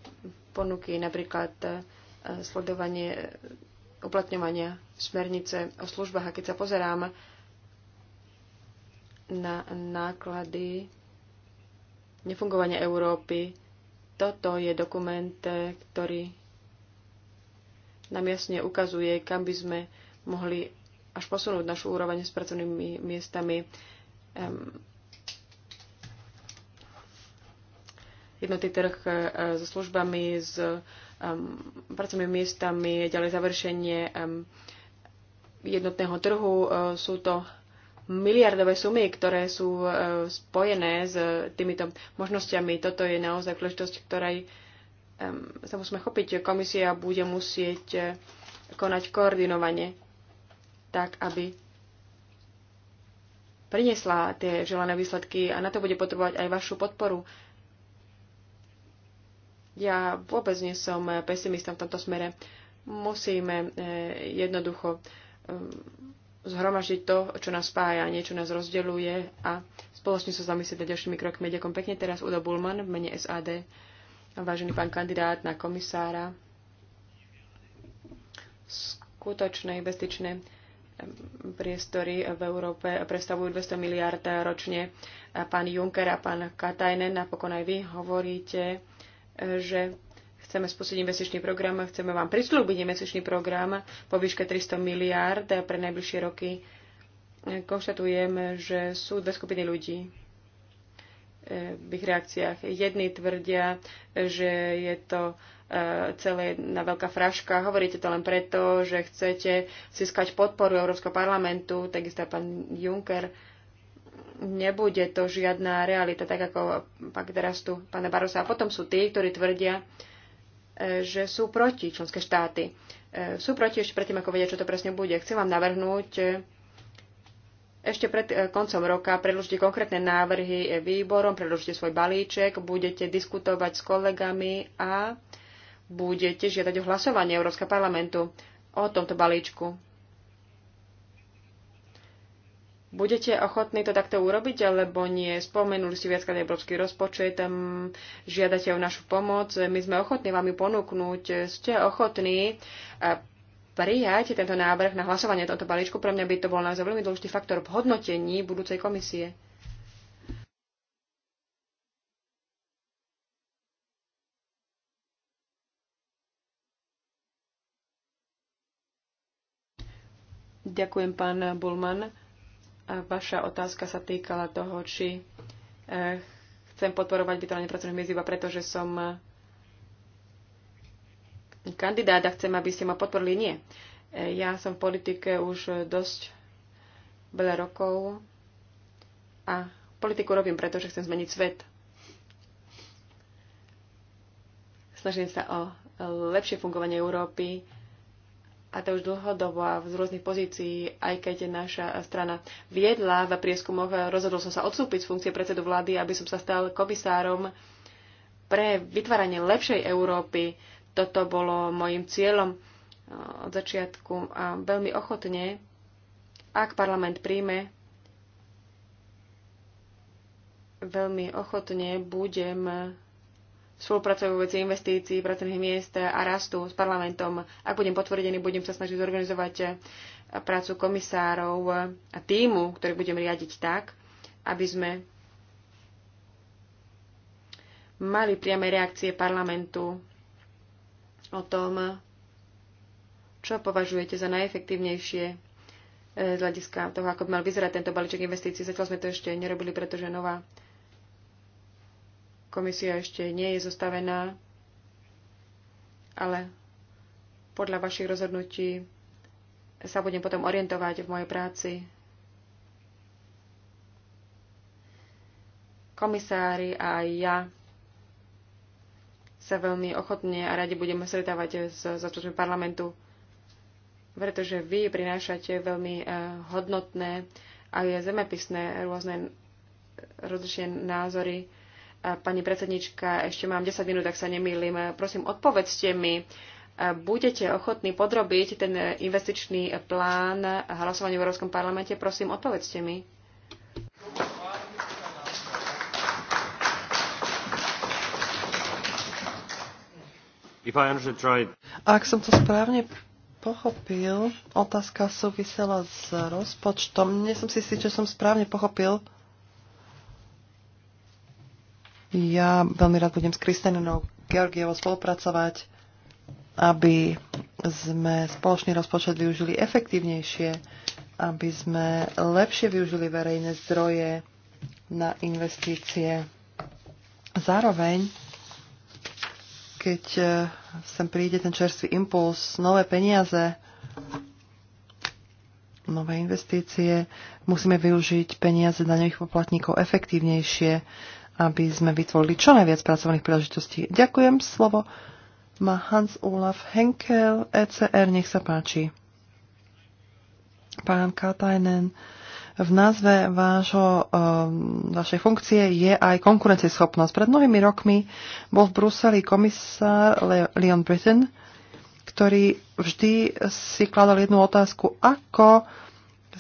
B: ponuky, napríklad uh, sledovanie uh, uplatňovania smernice o službách. A keď sa pozerám na náklady nefungovania Európy, toto je dokument, uh, ktorý nám jasne ukazuje, kam by sme mohli až posunúť našu úroveň s pracovnými miestami. jednotný trh e, so službami, s pracovnými miestami, ďalej završenie jednotného trhu. E, sú to miliardové sumy, ktoré sú e, spojené s týmito možnosťami. Toto je naozaj príležitosť, ktorej sa musíme chopiť. Komisia bude musieť konať koordinovanie tak aby priniesla tie želané výsledky a na to bude potrebovať aj vašu podporu. Ja vôbec nie som pesimista v tomto smere. Musíme eh, jednoducho eh, zhromažiť to, čo nás spája, niečo nás rozdeľuje a spoločne sa zamyslieť nad ďalšími krokmi. Ďakujem pekne teraz Udo Bulman v mene SAD, vážený pán kandidát na komisára. Skutočné bezpečné priestory v Európe predstavujú 200 miliard ročne. A pán Juncker a pán Katajnen, napokon aj vy hovoríte, že chceme spustiť investičný program, chceme vám prislúbiť investičný program po výške 300 miliard, pre najbližšie roky. Konštatujem, že sú dve skupiny ľudí v ich reakciách. Jedni tvrdia, že je to e, celé na veľká fraška. Hovoríte to len preto, že chcete získať podporu Európskeho parlamentu, takisto pán Juncker. Nebude to žiadna realita, tak ako pak teraz tu pána Barosa. A potom sú tí, ktorí tvrdia, e, že sú proti členské štáty. E, sú proti ešte predtým, ako vedia, čo to presne bude. Chcem vám navrhnúť ešte pred eh, koncom roka predložte konkrétne návrhy eh, výborom, predložte svoj balíček, budete diskutovať s kolegami a budete žiadať o hlasovanie Európskeho parlamentu o tomto balíčku. Budete ochotní to takto urobiť, alebo nie? Spomenuli si viackrát európsky rozpočet, žiadate o našu pomoc. My sme ochotní vám ju ponúknuť. Ste ochotní eh, prijať tento návrh na hlasovanie tohto balíčku. Pre mňa by to bol naozaj veľmi dôležitý faktor v hodnotení budúcej komisie. Ďakujem, pán Bulman. A vaša otázka sa týkala toho, či eh, chcem podporovať vytvorenie pracovných miest iba preto, že som eh, kandidáta, chcem, aby ste ma podporili. Nie. E, ja som v politike už dosť veľa rokov a politiku robím, pretože chcem zmeniť svet. Snažím sa o lepšie fungovanie Európy a to už dlhodobo a z rôznych pozícií, aj keď je naša strana viedla v prieskumoch, rozhodol som sa odstúpiť z funkcie predsedu vlády, aby som sa stal komisárom pre vytváranie lepšej Európy, toto bolo mojim cieľom eh, od začiatku a veľmi ochotne, ak parlament príjme, veľmi ochotne budem spolupracovať veci investícií, pracovných miest a rastu s parlamentom. Ak budem potvrdený, budem sa snažiť zorganizovať eh, prácu komisárov a týmu, ktorý budem riadiť tak, aby sme mali priame reakcie parlamentu o tom, čo považujete za najefektívnejšie e, z hľadiska toho, ako by mal vyzerať tento balíček investícií. Zatiaľ sme to ešte nerobili, pretože nová komisia ešte nie je zostavená, ale podľa vašich rozhodnutí sa budem potom orientovať v mojej práci. Komisári a aj ja sa veľmi ochotne a radi budeme stretávať s zastupcami parlamentu, pretože vy prinášate veľmi eh, hodnotné a zemepisné rôzne rozličné názory. Pani predsednička, ešte mám 10 minút, ak sa nemýlim. Prosím, odpovedzte mi, budete ochotní podrobiť ten investičný plán hlasovania v Európskom parlamente? Prosím, odpovedzte mi.
C: Ak som to správne pochopil, otázka súvisela s rozpočtom. Nie som si si, čo som správne pochopil. Ja veľmi rád budem s Kristianinou Georgievou spolupracovať, aby sme spoločný rozpočet využili efektívnejšie, aby sme lepšie využili verejné zdroje na investície. Zároveň keď e, sem príde ten čerstvý impuls, nové peniaze, nové investície, musíme využiť peniaze daňových poplatníkov efektívnejšie, aby sme vytvorili čo najviac pracovných príležitostí. Ďakujem, slovo má Hans Olaf Henkel, ECR, nech sa páči. Pán Katajnen, v názve vášho, ehm, vašej funkcie je aj konkurencieschopnosť. Pred mnohými rokmi bol v Bruseli komisár Leon Britton, ktorý vždy si kladol jednu otázku, ako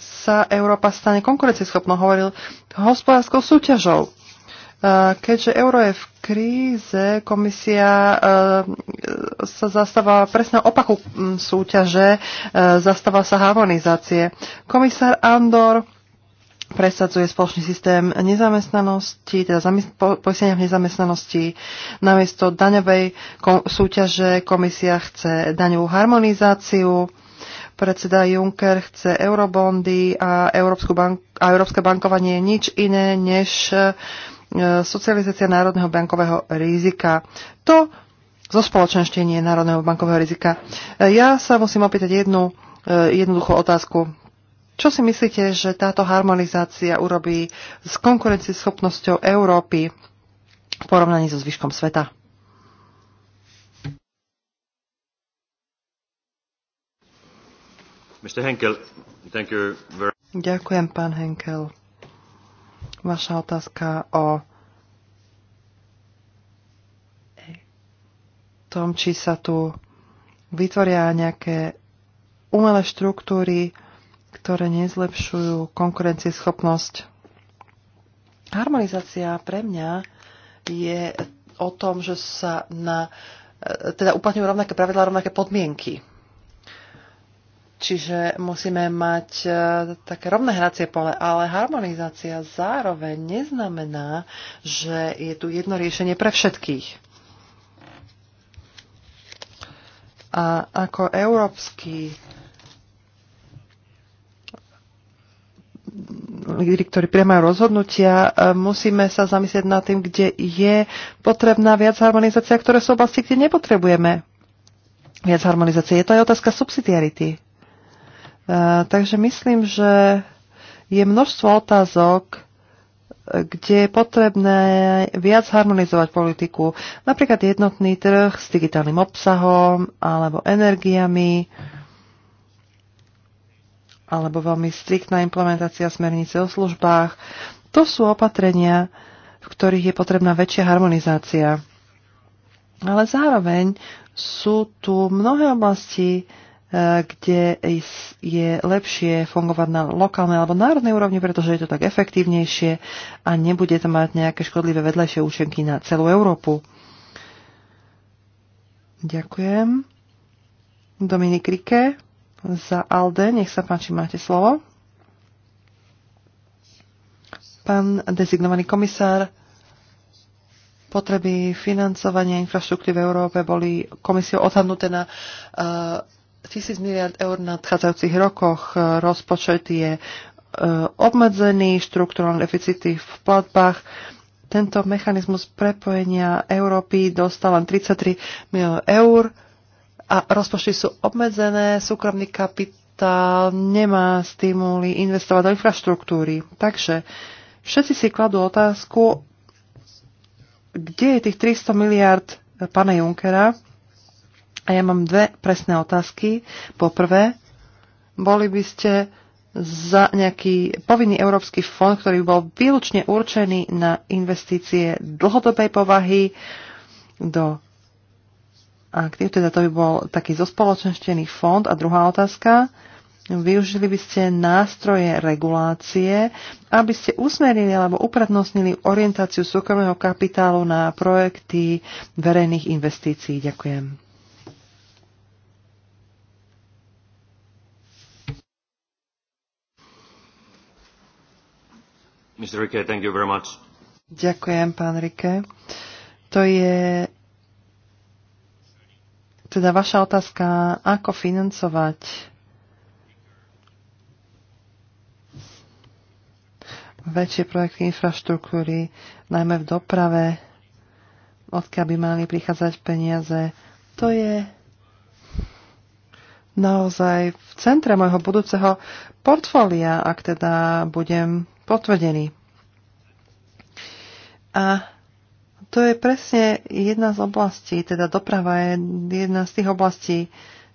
C: sa Európa stane konkurencieschopnou, hovoril hospodárskou súťažou. Ehm, keďže euro je v kríze, komisia ehm, sa zastáva presne opaku súťaže, zastáva sa harmonizácie. Komisár Andor presadzuje spoločný systém nezamestnanosti, teda poistenia v nezamestnanosti. Namiesto daňovej kom- súťaže komisia chce daňovú harmonizáciu, predseda Juncker chce eurobondy a, Európsku bank- a Európske bankovanie je nič iné než e, socializácia národného bankového rizika. To zo spoločenštenie národného bankového rizika. E, ja sa musím opýtať jednu e, jednoduchú otázku. Čo si myslíte, že táto harmonizácia urobí s konkurencieschopnosťou Európy v porovnaní so zvyškom sveta?
D: Mr. Henkel, thank you very...
C: Ďakujem, pán Henkel. Vaša otázka o tom, či sa tu vytvoria nejaké umelé štruktúry, ktoré nezlepšujú konkurencieschopnosť. Harmonizácia pre mňa je o tom, že sa na, e, teda uplatňujú rovnaké pravidlá, rovnaké podmienky. Čiže musíme mať e, také rovné hracie pole, ale harmonizácia zároveň neznamená, že je tu jedno riešenie pre všetkých. A ako európsky lídry, ktorí priamajú rozhodnutia, e, musíme sa zamyslieť nad tým, kde je potrebná viac harmonizácia, ktoré sú oblasti, kde nepotrebujeme viac harmonizácie. Je to aj otázka subsidiarity. E, takže myslím, že je množstvo otázok, kde je potrebné viac harmonizovať politiku. Napríklad jednotný trh s digitálnym obsahom alebo energiami alebo veľmi striktná implementácia smernice o službách. To sú opatrenia, v ktorých je potrebná väčšia harmonizácia. Ale zároveň sú tu mnohé oblasti, e, kde je lepšie fungovať na lokálnej alebo národnej úrovni, pretože je to tak efektívnejšie a nebude to mať nejaké škodlivé vedľajšie účinky na celú Európu. Ďakujem. Dominik Rike za ALDE. Nech sa páči, máte slovo. Pán dezignovaný komisár, potreby financovania infraštruktúry v Európe boli komisiou odhadnuté na uh, eh, miliard eur na nadchádzajúcich rokoch. Uh, rozpočet je uh, obmedzený, štruktúrne deficity v platbách. Tento mechanizmus prepojenia Európy dostal len 33 miliónov eur. Uh, a rozpočty sú obmedzené, súkromný kapitál nemá stimuly investovať do infraštruktúry. Takže všetci si kladú otázku, kde je tých 300 miliard eh, pána Junkera? A ja mám dve presné otázky. Poprvé, boli by ste za nejaký povinný európsky fond, ktorý bol výlučne určený na investície dlhodobej povahy do aktív, teda to by bol taký zospoločenštený fond. A druhá otázka, Využili by ste nástroje regulácie, aby ste usmerili alebo upratnostnili orientáciu súkromného kapitálu na projekty verejných investícií. Ďakujem.
D: Mr. Rike, thank you very much.
C: Ďakujem, pán Rike. To je teda vaša otázka, ako financovať väčšie projekty infraštruktúry, najmä v doprave, odkiaľ by mali prichádzať peniaze. To je naozaj v centre môjho budúceho portfólia, ak teda budem potvrdený. A to je presne jedna z oblastí, teda doprava je jedna z tých oblastí,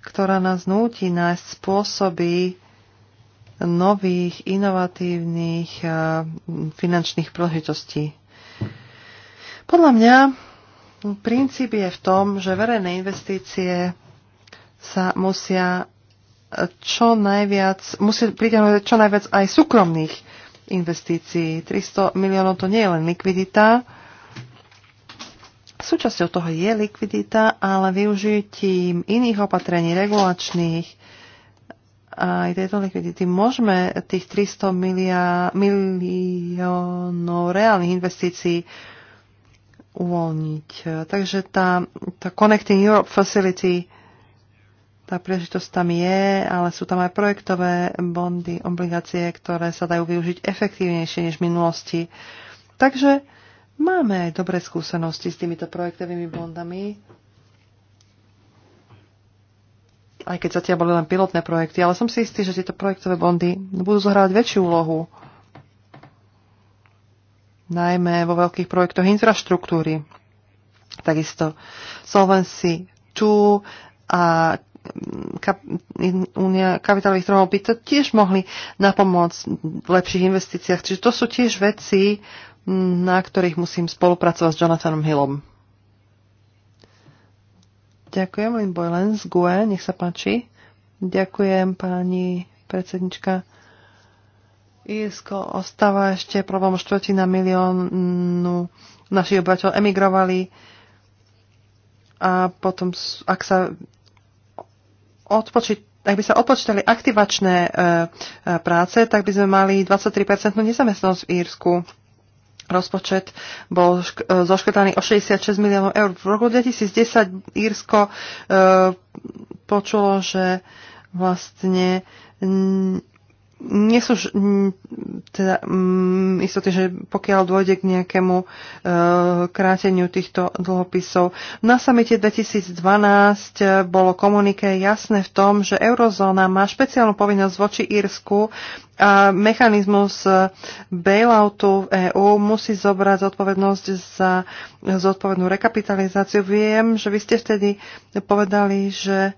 C: ktorá nás núti nájsť spôsoby nových, inovatívnych finančných príležitostí. Podľa mňa princíp je v tom, že verejné investície sa musia čo najviac, musí priťahovať čo najviac aj súkromných investícií. 300 miliónov to nie je len likvidita, Súčasťou toho je likvidita, ale využitím iných opatrení regulačných aj tejto likvidity môžeme tých 300 milia, miliónov reálnych investícií uvoľniť. Takže tá, tá Connecting Europe Facility, tá príležitosť tam je, ale sú tam aj projektové bondy, obligácie, ktoré sa dajú využiť efektívnejšie než v minulosti. Takže Máme aj dobré skúsenosti s týmito projektovými bondami. Aj keď zatiaľ boli len pilotné projekty, ale som si istý, že tieto projektové bondy budú zohrávať väčšiu úlohu. Najmä vo veľkých projektoch infraštruktúry. Takisto Solvency 2 a kap, Únia kapitálových trhov by to tiež mohli napomôcť v lepších investíciách. Čiže to sú tiež veci, na ktorých musím spolupracovať s Jonathanom Hillom. Ďakujem, Lynn Boylan z GUE, nech sa páči. Ďakujem, pani predsednička. Írsko ostáva ešte problém štvrtina miliónu našich obyvateľov emigrovali a potom, ak sa odpočiť ak by sa odpočítali aktivačné e, e, práce, tak by sme mali 23% nezamestnosť v Írsku rozpočet bol e, zoškrtaný o 66 miliónov eur. V roku 2010 Írsko e, počulo, že vlastne nie sú teda, um, istoty, že pokiaľ dôjde k nejakému uh, kráteniu týchto dlhopisov. Na samite 2012 e, bolo komuniké jasné v tom, že eurozóna má špeciálnu povinnosť voči Írsku a mechanizmus e, bailoutu v EÚ musí zobrať zodpovednosť za zodpovednú rekapitalizáciu. Viem, že vy ste vtedy povedali, že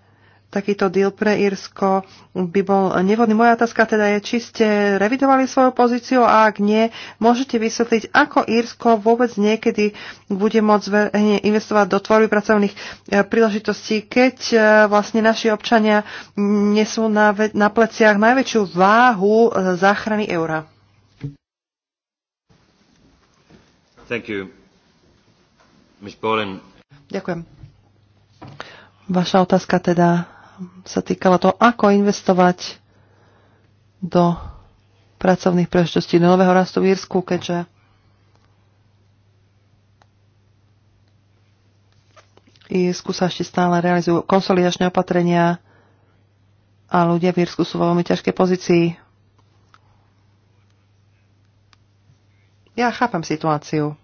C: takýto deal pre Írsko by bol nevhodný. Moja otázka teda je, či ste revidovali svoju pozíciu a ak nie, môžete vysvetliť, ako Írsko vôbec niekedy bude môcť investovať do tvorby pracovných e, príležitostí, keď e, vlastne naši občania nesú na, na pleciach najväčšiu váhu e, záchrany eura.
D: Thank you. Ms.
C: Ďakujem. Vaša otázka teda sa týkala toho, ako investovať do pracovných príležitostí, do nového rastu v Írsku, keďže Írsku sa ešte stále realizujú konsolidačné opatrenia a ľudia v Írsku sú vo veľmi ťažkej pozícii. Ja chápem situáciu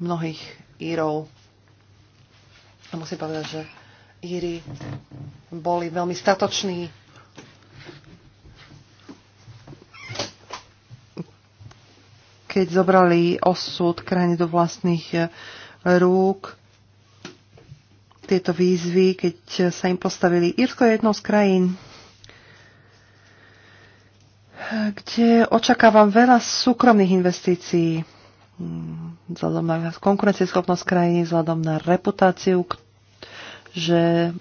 C: mnohých Írov. A musím povedať, že Íri boli veľmi statoční. Keď zobrali osud krajiny do vlastných e, rúk, tieto výzvy, keď sa im postavili. Írsko je jednou z krajín, kde očakávam veľa súkromných investícií hmm, vzhľadom na konkurencieschopnosť krajiny, vzhľadom na reputáciu, že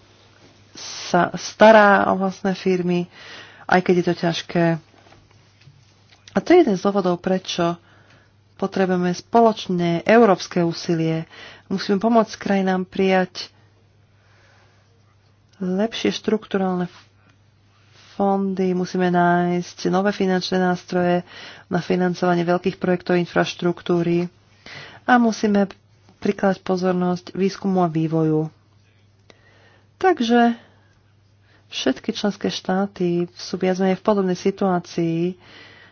C: sa stará o vlastné firmy, aj keď je to ťažké. A to je jeden z dôvodov, prečo potrebujeme spoločné európske úsilie. Musíme pomôcť krajinám prijať lepšie štrukturálne fondy, musíme nájsť nové finančné nástroje na financovanie veľkých projektov infraštruktúry a musíme prikladať pozornosť výskumu a vývoju. Takže všetky členské štáty sú viac menej v podobnej situácii,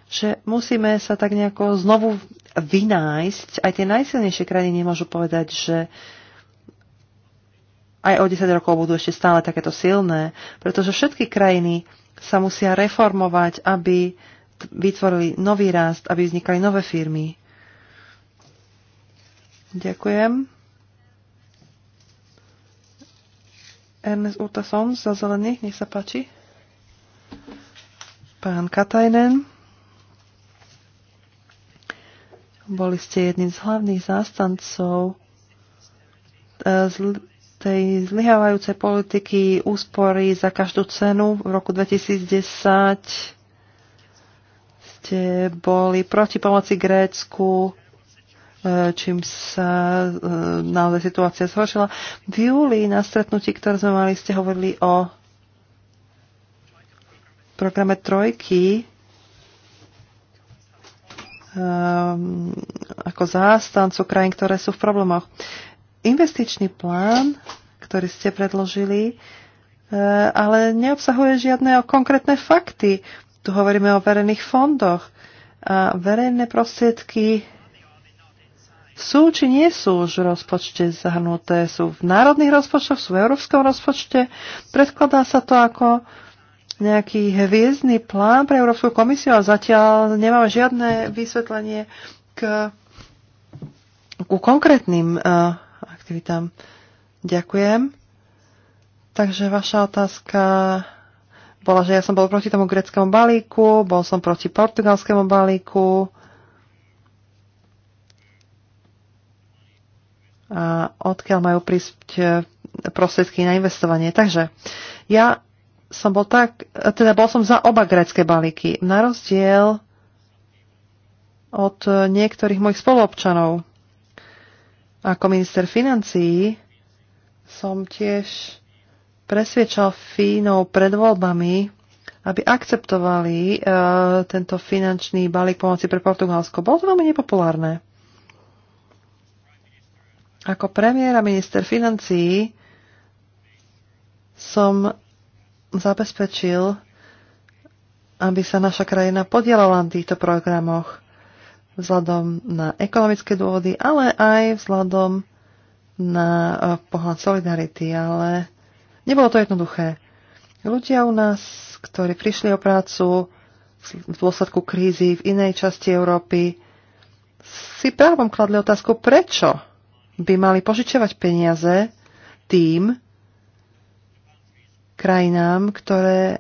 C: že musíme sa tak nejako znovu vynájsť. Aj tie najsilnejšie krajiny nemôžu povedať, že aj o 10 rokov budú ešte stále takéto silné, pretože všetky krajiny sa musia reformovať, aby vytvorili nový rast, aby vznikali nové firmy. Ďakujem. Ernest Urtason za zelených, nech sa páči. Pán Katajnen. Boli ste jedným z hlavných zástancov e, tej zlyhávajúcej politiky úspory za každú cenu v roku 2010 ste boli proti pomoci Grécku Eh, čím sa eh, naozaj situácia zhoršila. V júli na stretnutí, ktoré sme mali, ste hovorili o programe Trojky, eh, ako zástancu krajín, ktoré sú v problémoch. Investičný plán, ktorý ste predložili, ale neobsahuje žiadne konkrétne fakty. Tu hovoríme o verejných fondoch. A verejné prostriedky sú či nie sú už v rozpočte zahrnuté, sú v národných rozpočtoch, sú v európskom rozpočte. Predkladá sa to ako nejaký hviezdny plán pre Európsku komisiu a zatiaľ nemáme žiadne vysvetlenie k, ku konkrétnym uh, aktivitám. Ďakujem. Takže vaša otázka bola, že ja som bol proti tomu greckému balíku, bol som proti portugalskému balíku, odkiaľ majú prísť e, prostriedky na investovanie. Takže ja som bol tak, teda bol som za oba grecké balíky, na rozdiel od niektorých mojich spoluobčanov. Ako minister financií som tiež presviečal Fínov pred voľbami, aby akceptovali uh, tento finančný balík pomoci pre Portugalsko. Bolo to veľmi nepopulárne. Ako premiér a minister financií som zabezpečil, aby sa naša krajina podielala na týchto programoch vzhľadom na ekonomické dôvody, ale aj vzhľadom na e, pohľad solidarity, ale nebolo to jednoduché. Ľudia u nás, ktorí prišli o prácu v dôsledku krízy v inej časti Európy, si právom kladli otázku, prečo by mali požičovať peniaze tým krajinám, ktoré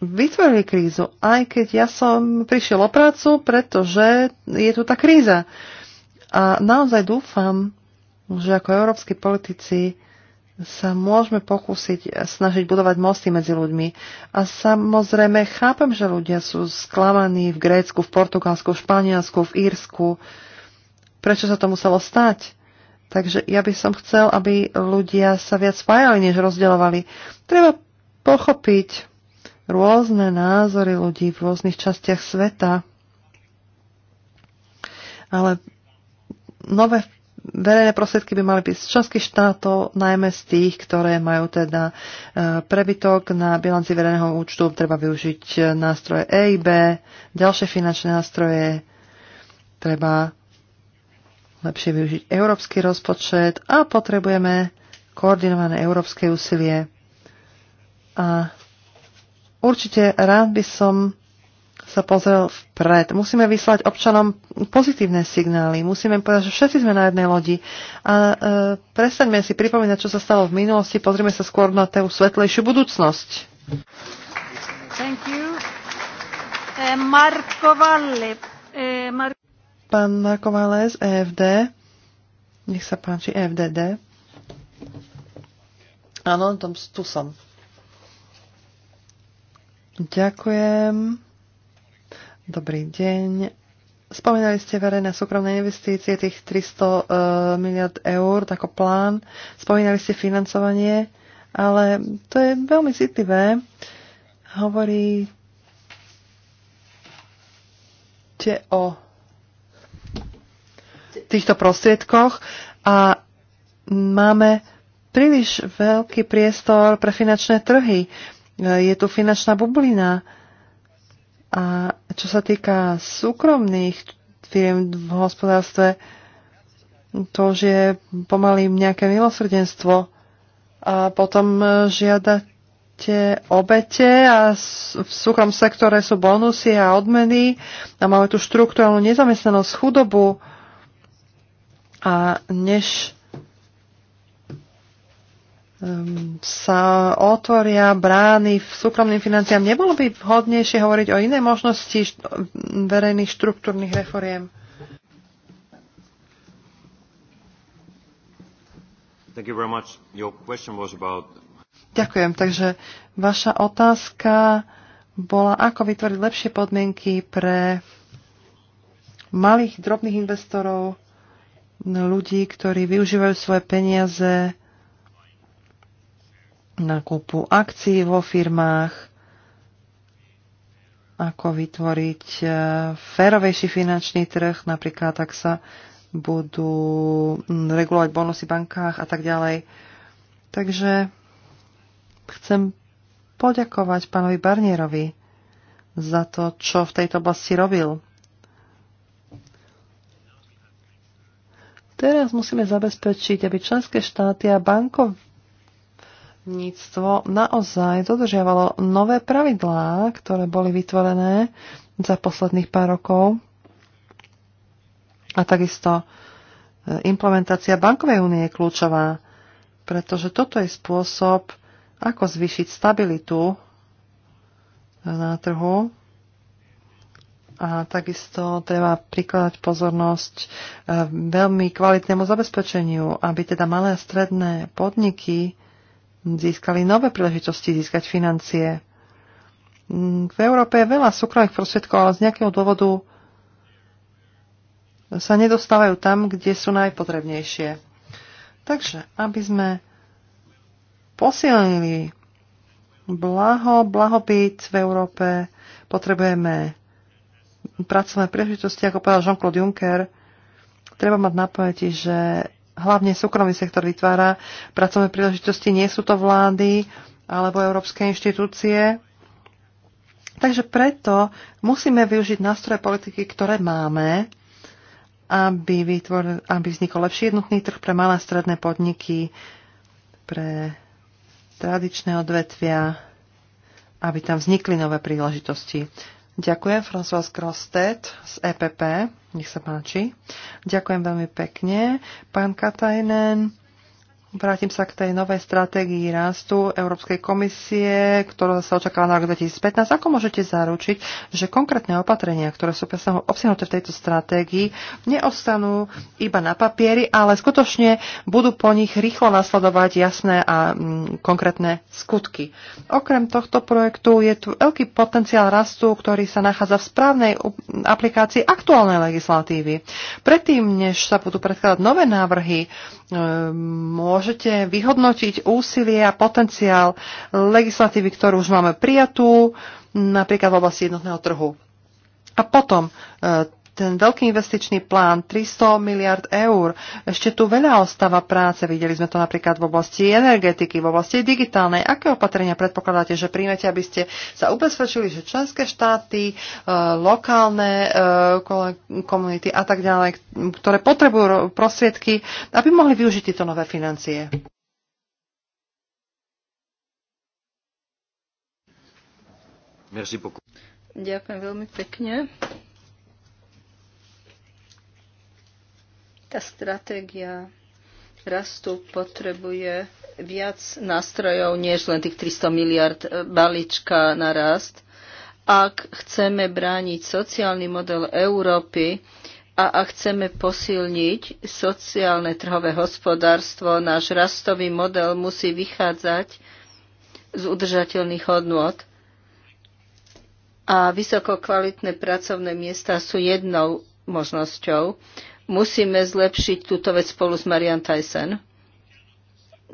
C: vytvorili krízu, aj keď ja som prišiel o prácu, pretože je tu tá kríza. A naozaj dúfam, že ako európsky politici sa môžeme pokúsiť snažiť budovať mosty medzi ľuďmi. A samozrejme chápem, že ľudia sú sklamaní v Grécku, v Portugalsku, v Španielsku, v Írsku. Prečo sa to muselo stať? Takže ja by som chcel, aby ľudia sa viac spájali, než rozdielovali. Treba pochopiť rôzne názory ľudí v rôznych častiach sveta. Ale nové verejné prostriedky by mali byť z členských štátov, najmä z tých, ktoré majú teda e, prebytok na bilanci verejného účtu. Treba využiť nástroje EIB, ďalšie finančné nástroje. Treba lepšie využiť európsky rozpočet a potrebujeme koordinované európske úsilie. A určite rád by som sa pozrel vpred. Musíme vyslať občanom pozitívne signály. Musíme povedať, že všetci sme na jednej lodi. A e, prestaňme si pripomínať, čo sa stalo v minulosti. Pozrime sa skôr na tú svetlejšiu budúcnosť.
B: Thank you. E,
A: Marko Valle. E, Mar-
C: Pán Kovales, EFD. Nech sa páči, EFDD. Áno, tam, tu som. Ďakujem. Dobrý deň. Spomínali ste verejné súkromné investície, tých 300 uh, e, miliard eur ako plán. Spomínali ste financovanie, ale to je veľmi citlivé. Hovoríte o týchto prostriedkoch a máme príliš veľký priestor pre finančné trhy. Je tu finančná bublina. A čo sa týka súkromných firm v hospodárstve, to už je pomaly nejaké milosrdenstvo. A potom žiadate obete a v súkrom sektore sú bonusy a odmeny a máme tu štruktúrnu nezamestnanosť, chudobu. A než ehm, sa otvoria brány v súkromným financiám, nebolo by vhodnejšie hovoriť o inej možnosti verejných štruktúrnych reforiem?
D: About...
C: Ďakujem. Takže vaša otázka bola, ako vytvoriť lepšie podmienky pre malých, drobných investorov, ľudí, ktorí využívajú svoje peniaze na kúpu akcií vo firmách, ako vytvoriť e, férovejší finančný trh, napríklad ak sa budú regulovať bonusy v bankách a tak ďalej. Takže chcem poďakovať pánovi Barnierovi za to, čo v tejto oblasti robil. Teraz musíme zabezpečiť, aby členské štáty a bankovníctvo naozaj dodržiavalo nové pravidlá, ktoré boli vytvorené za posledných pár rokov a takisto e, implementácia bankovej únie je kľúčová, pretože toto je spôsob, ako zvýšiť stabilitu e, na trhu a takisto treba prikladať pozornosť e, veľmi kvalitnému zabezpečeniu, aby teda malé a stredné podniky získali nové príležitosti získať financie. Mm, v Európe je veľa súkromných prostriedkov, ale z nejakého dôvodu sa nedostávajú tam, kde sú najpotrebnejšie. Takže, aby sme posilnili blaho, blahobyt v Európe, potrebujeme pracovné príležitosti, ako povedal Jean-Claude Juncker, treba mať na pamäti, že hlavne súkromný sektor vytvára pracovné príležitosti, nie sú to vlády alebo európske inštitúcie. Takže preto musíme využiť nástroje politiky, ktoré máme, aby, vytvor, aby vznikol lepší jednotný trh pre malé a stredné podniky, pre tradičné odvetvia, aby tam vznikli nové príležitosti. Ďakujem, François Grostet z EPP. Nech sa páči. Ďakujem veľmi pekne, pán Katajnen. Vrátim sa k tej novej stratégii rastu Európskej komisie, ktorá sa očakáva na rok 2015. Ako môžete zaručiť, že konkrétne opatrenia, ktoré sú obsiahnuté v tejto stratégii, neostanú iba na papieri, ale skutočne budú po nich rýchlo nasledovať jasné a mm, konkrétne skutky. Okrem tohto projektu je tu veľký potenciál rastu, ktorý sa nachádza v správnej aplikácii aktuálnej legislatívy. Predtým, než sa budú predkladať nové návrhy, E, môžete vyhodnotiť úsilie a potenciál legislatívy, ktorú už máme prijatú, napríklad v oblasti jednotného trhu. A potom e, ten veľký investičný plán 300 miliard eur. Ešte tu veľa ostáva práce. Videli sme to napríklad v oblasti energetiky, v oblasti digitálnej. Aké opatrenia predpokladáte, že príjmete, aby ste sa ubezpečili, že členské štáty, e, lokálne e, komunity a tak ďalej, ktoré potrebujú prostriedky, aby mohli využiť tieto nové financie?
A: Ďakujem veľmi pekne. Tá stratégia rastu potrebuje viac nástrojov, než len tých 300 miliard e, balíčka na rast. Ak chceme brániť sociálny model Európy a ak chceme posilniť sociálne trhové hospodárstvo, náš rastový model musí vychádzať z udržateľných hodnot. A vysokokvalitné pracovné miesta sú jednou možnosťou. Musíme zlepšiť túto vec spolu s Marian Tyson.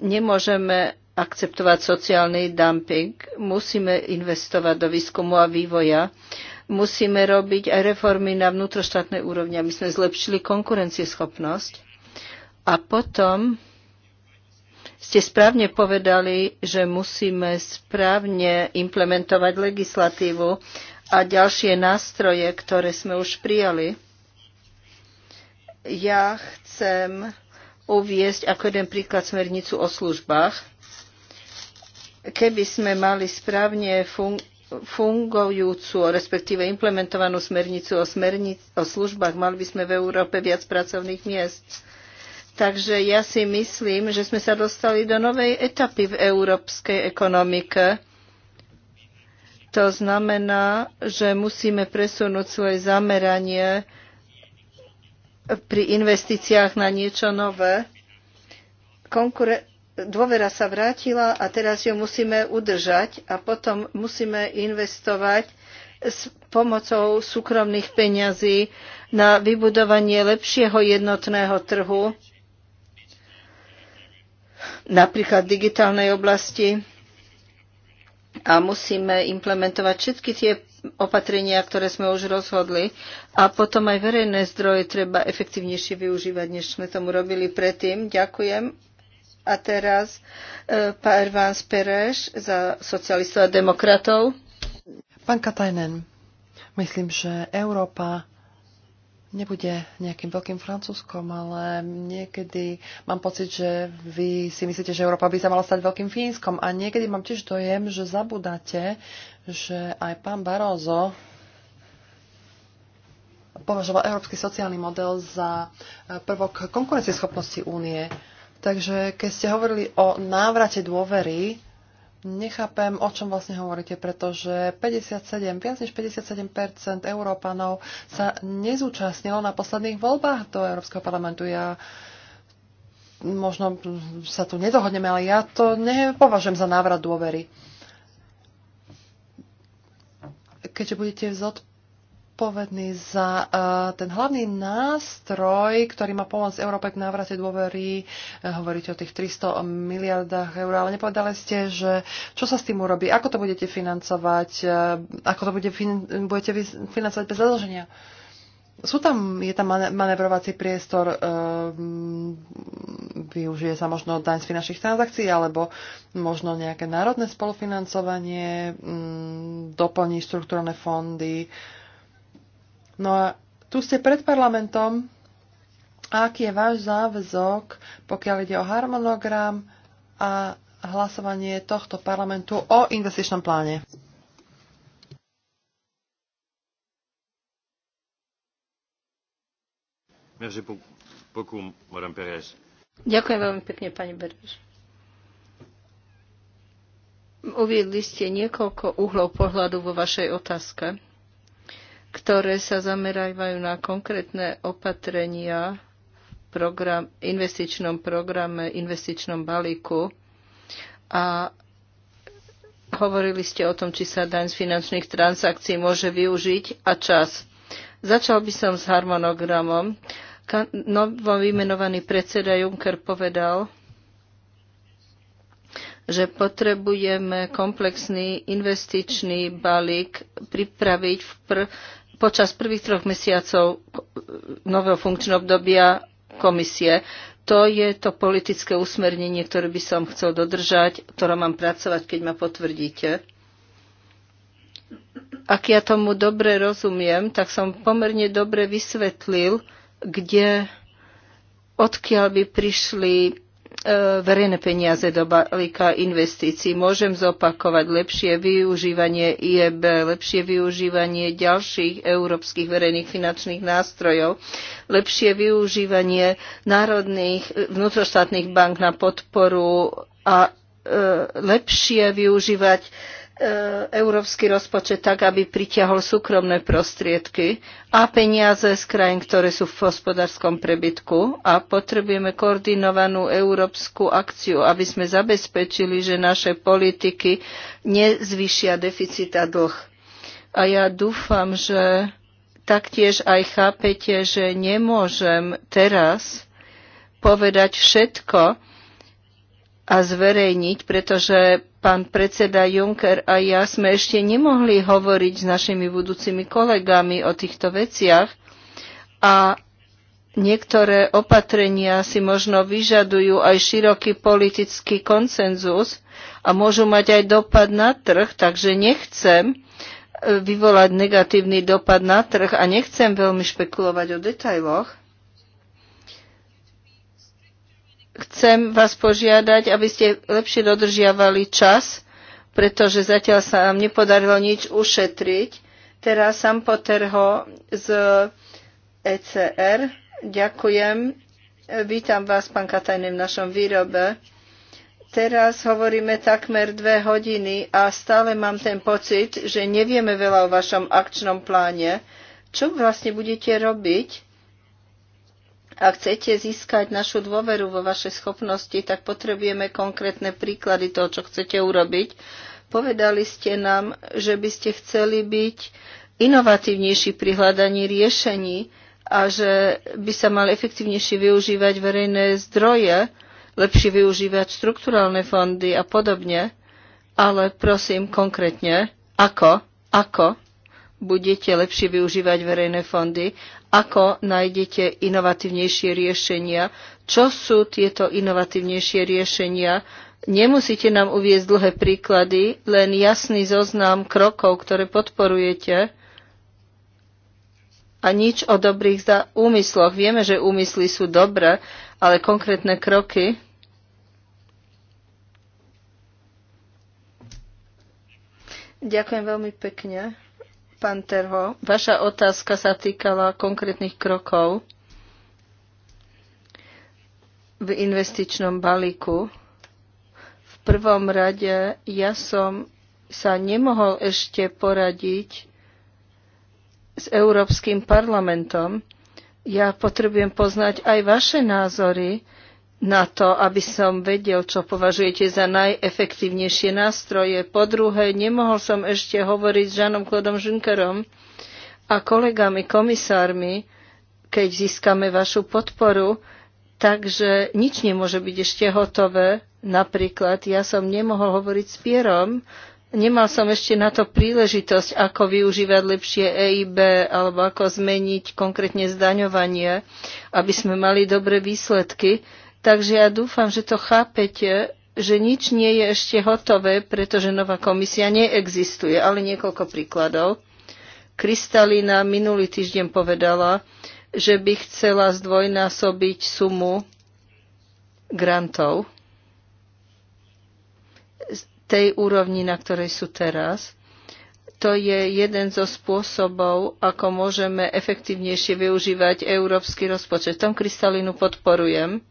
A: Nemôžeme akceptovať sociálny dumping. Musíme investovať do výskumu a vývoja. Musíme robiť aj reformy na vnútroštátnej úrovni, aby sme zlepšili konkurencieschopnosť. A potom ste správne povedali, že musíme správne implementovať legislatívu a ďalšie nástroje, ktoré sme už prijali. Ja chcem uviesť ako jeden príklad smernicu o službách. Keby sme mali správne fun- fungujúcu, respektíve implementovanú smernicu o, smerni- o službách, mali by sme v Európe viac pracovných miest. Takže ja si myslím, že sme sa dostali do novej etapy v európskej ekonomike. To znamená, že musíme presunúť svoje zameranie pri investíciách na niečo nové. Konkure- dôvera sa vrátila a teraz ju musíme udržať a potom musíme investovať s pomocou súkromných peňazí na vybudovanie lepšieho jednotného trhu, napríklad v digitálnej oblasti. A musíme implementovať všetky tie opatrenia, ktoré sme už rozhodli. A potom aj verejné zdroje treba efektívnejšie využívať, než sme tomu robili predtým. Ďakujem. A teraz e, pán Vans Pereš za socialistov a demokratov.
C: Pán Katajnen, myslím, že Európa nebude nejakým veľkým Francúzskom, ale niekedy mám pocit, že vy si myslíte, že Európa by sa mala stať veľkým Fínskom a niekedy mám tiež dojem, že zabudáte, že aj pán Barozo považoval európsky sociálny model za e, prvok konkurencieschopnosti únie. Takže keď ste hovorili o návrate dôvery, Nechápem, o čom vlastne hovoríte, pretože 57, viac než 57 Európanov sa nezúčastnilo na posledných voľbách do Európskeho parlamentu. Ja možno sa tu nedohodneme, ale ja to nepovažujem za návrat dôvery. Keďže budete zodpovedať zodpovedný za eh, ten hlavný nástroj, ktorý má pomôcť Európe k návrate dôvery. Eh, hovoríte o tých 300 miliardách eur, ale nepovedali ste, že čo sa s tým urobí, ako to budete financovať, eh, ako to bude, budete financovať bez zadlženia. Sú tam, je tam manevrovací priestor, e, využije sa možno daň z finančných transakcií, alebo možno nejaké národné spolufinancovanie, um, doplní štruktúrne fondy. E, No a tu ste pred parlamentom. Aký je váš záväzok, pokiaľ ide o harmonogram a hlasovanie tohto parlamentu o investičnom pláne?
D: Merci beaucoup, Madame Pérez.
A: Ďakujem veľmi pekne, pani Bereš. Uviedli ste niekoľko uhlov pohľadu vo vašej otázke ktoré sa zamerajú na konkrétne opatrenia v program, investičnom programe, investičnom balíku. A hovorili ste o tom, či sa daň z finančných transakcií môže využiť a čas. Začal by som s harmonogramom. Novo vymenovaný predseda Juncker povedal, že potrebujeme komplexný investičný balík pripraviť v pr- počas prvých troch mesiacov nového funkčného obdobia komisie. To je to politické usmernenie, ktoré by som chcel dodržať, ktoré mám pracovať, keď ma potvrdíte. Ak ja tomu dobre rozumiem, tak som pomerne dobre vysvetlil, kde, odkiaľ by prišli E, verejné peniaze do balíka investícií. Môžem zopakovať lepšie využívanie IEB, lepšie využívanie ďalších európskych verejných finančných nástrojov, lepšie využívanie národných e, vnútroštátnych bank na podporu a e, lepšie využívať E, európsky rozpočet tak, aby pritiahol súkromné prostriedky a peniaze z krajín, ktoré sú v hospodárskom prebytku a potrebujeme koordinovanú európsku akciu, aby sme zabezpečili, že naše politiky nezvyšia deficit a dlh. A ja dúfam, že taktiež aj chápete, že nemôžem teraz povedať všetko, a zverejniť, pretože pán predseda Juncker a ja sme ešte nemohli hovoriť s našimi budúcimi kolegami o týchto veciach a niektoré opatrenia si možno vyžadujú aj široký politický konsenzus a môžu mať aj dopad na trh, takže nechcem e, vyvolať negatívny dopad na trh a nechcem veľmi špekulovať o detailoch, chcem vás požiadať, aby ste lepšie dodržiavali čas, pretože zatiaľ sa nám nepodarilo nič ušetriť. Teraz Sam Poterho z ECR. Ďakujem. Vítam vás, pán Katajne, v našom výrobe. Teraz hovoríme takmer dve hodiny a stále mám ten pocit, že nevieme veľa o vašom akčnom pláne. Čo vlastne budete robiť? Ak chcete získať našu dôveru vo vaše schopnosti, tak potrebujeme konkrétne príklady toho, čo chcete urobiť. Povedali ste nám, že by ste chceli byť inovatívnejší pri hľadaní riešení a že by sa mal efektívnejšie využívať verejné zdroje, lepšie využívať štrukturálne fondy a podobne. Ale prosím konkrétne, ako, ako budete lepšie využívať verejné fondy ako nájdete inovatívnejšie riešenia, čo sú tieto inovatívnejšie riešenia. Nemusíte nám uviezť dlhé príklady, len jasný zoznam krokov, ktoré podporujete a nič o dobrých za úmysloch. Vieme, že úmysly sú dobré, ale konkrétne kroky. Ďakujem veľmi pekne. Pán Terho, vaša otázka sa týkala konkrétnych krokov v investičnom balíku. V prvom rade ja som sa nemohol ešte poradiť s Európskym parlamentom. Ja potrebujem poznať aj vaše názory, na to, aby som vedel, čo považujete za najefektívnejšie nástroje. Po druhé, nemohol som ešte hovoriť s Žanom Klodom Žunkerom a kolegami, komisármi, keď získame vašu podporu, takže nič nemôže byť ešte hotové. Napríklad ja som nemohol hovoriť s Pierom, nemal som ešte na to príležitosť, ako využívať lepšie EIB alebo ako zmeniť konkrétne zdaňovanie, aby sme mali dobré výsledky Takže ja dúfam, že to chápete, že nič nie je ešte hotové, pretože nová komisia neexistuje, ale niekoľko príkladov. Kristalina minulý týždeň povedala, že by chcela zdvojnásobiť sumu grantov z tej úrovni, na ktorej sú teraz. To je jeden zo spôsobov, ako môžeme efektívnejšie využívať európsky rozpočet. Tom Kristalinu podporujem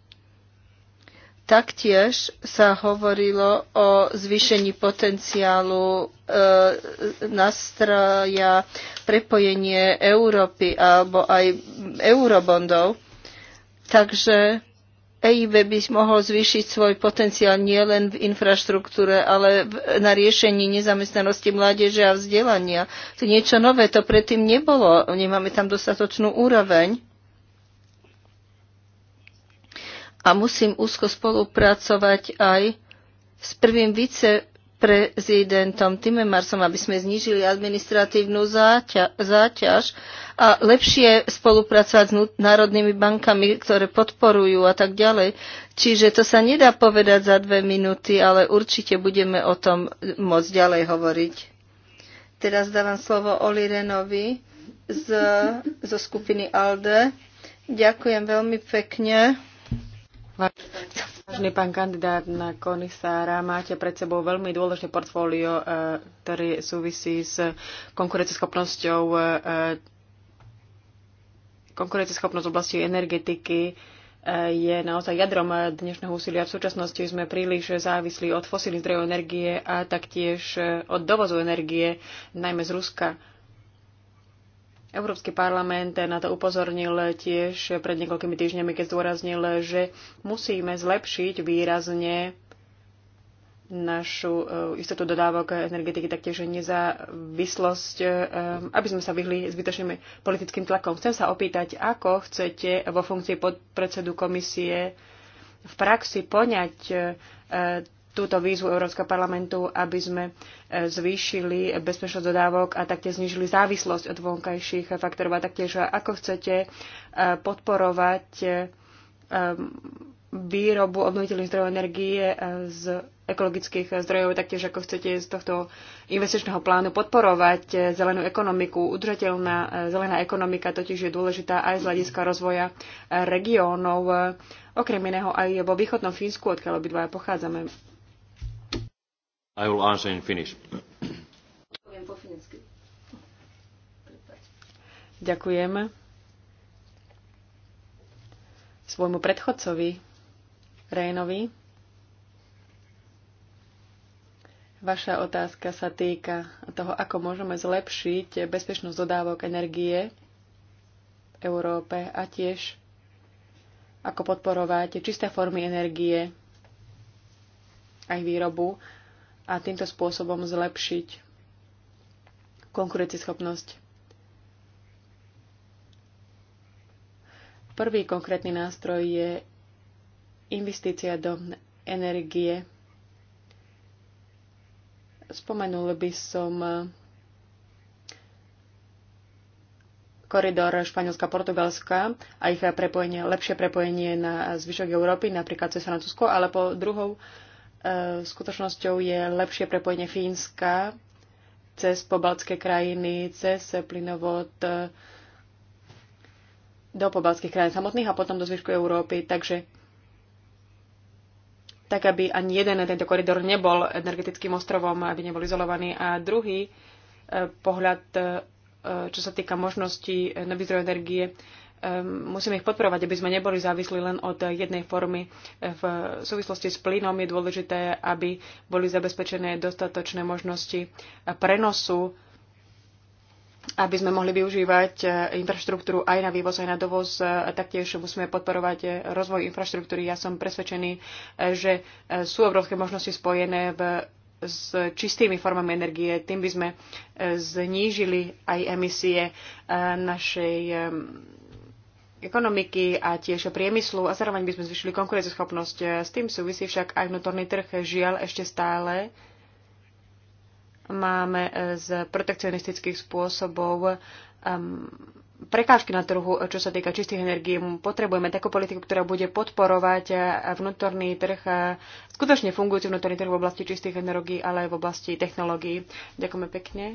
A: Taktiež sa hovorilo o zvýšení potenciálu e, nastraja prepojenie Európy alebo aj eurobondov. Takže EIB by mohol zvýšiť svoj potenciál nielen v infraštruktúre, ale v, na riešení nezamestnanosti mládeže a vzdelania. To je niečo nové, to predtým nebolo. Nemáme tam dostatočnú úroveň. a musím úzko spolupracovať aj s prvým viceprezidentom Timmermansom, aby sme znížili administratívnu záťa- záťaž a lepšie spolupracovať s národnými bankami, ktoré podporujú a tak ďalej. Čiže to sa nedá povedať za dve minúty, ale určite budeme o tom môcť ďalej hovoriť. Teraz dávam slovo Oli Renovi z, zo skupiny ALDE. Ďakujem veľmi pekne.
B: Vážený pán kandidát na komisára, máte pred sebou veľmi dôležité portfólio, eh, ktoré súvisí s konkurenceschopnosťou eh, konkurenceschopnosť v oblasti energetiky eh, je naozaj jadrom dnešného úsilia. V súčasnosti sme príliš závislí od fosílnych zdrojov energie a taktiež od dovozu energie, najmä z Ruska. Európsky parlament na to upozornil tiež pred niekoľkými týždňami, keď zdôraznil, že musíme zlepšiť výrazne našu e, istotu dodávok energetiky, taktiež nezávislosť, e, aby sme sa vyhli zbytočným politickým tlakom. Chcem sa opýtať, ako chcete vo funkcii podpredsedu komisie v praxi poňať e, túto výzvu Európskeho parlamentu, aby sme e, zvýšili bezpečnosť dodávok a taktiež znižili závislosť od vonkajších faktorov a taktiež ako chcete e, podporovať e, výrobu obnoviteľných zdrojov energie z ekologických zdrojov, taktiež ako chcete z tohto investičného plánu podporovať zelenú ekonomiku. Udržateľná zelená ekonomika totiž je dôležitá aj z hľadiska rozvoja regiónov, okrem iného aj vo východnom Fínsku, odkiaľ obidva pochádzame.
D: I will answer in Finnish.
B: Ďakujem svojmu predchodcovi Rejnovi. Vaša otázka sa týka toho, ako môžeme zlepšiť bezpečnosť dodávok energie v Európe a tiež ako podporovať čisté formy energie aj výrobu a týmto spôsobom zlepšiť konkurencieschopnosť. Prvý konkrétny nástroj je investícia do energie. Spomenul by som koridor Španielska-Portugalska a ich prepojenie, lepšie prepojenie na zvyšok Európy, napríklad cez Francúzsko, ale po druhou E, skutočnosťou je lepšie prepojenie Fínska cez pobaltské krajiny, cez plynovod e, do pobaltských krajín samotných a potom do zvyšku Európy. Takže tak, aby ani jeden tento koridor nebol energetickým ostrovom, aby nebol izolovaný. A druhý e, pohľad, čo sa týka možností nových zdrojov energie, Ehm, musíme ich podporovať, aby sme neboli závislí len od jednej formy. V súvislosti s plynom je dôležité, aby boli zabezpečené dostatočné možnosti prenosu, aby sme mohli využívať e, infraštruktúru aj na vývoz, aj na dovoz. E, taktiež musíme podporovať e, rozvoj infraštruktúry. Ja som presvedčený, že sú obrovské možnosti spojené v s čistými formami energie, tým by sme znížili aj emisie našej ekonomiky a tiež priemyslu a zároveň by sme zvyšili konkurenceschopnosť. S tým súvisí však aj vnútorný trh. Žiaľ, ešte stále máme z protekcionistických spôsobov um, prekážky na trhu, čo sa týka čistých energií. Potrebujeme takú politiku, ktorá bude podporovať vnútorný trh, skutočne fungujúci vnútorný trh v oblasti čistých energií, ale aj v oblasti
A: technológií. Ďakujeme pekne.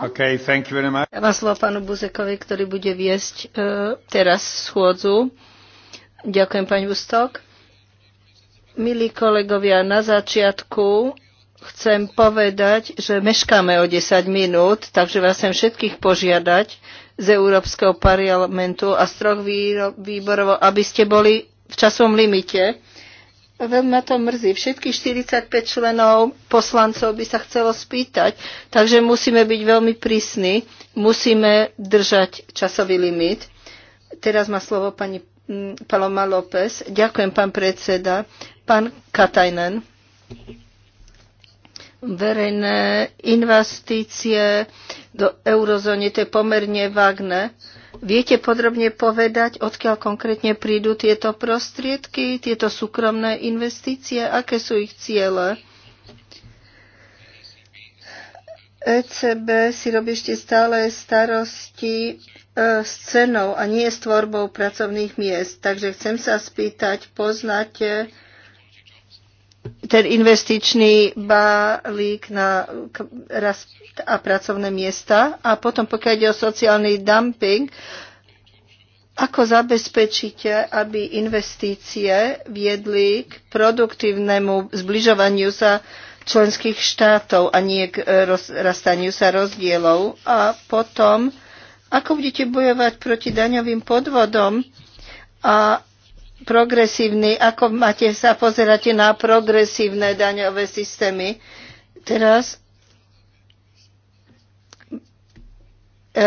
A: Okay, thank you very much. Ja vás slovo pánu Buzekovi, ktorý bude viesť uh, teraz schôdzu. Ďakujem, pani Bustok. Milí kolegovia, na začiatku chcem povedať, že meškáme o 10 minút, takže vás chcem všetkých požiadať, z Európskeho parlamentu a z troch výborov, aby ste boli v časovom limite. Veľmi ma to mrzí. Všetkých 45 členov poslancov by sa chcelo spýtať, takže musíme byť veľmi prísni, musíme držať časový limit. Teraz má slovo pani mm, Paloma López. Ďakujem, pán predseda. Pán Katajnen verejné investície do eurozóny, to je pomerne vágne. Viete podrobne povedať, odkiaľ konkrétne prídu tieto prostriedky, tieto súkromné investície, aké sú ich ciele? ECB si robí ešte stále starosti e, s cenou a nie s tvorbou pracovných miest. Takže chcem sa spýtať, poznáte ten investičný balík na rast a pracovné miesta a potom pokiaľ ide o sociálny dumping, ako zabezpečíte, aby investície viedli k produktívnemu zbližovaniu sa členských štátov a nie k e, rastaniu sa rozdielov? A potom, ako budete bojovať proti daňovým podvodom a progresívny, ako máte sa pozerať na progresívne daňové systémy. Teraz e,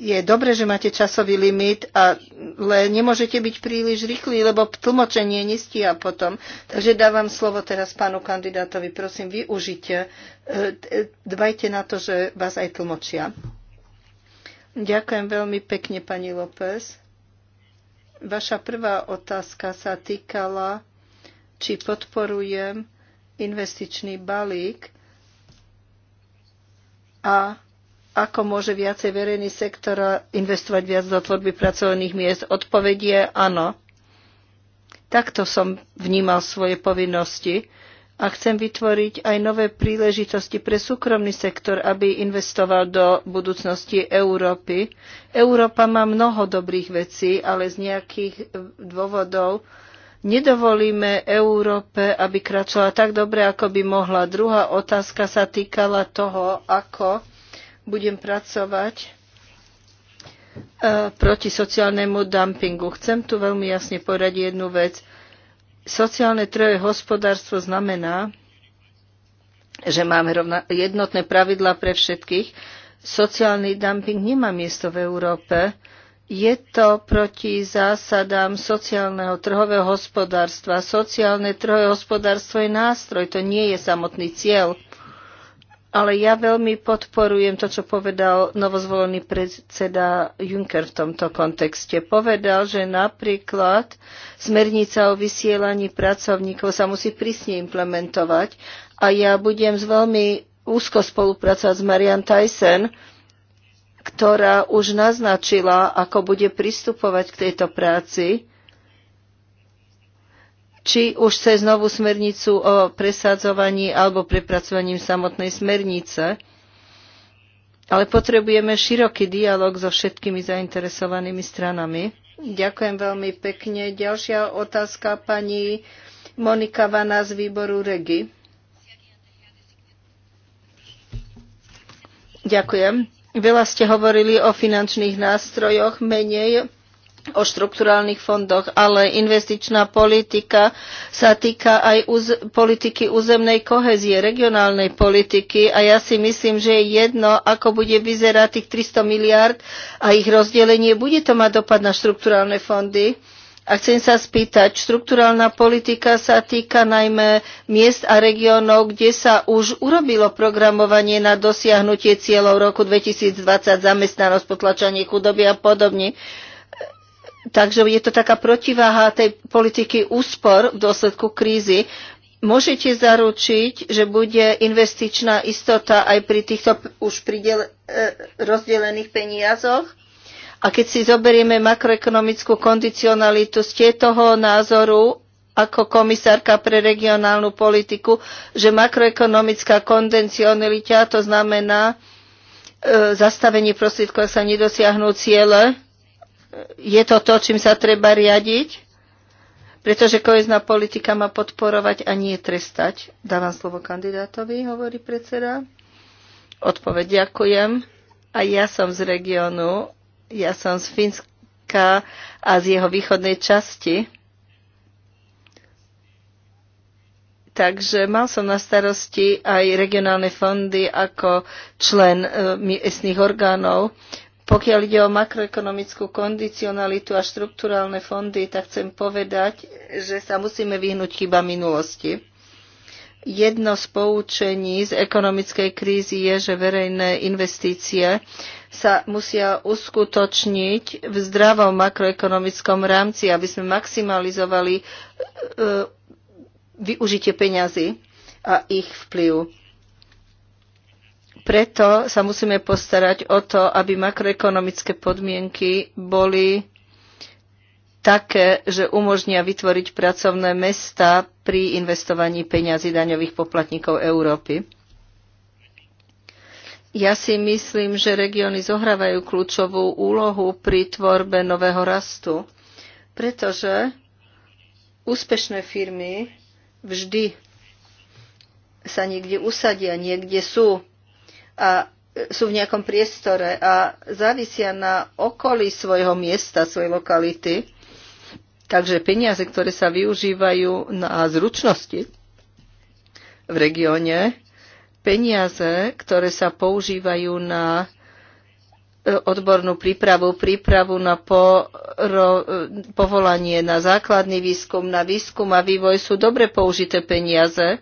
A: je dobre, že máte časový limit, ale nemôžete byť príliš rýchli, lebo tlmočenie nestia potom. Takže dávam slovo teraz pánu kandidátovi. Prosím, využite. E, dbajte na to, že vás aj tlmočia. Ďakujem veľmi pekne, pani López. Vaša prvá otázka sa týkala, či podporujem investičný balík a ako môže viacej verejný sektor investovať viac do tvorby pracovných miest. Odpovedie je áno. Takto som vnímal svoje povinnosti a chcem vytvoriť aj nové príležitosti pre súkromný sektor, aby investoval do budúcnosti Európy. Európa má mnoho dobrých vecí, ale z nejakých dôvodov nedovolíme Európe, aby kračovala tak dobre, ako by mohla. Druhá otázka sa týkala toho, ako budem pracovať e, proti sociálnemu dumpingu. Chcem tu veľmi jasne poradiť jednu vec Sociálne trhové hospodárstvo znamená, že máme rovna, jednotné pravidla pre všetkých. Sociálny dumping nemá miesto v Európe. Je to proti zásadám sociálneho trhového hospodárstva. Sociálne trhové hospodárstvo je nástroj, to nie je samotný cieľ. Ale ja veľmi podporujem to, čo povedal novozvolený predseda Juncker v tomto kontexte. Povedal, že napríklad smernica o vysielaní pracovníkov sa musí prísne implementovať a ja budem veľmi úzko spolupracovať s Marian Tyson, ktorá už naznačila, ako bude pristupovať k tejto práci či už cez novú smernicu o presadzovaní alebo prepracovaním samotnej smernice. Ale potrebujeme široký dialog so všetkými zainteresovanými stranami. Ďakujem veľmi pekne. Ďalšia otázka pani Monika Vana z výboru REGI. Ďakujem. Veľa ste hovorili o finančných nástrojoch, menej o štrukturálnych fondoch, ale investičná politika sa týka aj uz- politiky územnej kohezie, regionálnej politiky a ja si myslím, že je jedno, ako bude vyzerať tých 300 miliárd a ich rozdelenie. Bude to mať dopad na štrukturálne fondy? A chcem sa spýtať, štrukturálna politika sa týka najmä miest a regiónov, kde sa už urobilo programovanie na dosiahnutie cieľov roku 2020, zamestnanosť, potlačanie chudoby a podobne. Takže je to taká protiváha tej politiky úspor v dôsledku krízy. Môžete zaručiť, že bude investičná istota aj pri týchto už pridel, e, rozdelených peniazoch? A keď si zoberieme makroekonomickú kondicionalitu, ste toho názoru ako komisárka pre regionálnu politiku, že makroekonomická kondicionalita, to znamená e, zastavenie prostriedkov, ak sa nedosiahnu ciele, je to to, čím sa treba riadiť? Pretože kohezná politika má podporovať a nie trestať. Dávam slovo kandidátovi, hovorí predseda. Odpoveď ďakujem. A ja som z regiónu, ja som z Fínska a z jeho východnej časti. Takže mal som na starosti aj regionálne fondy ako člen eh, miestných orgánov. Pokiaľ ide o makroekonomickú kondicionalitu a štruktúrálne fondy, tak chcem povedať, že sa musíme vyhnúť chyba minulosti. Jedno z poučení z ekonomickej krízy je, že verejné investície sa musia uskutočniť v zdravom makroekonomickom rámci, aby sme maximalizovali e, využitie peňazí a ich vplyv. Preto sa musíme postarať o to, aby makroekonomické podmienky boli také, že umožnia vytvoriť pracovné mesta pri investovaní peňazí daňových poplatníkov Európy. Ja si myslím, že regióny zohrávajú kľúčovú úlohu pri tvorbe nového rastu, pretože úspešné firmy vždy sa niekde usadia, niekde sú a e, sú v nejakom priestore a závisia na okolí svojho miesta, svojej lokality. Takže peniaze, ktoré sa využívajú na zručnosti v regióne, peniaze, ktoré sa používajú na e, odbornú prípravu, prípravu na po, ro, e, povolanie, na základný výskum, na výskum a vývoj sú dobre použité peniaze,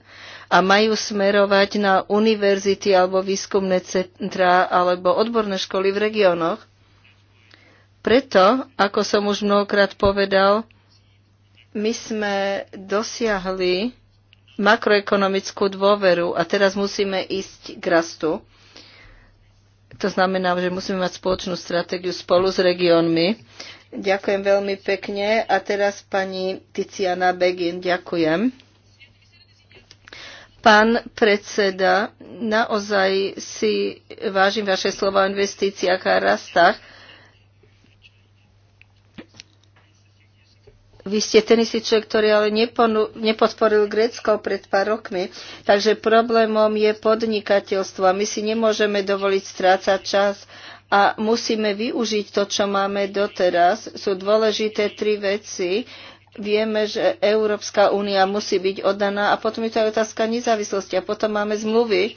A: a majú smerovať na univerzity alebo výskumné centra alebo odborné školy v regiónoch. Preto, ako som už mnohokrát povedal, my sme dosiahli makroekonomickú dôveru a teraz musíme ísť k rastu. To znamená, že musíme mať spoločnú stratégiu spolu s regiónmi. Ďakujem veľmi pekne a teraz pani Tiziana Begin, ďakujem. Pán predseda, naozaj si vážim vaše slova o investíciách a rastách. Vy ste ten istý človek, ktorý ale neponu- nepodporil Grécko pred pár rokmi, takže problémom je podnikateľstvo a my si nemôžeme dovoliť strácať čas a musíme využiť to, čo máme doteraz. Sú dôležité tri veci vieme, že Európska únia musí byť oddaná a potom je to aj otázka nezávislosti a potom máme zmluvy.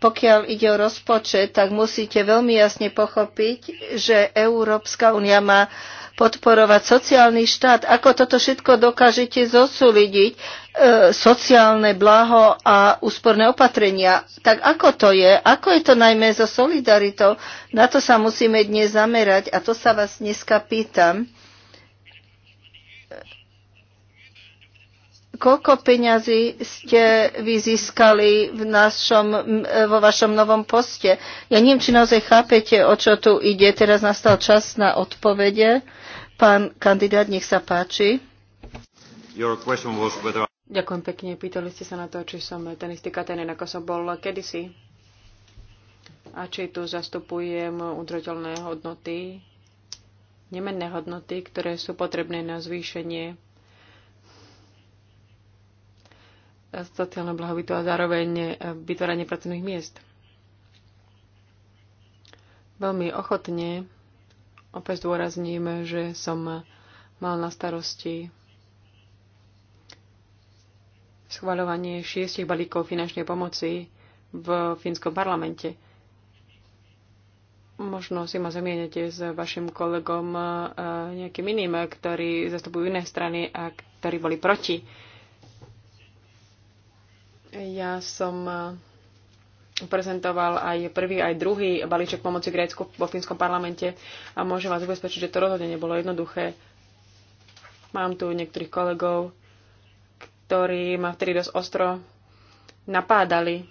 A: Pokiaľ ide o rozpočet, tak musíte veľmi jasne pochopiť, že Európska únia má podporovať sociálny štát. Ako toto všetko dokážete zosúlidiť, e, sociálne blaho a úsporné opatrenia. Tak ako to je? Ako je to najmä so solidaritou? Na to sa musíme dnes zamerať a to sa vás dneska pýtam koľko peňazí ste vy získali v našom, vo vašom novom poste? Ja neviem, či naozaj chápete, o čo tu ide. Teraz nastal čas na odpovede. Pán kandidát, nech sa páči.
D: Whether...
B: Ďakujem pekne. Pýtali ste sa na to, či som ten istý Katenin, ako som bol kedysi. A či tu zastupujem udržateľné hodnoty nemenné hodnoty, ktoré sú potrebné na zvýšenie sociálneho blahobytu a zároveň vytváranie pracovných miest. Veľmi ochotne opäť zdôrazním, že som mal na starosti schvaľovanie šiestich balíkov finančnej pomoci v fínskom parlamente. Možno si ma zamienete s vašim kolegom e, nejakým iným, ktorí zastupujú iné strany a ktorí boli proti. Ja som e, prezentoval aj prvý, aj druhý balíček pomoci Grécku vo fínskom parlamente a môžem vás ubezpečiť, že to rozhodne nebolo jednoduché. Mám tu niektorých kolegov, ktorí ma vtedy dosť ostro napádali.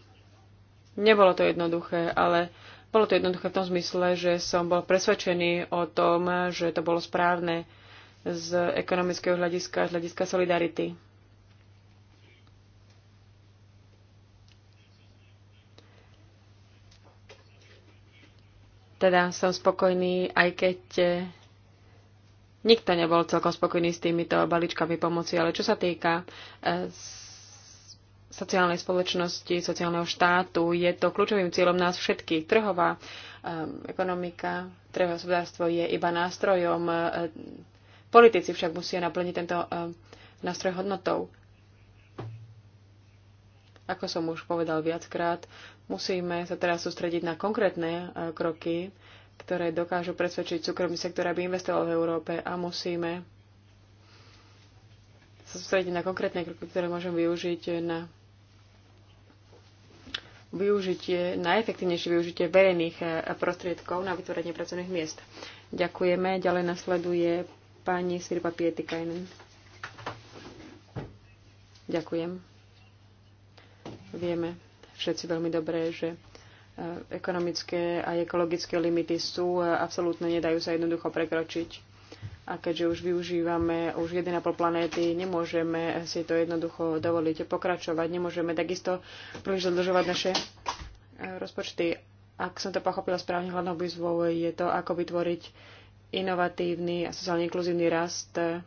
B: Nebolo to jednoduché, ale bolo to jednoduché v tom zmysle, že som bol presvedčený o tom, že to bolo správne z ekonomického hľadiska, z hľadiska solidarity. Teda som spokojný, aj keď e, nikto nebol celkom spokojný s týmito balíčkami pomoci, ale čo sa týka e, sociálnej spoločnosti, sociálneho štátu. Je to kľúčovým cieľom nás všetkých. Trhová um, ekonomika, trhové hospodárstvo je iba nástrojom. Uh, politici však musia naplniť tento uh, nástroj hodnotou. Ako som už povedal viackrát, musíme sa teraz sústrediť na konkrétne uh, kroky, ktoré dokážu presvedčiť súkromný sektor, aby investoval v Európe a musíme sa sústrediť na konkrétne kroky, ktoré môžem využiť na využitie, na efektívnejšie využitie verejných e, prostriedkov na vytvorenie pracovných miest. Ďakujeme. Ďalej nasleduje pani Sirpa Pietikainen. Ďakujem. Vieme všetci veľmi dobre, že e, ekonomické a ekologické limity sú e, absolútne, nedajú sa jednoducho prekročiť. A keďže už využívame už 1,5 planéty, nemôžeme si to jednoducho dovoliť pokračovať. Nemôžeme takisto príliš zadlžovať naše e, rozpočty. Ak som to pochopila správne, hlavnou výzvou je to, ako vytvoriť inovatívny a sociálne inkluzívny rast, e,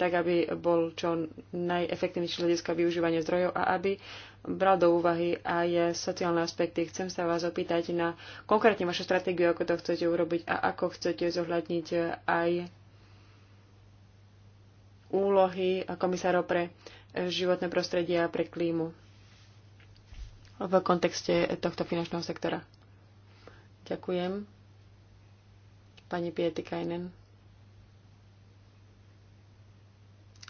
B: tak aby bol čo najefektívnejší hľadiska využívania zdrojov a aby bral do úvahy aj sociálne aspekty. Chcem sa vás opýtať na konkrétne vašu stratégiu, ako to chcete urobiť a ako chcete zohľadniť aj úlohy komisárov pre e, životné prostredie a pre klímu v kontexte tohto finančného sektora. Ďakujem. Pani Kajnen.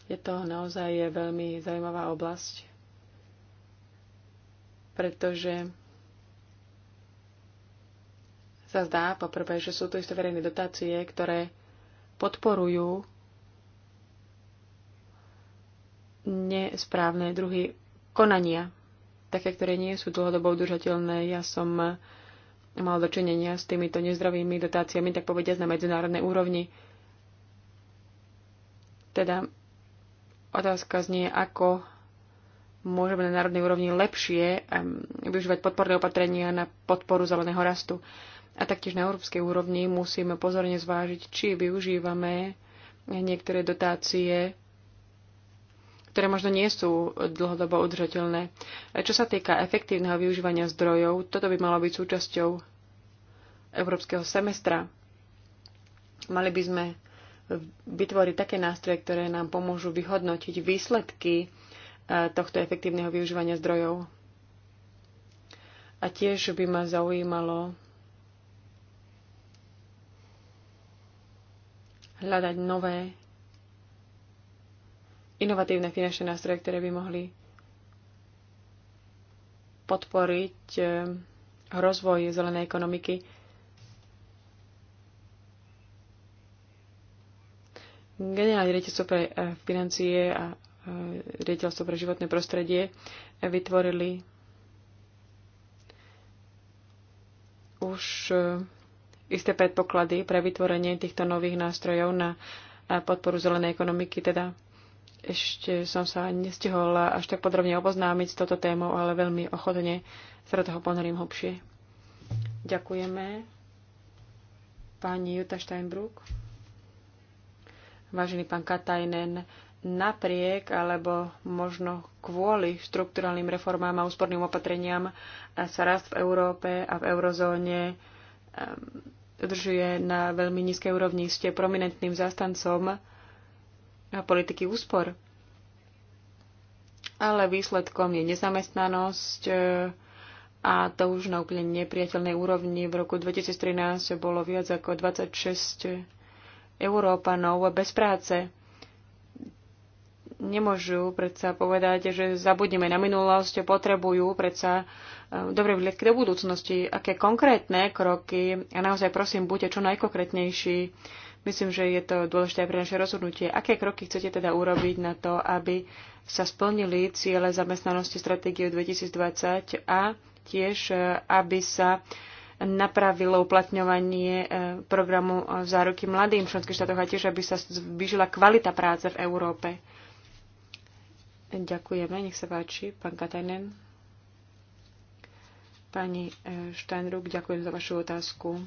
B: Je to naozaj veľmi zaujímavá oblasť, pretože sa zdá poprvé, že sú tu isté verejné dotácie, ktoré podporujú nesprávne druhy konania, také, ktoré nie sú dlhodobo udržateľné. Ja som mal dočinenia s týmito nezdravými dotáciami, tak povediať, na medzinárodnej úrovni. Teda otázka znie, ako môžeme na národnej úrovni lepšie využívať podporné opatrenia na podporu zeleného rastu. A taktiež na európskej úrovni musíme pozorne zvážiť, či využívame niektoré dotácie ktoré možno nie sú dlhodobo udržateľné. Čo sa týka efektívneho využívania zdrojov, toto by malo byť súčasťou európskeho semestra. Mali by sme vytvoriť také nástroje, ktoré nám pomôžu vyhodnotiť výsledky e, tohto efektívneho využívania zdrojov. A tiež by ma zaujímalo hľadať nové inovatívne finančné nástroje, ktoré by mohli podporiť eh, rozvoj zelenej ekonomiky. Generálne riaditeľstvo pre eh, financie a eh, riaditeľstvo pre životné prostredie vytvorili už isté predpoklady pre vytvorenie týchto nových nástrojov na podporu zelenej ekonomiky, teda ešte som sa nestihol až tak podrobne oboznámiť s touto témou, ale veľmi ochotne sa do toho ponorím hlbšie. Ďakujeme. Pani Juta Steinbrück. Vážený pán Katajnen, napriek alebo možno kvôli štrukturálnym reformám a úsporným opatreniam sa rast v Európe a v eurozóne udržuje ehm, na veľmi nízkej úrovni. Ste prominentným zastancom politiky úspor. Ale výsledkom je nezamestnanosť e, a to už na úplne nepriateľnej úrovni. V roku 2013 bolo viac ako 26 Európanov bez práce. Nemôžu predsa povedať, že zabudneme na minulosť, potrebujú predsa e, dobre vhľadky do budúcnosti. Aké konkrétne kroky, a naozaj prosím, buďte čo najkonkrétnejší, Myslím, že je to dôležité aj pre naše rozhodnutie. Aké kroky chcete teda urobiť na to, aby sa splnili ciele zamestnanosti stratégie 2020 a tiež, e, aby sa napravilo uplatňovanie e, programu záruky mladým v členských štátoch a tiež, aby sa zvýšila kvalita práce v Európe. Ďakujeme, nech sa páči, pán Katajnen. Pani e, Štenruk, ďakujem za vašu otázku.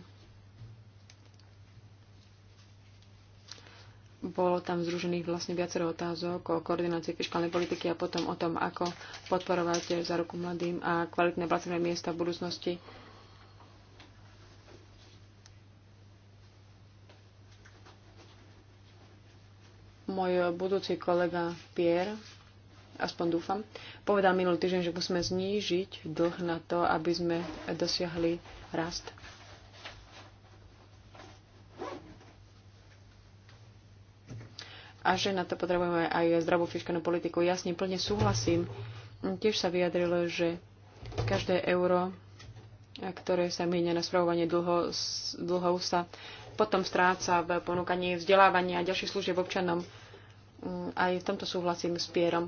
B: bolo tam združených vlastne viacero otázok o koordinácii fiskálnej politiky a potom o tom, ako podporovať za ruku mladým a kvalitné pracovné miesta v budúcnosti. Môj budúci kolega Pierre, aspoň dúfam, povedal minulý týždeň, že musíme znížiť dlh na to, aby sme dosiahli rast a že na to potrebujeme aj zdravú fiskálnu politiku. ním plne súhlasím. Tiež sa vyjadrilo, že každé euro, ktoré sa míňa na spravovanie dlho, dlhov, sa potom stráca v ponúkaní vzdelávania a ďalších služieb občanom. Mm, aj v tomto súhlasím s Pierom.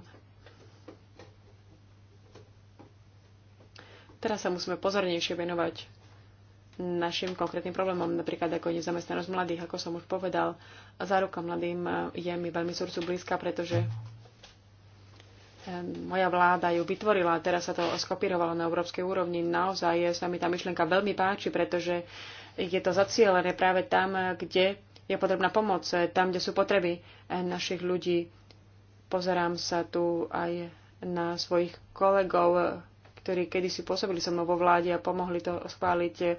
B: Teraz sa musíme pozornejšie venovať našim konkrétnym problémom, napríklad ako nezamestnanosť mladých, ako som už povedal. Záruka mladým eh, je mi veľmi srdcu blízka, pretože eh, moja vláda ju vytvorila, a teraz sa to skopírovalo na európskej úrovni. Naozaj sa mi tá myšlienka veľmi páči, pretože je to zacielené práve tam, eh, kde je potrebná pomoc, tam, kde sú potreby našich ľudí. Pozerám sa tu aj na svojich kolegov ktorí kedysi pôsobili so mnou vo vláde a pomohli to schváliť. Eh,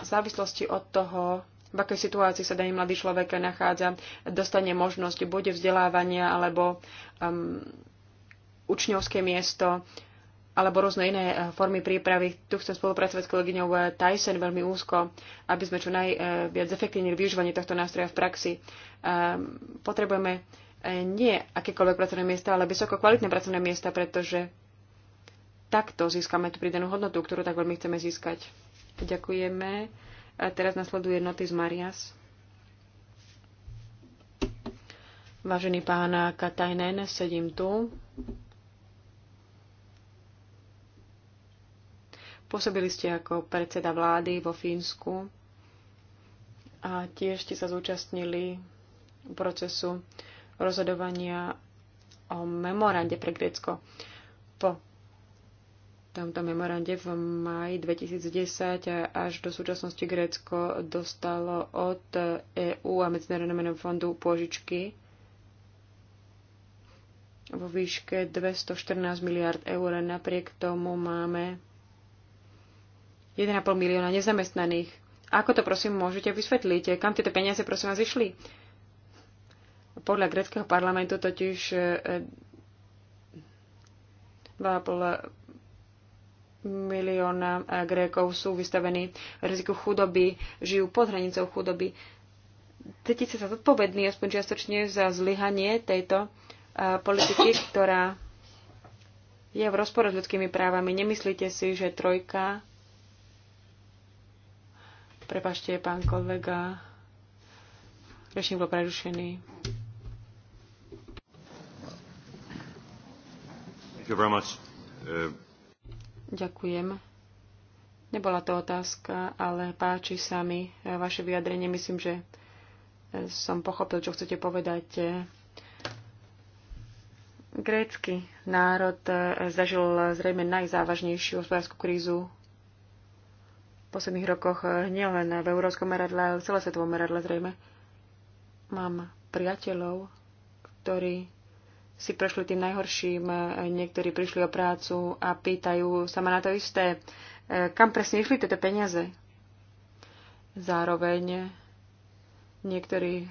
B: v závislosti od toho, v akej situácii sa daný mladý človek nachádza, dostane možnosť buď vzdelávania alebo um, učňovské miesto alebo rôzne iné eh, formy prípravy. Tu chcem spolupracovať s kolegyňou eh, Tyson veľmi úzko, aby sme čo najviac efektívne využívanie tohto nástroja v praxi. Um, potrebujeme E, nie akékoľvek pracovné miesta, ale vysoko kvalitné pracovné miesta, pretože takto získame tú pridanú hodnotu, ktorú tak veľmi chceme získať. Ďakujeme. A teraz nasleduje noty z Marias. Vážený pán Katajnen, sedím tu. Pôsobili ste ako predseda vlády vo Fínsku a tiež ste sa zúčastnili procesu rozhodovania o memorande pre Grécko. Po tomto memorande v maji 2010 až do súčasnosti Grécko dostalo od EÚ a Medzinárodného menom fondu pôžičky vo výške 214 miliard eur. Napriek tomu máme 1,5 milióna nezamestnaných. Ako to prosím môžete vysvetliť? Kam tieto peniaze prosím vás išli? Podľa greckého parlamentu totiž 2,5 e, e, milióna e, Grékov sú vystavení riziku chudoby, žijú pod hranicou chudoby. Cítite sa zodpovedný aspoň čiastočne za zlyhanie tejto politiky, ktorá je v rozpore s ľudskými právami. Nemyslíte si, že trojka Prepašte, pán kolega. Rečník bol prerušený.
D: Uh,
B: Ďakujem. Nebola to otázka, ale páči sa mi eh, vaše vyjadrenie. Myslím, že eh, som pochopil, čo chcete povedať. Grécky národ eh, zažil zrejme najzávažnejšiu hospodárskú krízu v posledných rokoch nielen v európskom meradle, ale v celosvetovom meradle zrejme. Mám priateľov, ktorí si prešli tým najhorším, e, niektorí prišli o prácu a pýtajú sa ma na to isté, e, kam presne išli tieto peniaze. Zároveň niektorí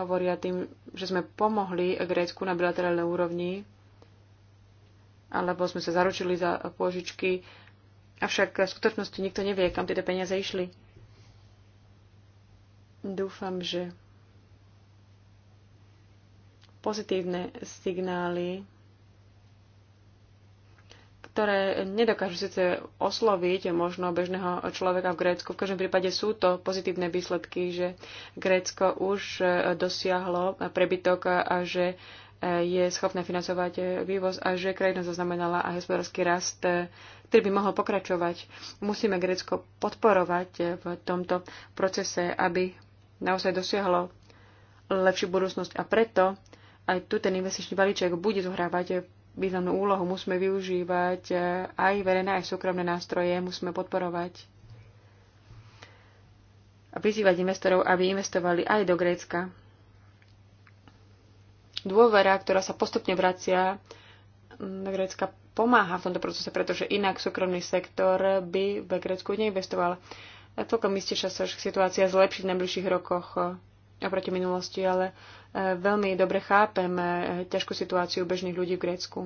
B: hovoria tým, že sme pomohli Grécku na bilaterálnej úrovni, alebo sme sa zaručili za pôžičky, avšak v skutočnosti nikto nevie, kam tieto peniaze išli. Dúfam, že pozitívne signály, ktoré nedokážu síce osloviť možno bežného človeka v Grécku. V každom prípade sú to pozitívne výsledky, že Grécko už e, dosiahlo prebytok a že e, je schopné financovať e, vývoz a že krajina zaznamenala aj hospodársky rast, ktorý by mohol pokračovať. Musíme Grécko podporovať v tomto procese, aby naozaj dosiahlo lepšiu budúcnosť. A preto aj tu ten investičný balíček bude zohrávať významnú úlohu. Musíme využívať eh, aj verejné, aj súkromné nástroje, musíme podporovať a vyzývať investorov, aby investovali aj do Grécka. Dôvera, ktorá sa postupne vracia do Grécka, pomáha v tomto procese, pretože inak súkromný sektor by v Grécku neinvestoval. A celkom isté sa situácia zlepší v najbližších rokoch oproti minulosti, ale e, veľmi dobre chápem e, ťažkú situáciu bežných ľudí v Grécku.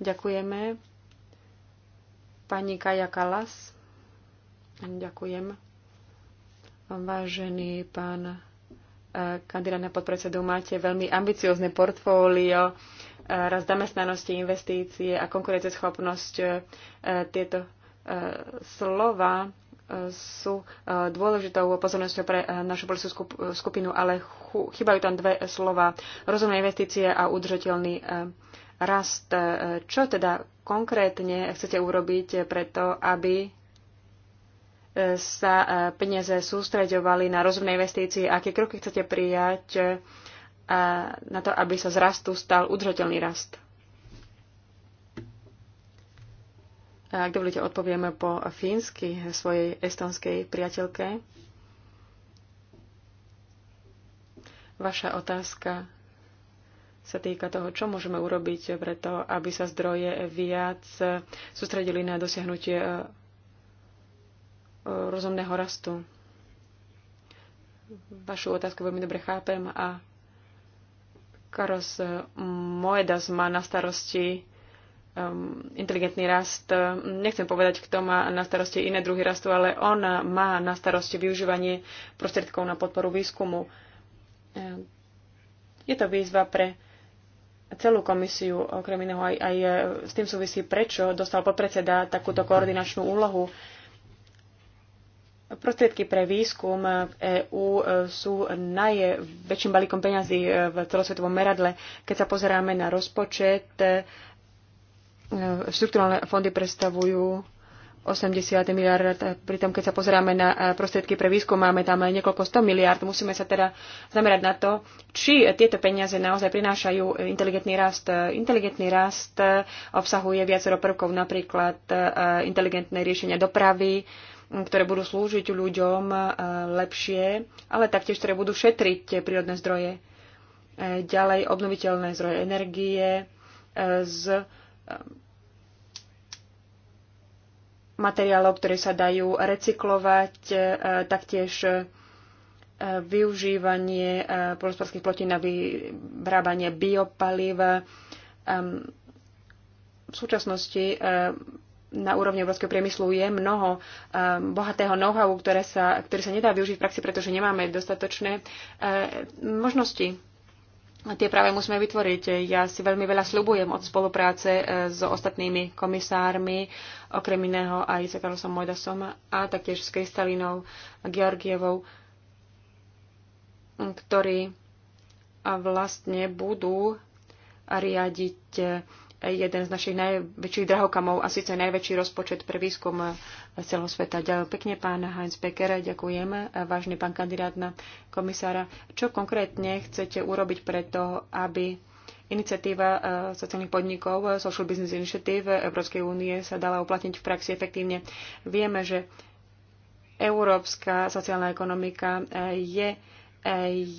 B: Ďakujeme. Pani Kaja Kalas. Ďakujem. Vážený pán e, kandidát na podpredsedu, máte veľmi ambiciozne portfólio, raz zamestnanosti, investície a konkurenceschopnosť. Tieto slova sú e, dôležitou pozornosťou pre e, našu politickú skupinu, ale chýbajú tam dve slova. Rozumné investície a udržateľný e, rast. Čo teda konkrétne chcete urobiť preto, aby sa peniaze sústreďovali na rozumné investície? Aké kroky chcete prijať na to, aby sa z rastu stal udržateľný rast? Ak dovolíte, odpovieme po fínsky svojej estonskej priateľke. Vaša otázka sa týka toho, čo môžeme urobiť preto, aby sa zdroje viac sústredili na dosiahnutie e, rozumného rastu. Vašu otázku veľmi dobre chápem a Karos Moedas má na starosti um, inteligentný rast. Nechcem povedať, kto má na starosti iné druhy rastu, ale on má na starosti využívanie prostriedkov na podporu výskumu. Je to výzva pre celú komisiu, okrem iného aj, aj e, s tým súvisí, prečo dostal podpredseda takúto koordinačnú úlohu. Prostriedky pre výskum v EÚ e, sú najväčším balíkom peňazí e, v celosvetovom meradle. Keď sa pozeráme na rozpočet E, Štrukturálne fondy predstavujú 80 miliard, pritom keď sa pozeráme na e, prostriedky pre výskum, máme tam niekoľko 100 miliard. Musíme sa teda zamerať na to, či tieto peniaze naozaj prinášajú inteligentný rast. Inteligentný rast e, obsahuje viacero prvkov, napríklad inteligentné riešenia dopravy, ktoré budú slúžiť ľuďom lepšie, ale taktiež, ktoré budú šetriť prírodné zdroje. Ďalej obnoviteľné zdroje energie z Um, materiálov, ktoré sa dajú recyklovať, e, taktiež e, využívanie e, polospodských plotín na vyrábanie biopaliv. Um, v súčasnosti na úrovni európskeho priemyslu je mnoho bohatého know-how, ktoré sa, ktoré sa nedá využiť v praxi, pretože nemáme dostatočné možnosti tie práve musíme vytvoriť. Ja si veľmi veľa slubujem od spolupráce e, s ostatnými komisármi, okrem iného aj s Karlosom Mojdasom a taktiež s Kristalinou Georgievou, ktorí vlastne budú riadiť e, jeden z našich najväčších drahokamov a síce najväčší rozpočet pre výskum z celého sveta. Ďakujem pekne, pán Heinz Becker, ďakujem, vážny pán kandidát na komisára. Čo konkrétne chcete urobiť preto, aby iniciatíva eh, sociálnych podnikov, eh, Social Business Initiative Európskej únie sa dala uplatniť v praxi efektívne? Vieme, že európska sociálna ekonomika eh, je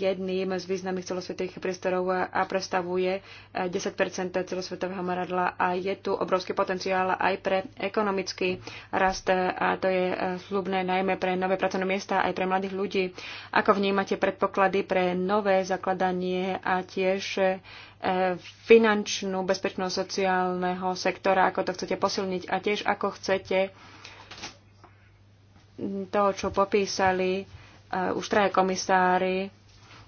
B: jedným z významných celosvetových priestorov eh, a predstavuje 10 eh, celosvetového maradla a je tu obrovský potenciál aj pre ekonomický rast eh, a to je slubné najmä pre nové pracovné miesta aj pre mladých ľudí. Ako vnímate predpoklady pre nové zakladanie a tiež finančnú bezpečnosť sociálneho sektora, ako to chcete posilniť a tiež ako chcete to, čo popísali, uh, už traje komisári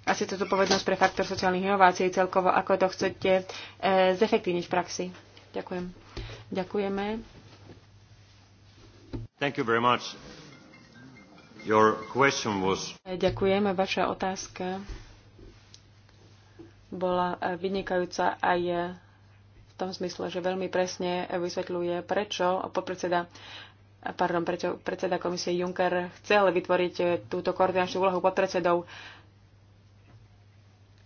B: asi síce povednosť pre faktor sociálnych inovácií celkovo, ako to chcete uh, zefektívniť v praxi. Ďakujem. Ďakujeme.
D: Thank you very much. Your question was...
B: E, ďakujem. Vaša otázka bola e, vynikajúca aj v tom zmysle, že veľmi presne vysvetľuje, prečo podpredseda pardon, predseda komisie Juncker chcel vytvoriť e, túto koordinačnú úlohu podpredsedov.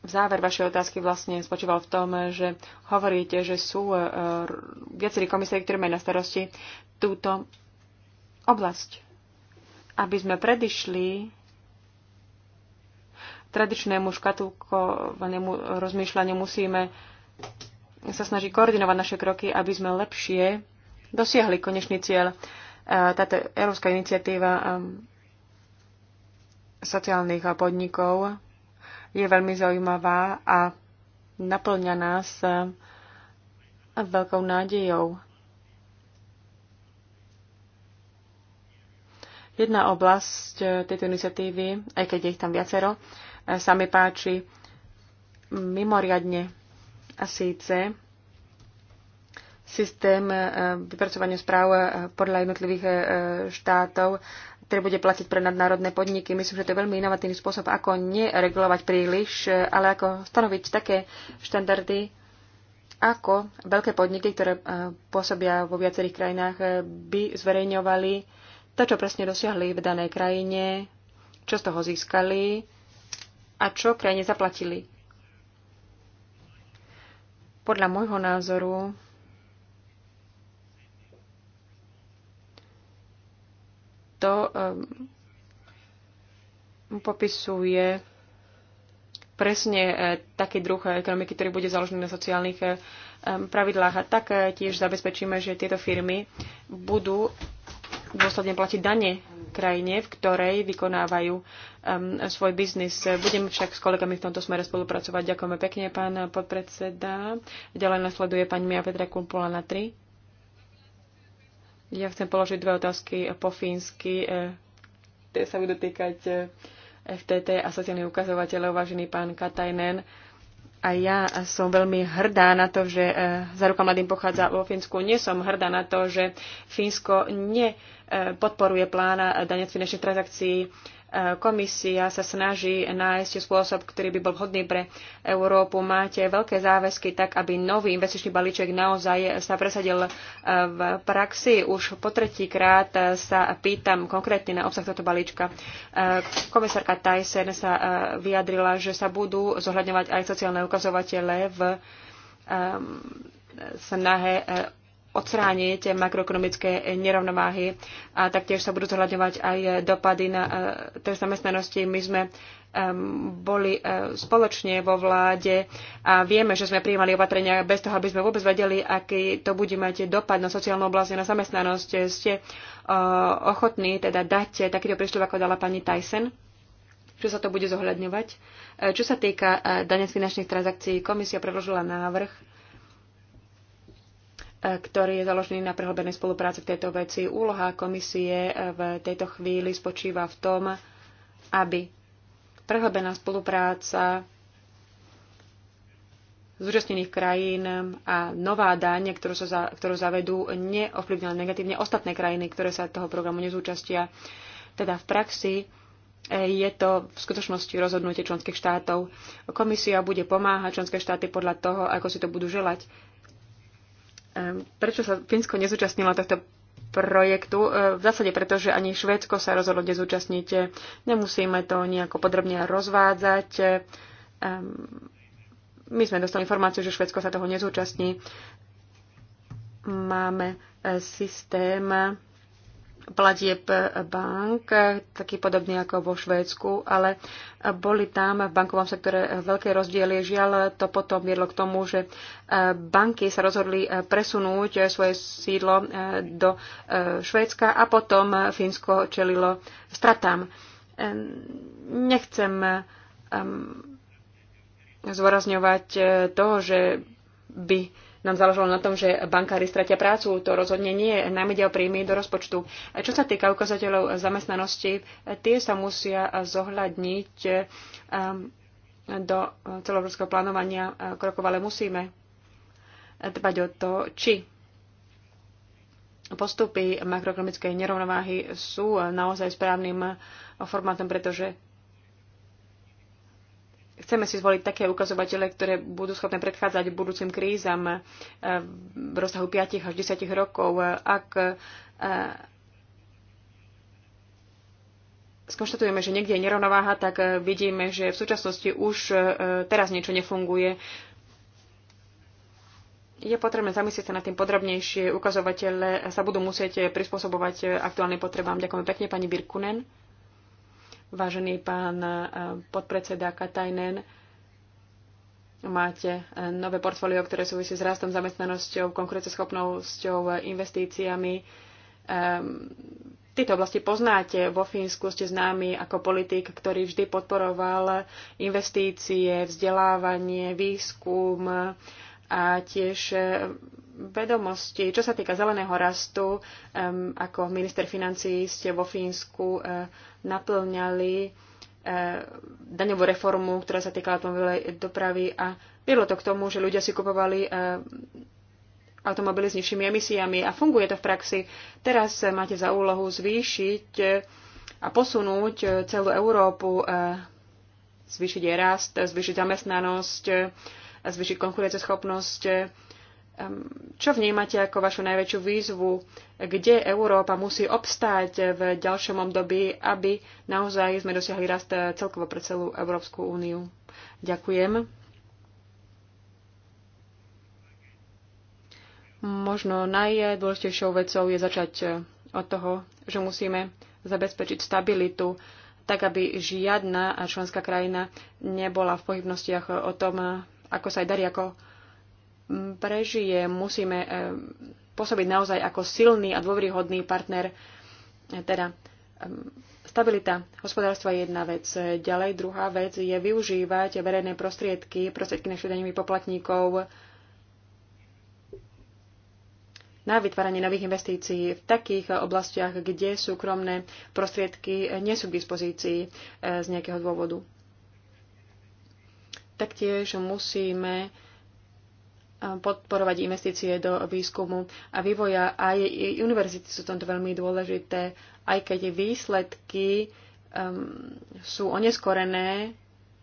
B: V záver vašej otázky vlastne spočíval v tom, že hovoríte, že sú e, viacerí komisie, ktorí majú na starosti túto oblasť. Aby sme predišli tradičnému škatulkovanému rozmýšľaniu, musíme sa snažiť koordinovať naše kroky, aby sme lepšie dosiahli konečný cieľ. E, táto európska iniciatíva e, sociálnych podnikov je veľmi zaujímavá a naplňa nás e, veľkou nádejou. Jedna oblasť tejto iniciatívy, aj keď je ich tam viacero, sa mi páči mimoriadne a síce systém e, vypracovania správ e, podľa jednotlivých e, štátov, ktorý bude platiť pre nadnárodné podniky. Myslím, že to je veľmi inovatívny spôsob, ako neregulovať príliš, ale ako stanoviť také štandardy, ako veľké podniky, ktoré pôsobia vo viacerých krajinách, by zverejňovali to, čo presne dosiahli v danej krajine, čo z toho získali a čo krajine zaplatili. Podľa môjho názoru to ehm, popisuje presne e, taký druh ekonomiky, ktorý bude založený na sociálnych e, ehm, pravidlách. A tak e, tiež zabezpečíme, že tieto firmy budú dôsledne platiť dane krajine, v ktorej vykonávajú um, svoj biznis. Budem však s kolegami v tomto smere spolupracovať. Ďakujeme pekne, pán podpredseda. Ďalej nasleduje pani Mia Petra Kumpula na 3. Ja chcem položiť dve otázky po fínsky. E, tie sa budú týkať e, FTT a sociálnych ukazovateľov, vážený pán Katajnen. A ja som veľmi hrdá na to, že e, za ruka mladým pochádza vo Fínsku. Nie som hrdá na to, že Fínsko nepodporuje plána dania z finančných transakcií Komisia sa snaží nájsť spôsob, ktorý by bol vhodný pre Európu. Máte veľké záväzky tak, aby nový investičný balíček naozaj sa presadil e, v praxi. Už po tretíkrát sa pýtam konkrétne na obsah tohto balíčka. E, komisárka Tyson sa e, vyjadrila, že sa budú zohľadňovať aj sociálne ukazovatele v snahe odstrániť makroekonomické nerovnováhy a taktiež sa budú zohľadňovať aj dopady na e, trh zamestnanosti. My sme e, boli e, spoločne vo vláde a vieme, že sme prijímali opatrenia bez toho, aby sme vôbec vedeli, aký to bude mať dopad na sociálnu oblasť, na zamestnanosť. Ste ochotní teda dať takýto prísľub, ako dala pani Tyson? Čo sa to bude zohľadňovať. Čo sa týka dane z finančných transakcií, komisia predložila návrh ktorý je založený na prehlbenej spolupráci v tejto veci. Úloha komisie v tejto chvíli spočíva v tom, aby prehlbená spolupráca zúčastnených krajín a nová daň, ktorú, sa za, ktorú zavedú, neovplyvnila negatívne ostatné krajiny, ktoré sa toho programu nezúčastia. Teda v praxi e, je to v skutočnosti rozhodnutie členských štátov. Komisia bude pomáhať členské štáty podľa toho, ako si to budú želať. Ehm, prečo sa Fínsko nezúčastnilo tohto projektu? Ehm, v zásade preto, že ani Švédsko sa rozhodlo nezúčastniť. Nemusíme to nejako podrobne rozvádzať. Ehm, my sme dostali informáciu, že Švédsko sa toho nezúčastní. Máme e, systém platieb bank, taký podobný ako vo Švédsku, ale boli tam v bankovom sektore veľké rozdiely. Žiaľ, to potom viedlo k tomu, že banky sa rozhodli presunúť svoje sídlo do Švédska a potom Fínsko čelilo stratám. Nechcem um, zvorazňovať to, že by nám záležalo na tom, že bankári stratia prácu. To rozhodne nie. je ide príjmy do rozpočtu. Čo sa týka ukazateľov zamestnanosti, tie sa musia zohľadniť ehm, do celoeurópskeho plánovania e, krokov, ale musíme dbať o to, či postupy makroekonomickej nerovnováhy sú naozaj správnym formátom, pretože Chceme si zvoliť také ukazovatele, ktoré budú schopné predchádzať budúcim krízam eh, v rozsahu 5 až 10 rokov. Ak eh, skonštatujeme, že niekde je nerovnováha, tak eh, vidíme, že v súčasnosti už teraz niečo nefunguje. Je potrebné zamyslieť sa na tým podrobnejšie. Ukazovatele sa budú musieť prispôsobovať aktuálnym potrebám. Ďakujem pekne, pani Birkunen. Vážený pán eh, podpredseda Katajnen, máte eh, nové portfólio, ktoré súvisí s rastom zamestnanosťou, konkurenceschopnosťou, eh, investíciami. Ehm, tieto oblasti poznáte. Vo Fínsku ste známi ako politik, ktorý vždy podporoval investície, vzdelávanie, výskum a tiež vedomosti. Čo sa týka zeleného rastu, um, ako minister financí ste vo Fínsku uh, naplňali uh, daňovú reformu, ktorá sa týkala automobilovej dopravy a viedlo to k tomu, že ľudia si kupovali uh, automobily s nižšími emisiami a funguje to v praxi. Teraz máte za úlohu zvýšiť a posunúť celú Európu, zvýšiť jej rast, zvýšiť zamestnanosť, zvýšiť konkurenceschopnosť čo vnímate ako vašu najväčšiu výzvu, kde Európa musí obstáť v ďalšom období, aby naozaj sme dosiahli rast eh, celkovo pre celú Európsku úniu? Ďakujem. Možno najdôležitejšou vecou je začať eh, od toho, že musíme zabezpečiť stabilitu, tak aby žiadna členská krajina nebola v pohybnostiach o tom, eh, ako sa aj darí, ako prežije, musíme eh, pôsobiť naozaj ako silný a dôvryhodný partner. Eh, teda eh, stabilita hospodárstva je jedna vec. Ďalej druhá vec je využívať verejné prostriedky, prostriedky našich daňových poplatníkov na vytváranie nových investícií v takých oblastiach, kde súkromné prostriedky nie sú k dispozícii z nejakého dôvodu. Taktiež musíme podporovať investície do výskumu a vývoja. Aj univerzity sú tomto veľmi dôležité, aj keď výsledky um, sú oneskorené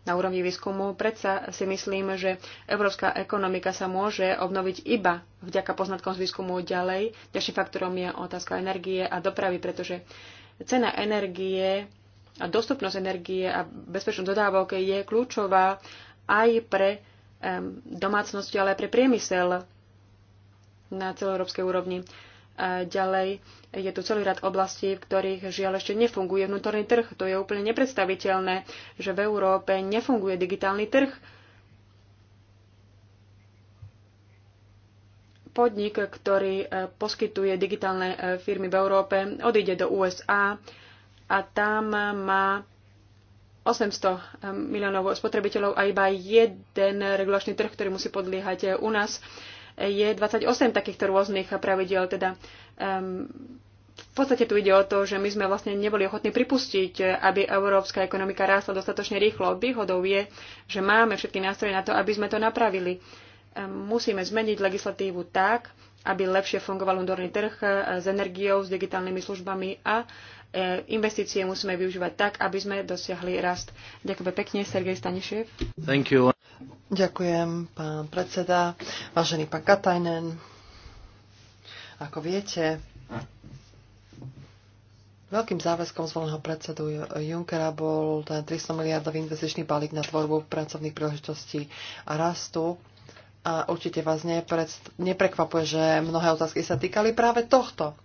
B: na úrovni výskumu. Predsa si myslím, že európska ekonomika sa môže obnoviť iba vďaka poznatkom z výskumu ďalej. Ďalším faktorom je otázka energie a dopravy, pretože cena energie a dostupnosť energie a bezpečnosť dodávok je kľúčová aj pre domácnosti, ale aj pre priemysel na celoeurópskej úrovni. A ďalej je tu celý rad oblastí, v ktorých žiaľ ešte nefunguje vnútorný trh. To je úplne nepredstaviteľné, že v Európe nefunguje digitálny trh. Podnik, ktorý e, poskytuje digitálne e, firmy v Európe, odíde do USA a tam má 800 ehm, miliónov spotrebiteľov a iba jeden regulačný trh, ktorý musí podliehať eh, u nás. Je 28 takýchto rôznych pravidiel, teda um, v podstate tu ide o to, že my sme vlastne neboli ochotní pripustiť, eh, aby európska ekonomika rástla dostatočne rýchlo. Výhodou je, že máme všetky nástroje na to, aby sme to napravili. Um, musíme zmeniť legislatívu tak, aby lepšie fungoval vnútorný trh eh, s energiou, s digitálnymi službami a E, investície musíme využívať tak, aby sme dosiahli rast. Ďakujem pekne, Sergej Stanišev.
C: Thank you. Ďakujem, pán predseda, vážený pán Katajnen. Ako viete, Veľkým záväzkom zvoleného predsedu Junckera bol ten 300 miliardový investičný balík na tvorbu pracovných príležitostí a rastu. A určite vás neprekvapuje, že mnohé otázky sa týkali práve tohto.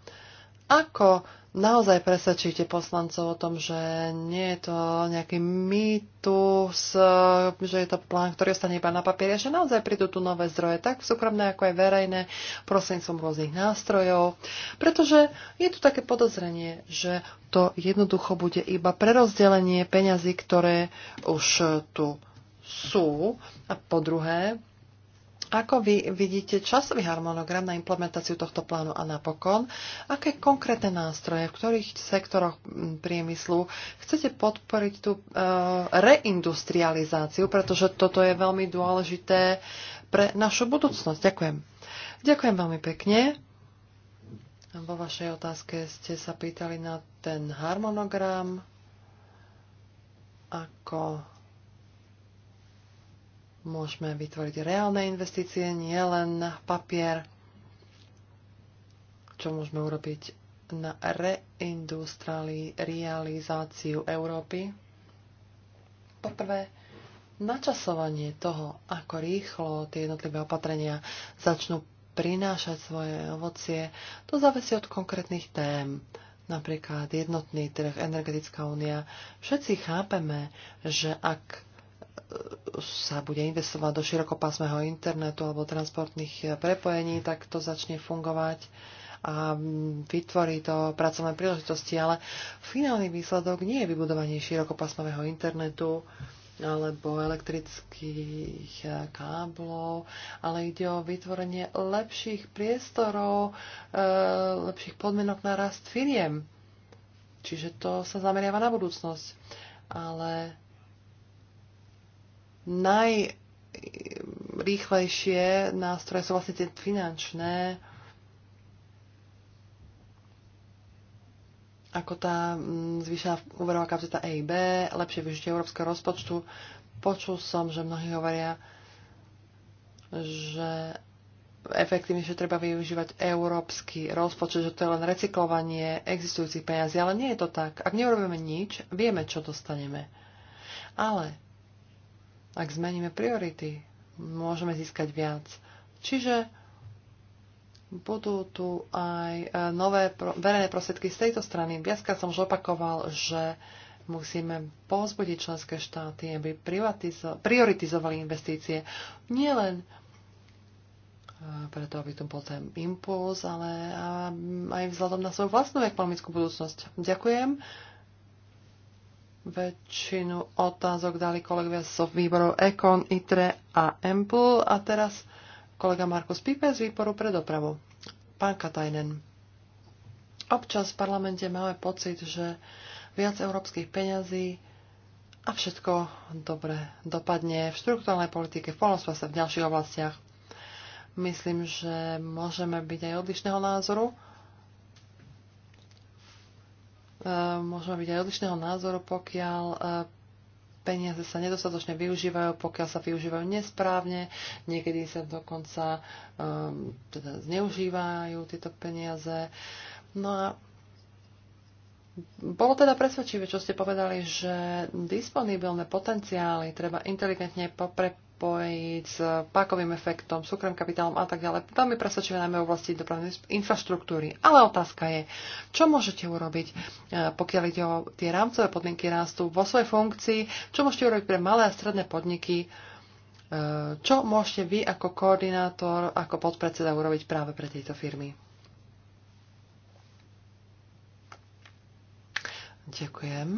C: Ako naozaj presvedčíte poslancov o tom, že nie je to nejaký mýtus, že je to plán, ktorý ostane iba na papieri, že naozaj prídu tu nové zdroje, tak súkromné ako aj verejné, som rôznych nástrojov, pretože je tu také podozrenie, že to jednoducho bude iba prerozdelenie peňazí, ktoré už tu sú. A po druhé, ako vy vidíte časový harmonogram na implementáciu tohto plánu a napokon, aké konkrétne nástroje, v ktorých sektoroch mm, priemyslu chcete podporiť tú e, reindustrializáciu, pretože toto je veľmi dôležité pre našu budúcnosť. Ďakujem. Ďakujem veľmi pekne. Vo vašej otázke ste sa pýtali na ten harmonogram, ako Môžeme vytvoriť reálne investície, nie len na papier. Čo môžeme urobiť na reindustrializáciu Európy? Poprvé, načasovanie toho, ako rýchlo tie jednotlivé opatrenia začnú prinášať svoje ovocie, to závisí od konkrétnych tém. Napríklad jednotný trh, energetická únia. Všetci chápeme, že ak sa bude investovať do širokopásmeho internetu alebo transportných e, prepojení, tak to začne fungovať a vytvorí to pracovné príležitosti, ale finálny výsledok nie je vybudovanie širokopásmového internetu alebo elektrických e, káblov, ale ide o vytvorenie lepších priestorov, e, lepších podmienok na rast firiem. Čiže to sa zameriava na budúcnosť. Ale najrýchlejšie nástroje sú vlastne tie finančné, ako tá mm, zvýšená úverová kapacita EIB, lepšie využitie európskeho rozpočtu. Počul som, že mnohí hovoria, že efektívnejšie treba využívať európsky rozpočet, že to je len recyklovanie existujúcich peniazí, ale nie je to tak. Ak neurobíme nič, vieme, čo dostaneme. Ale ak zmeníme priority, môžeme získať viac. Čiže budú tu aj e, nové verejné prostriedky z tejto strany. Viackrát som už opakoval, že musíme pozbudiť členské štáty, aby prioritizovali investície. Nielen e, preto, aby tu bol ten impuls, ale aj vzhľadom na svoju vlastnú ekonomickú budúcnosť. Ďakujem. Väčšinu otázok dali kolegovia z so výborov Econ, ITRE a EMPL a teraz kolega Markus Pipe z výboru pre dopravu. Pán Katajnen, občas v parlamente máme pocit, že viac európskych peňazí a všetko dobre dopadne v štruktúrnej politike, v polnospodárstve, v ďalších oblastiach. Myslím, že môžeme byť aj odlišného názoru, E, môžeme byť aj odlišného názoru, pokiaľ e, peniaze sa nedostatočne využívajú, pokiaľ sa využívajú nesprávne, niekedy sa dokonca um, teda zneužívajú tieto peniaze. No a bolo teda presvedčivé, čo ste povedali, že disponibilné potenciály treba inteligentne popre, spojiť s pákovým efektom, súkromným kapitálom a tak ďalej. Veľmi presvedčivé najmä v oblasti dopravnej infraštruktúry. Ale otázka je, čo môžete urobiť, e, pokiaľ ide o tie rámcové podmienky rastu vo svojej funkcii, čo môžete urobiť pre malé a stredné podniky, e, čo môžete vy ako koordinátor, ako podpredseda urobiť práve pre tejto firmy. Ďakujem.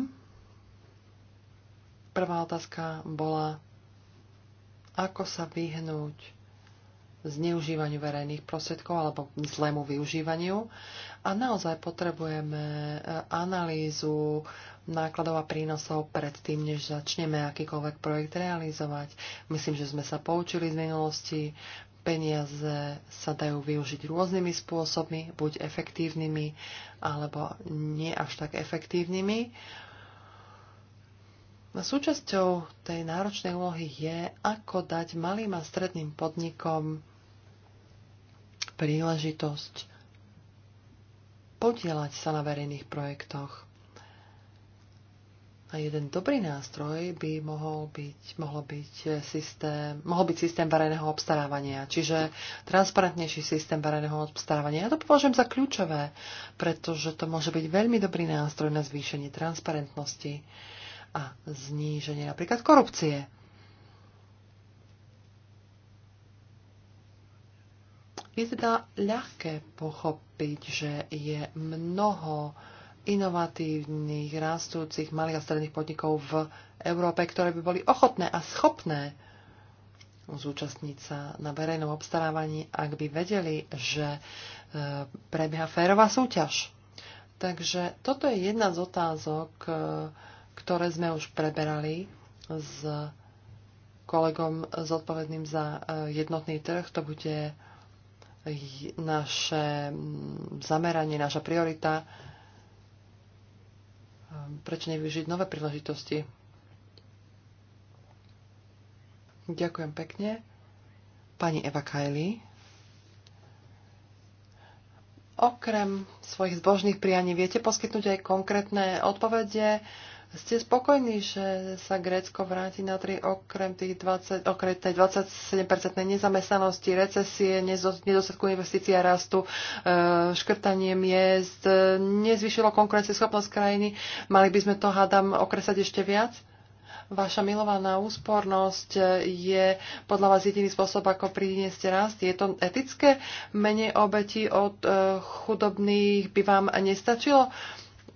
C: Prvá otázka bola ako sa vyhnúť zneužívaniu verejných prostriedkov alebo zlému využívaniu. A naozaj potrebujeme e, analýzu nákladov a prínosov predtým, než začneme akýkoľvek projekt realizovať. Myslím, že sme sa poučili z minulosti. Peniaze sa dajú využiť rôznymi spôsobmi, buď efektívnymi alebo nie až tak efektívnymi No, súčasťou tej náročnej úlohy je, ako dať malým a stredným podnikom príležitosť podielať sa na verejných projektoch. A jeden dobrý nástroj by mohol byť, mohol byť, systém, mohol byť systém verejného obstarávania, čiže transparentnejší systém verejného obstarávania. Ja to považujem za kľúčové, pretože to môže byť veľmi dobrý nástroj na zvýšenie transparentnosti a zníženie napríklad korupcie. Je teda ľahké pochopiť, že je mnoho inovatívnych, rastúcich malých a stredných podnikov v Európe, ktoré by boli ochotné a schopné zúčastniť sa na verejnom obstarávaní, ak by vedeli, že e, prebieha férová súťaž. Takže toto je jedna z otázok, e, ktoré sme už preberali s kolegom zodpovedným za e, jednotný trh. To bude naše zameranie, naša priorita. E, prečo nevyžiť nové príležitosti? Ďakujem pekne. Pani Eva Kajli. Okrem svojich zbožných prianí viete poskytnúť aj konkrétne odpovede ste spokojní, že sa Grécko vráti na tri okrem, tých 20, okrem tej 27-percentnej nezamestnanosti, recesie, nedostatku investícií a rastu, e, škrtanie miest, e, nezvyšilo konkurencieschopnosť krajiny? Mali by sme to, hádam, okresať ešte viac? Vaša milovaná úspornosť e, je podľa vás jediný spôsob, ako priniesť rast. Je to etické? Menej obetí od chudobných by vám nestačilo?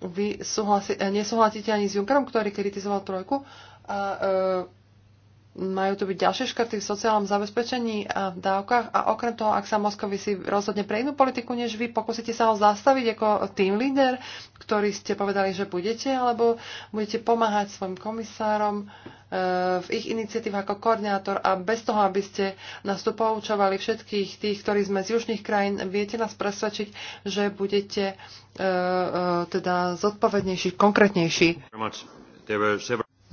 C: vy súhlasi, nesúhlasíte ani s Junkerom, ktorý kritizoval trojku a e, majú tu byť ďalšie škrty v sociálnom zabezpečení a v dávkach a okrem toho, ak sa Moskovi si rozhodne pre inú politiku než vy, pokúsite sa ho zastaviť ako tým líder, ktorý ste povedali, že budete, alebo budete pomáhať svojim komisárom e, v ich iniciatívach ako koordinátor a bez toho, aby ste nás tu poučovali všetkých tých, ktorí sme z južných krajín, viete nás presvedčiť, že budete e, e, teda zodpovednejší, konkrétnejší.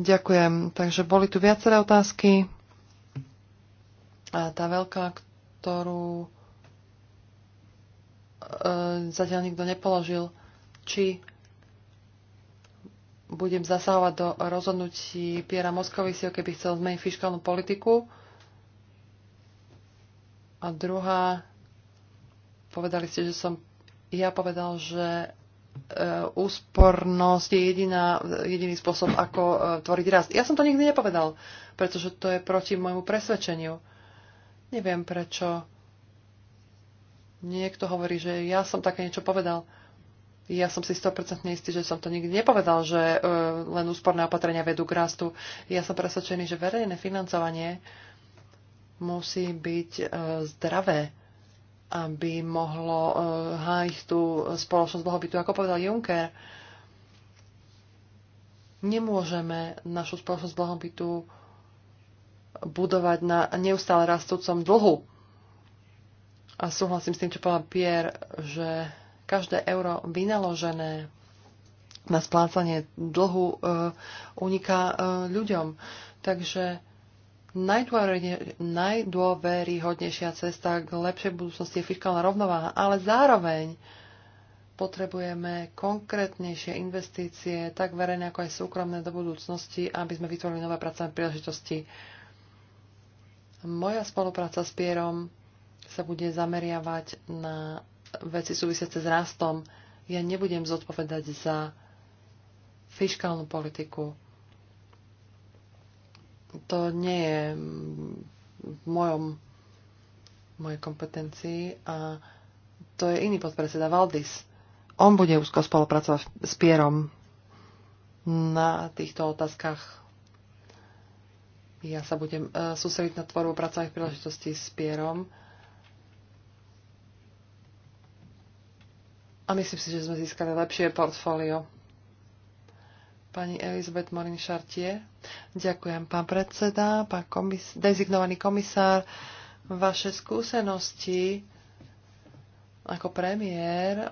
D: Ďakujem.
C: Takže boli tu viaceré otázky. A tá veľká, ktorú e, zatiaľ nikto nepoložil, či budem zasahovať do rozhodnutí Piera Moskovisiho, keby chcel zmeniť fiskálnu politiku. A druhá, povedali ste, že som ja povedal, že E, úspornosť je jediná, jediný spôsob, ako e, tvoriť rast. Ja som to nikdy nepovedal, pretože to je proti môjmu presvedčeniu. Neviem, prečo niekto hovorí, že ja som také niečo povedal. Ja som si 100% istý, že som to nikdy nepovedal, že e, len úsporné opatrenia vedú k rastu. Ja som presvedčený, že verejné financovanie musí byť zdravé aby mohlo eh, hájiť tú spoločnosť blahobytu. Ako povedal Juncker, nemôžeme našu spoločnosť blahobytu budovať na neustále rastúcom dlhu. A súhlasím s tým, čo povedal Pierre, že každé euro vynaložené na splácanie dlhu uh, uniká uh, ľuďom. Takže najdôveryhodnejšia cesta k lepšej budúcnosti je fiskálna rovnováha, ale zároveň potrebujeme konkrétnejšie investície, tak verejné ako aj súkromné do budúcnosti, aby sme vytvorili nové pracovné príležitosti. Moja spolupráca s Pierom sa bude zameriavať na veci súvisiace s rastom. Ja nebudem zodpovedať za fiskálnu politiku to nie je v mojom, v mojej kompetencii a to je iný podpredseda Valdis. On bude úzko spolupracovať s Pierom na týchto otázkach. Ja sa budem uh, sústrediť na tvorbu pracovných príležitostí s Pierom. A myslím si, že sme získali lepšie portfólio pani Elizabeth Morin Chartier. Ďakujem, pán predseda, pán komis- dezignovaný komisár. Vaše skúsenosti ako premiér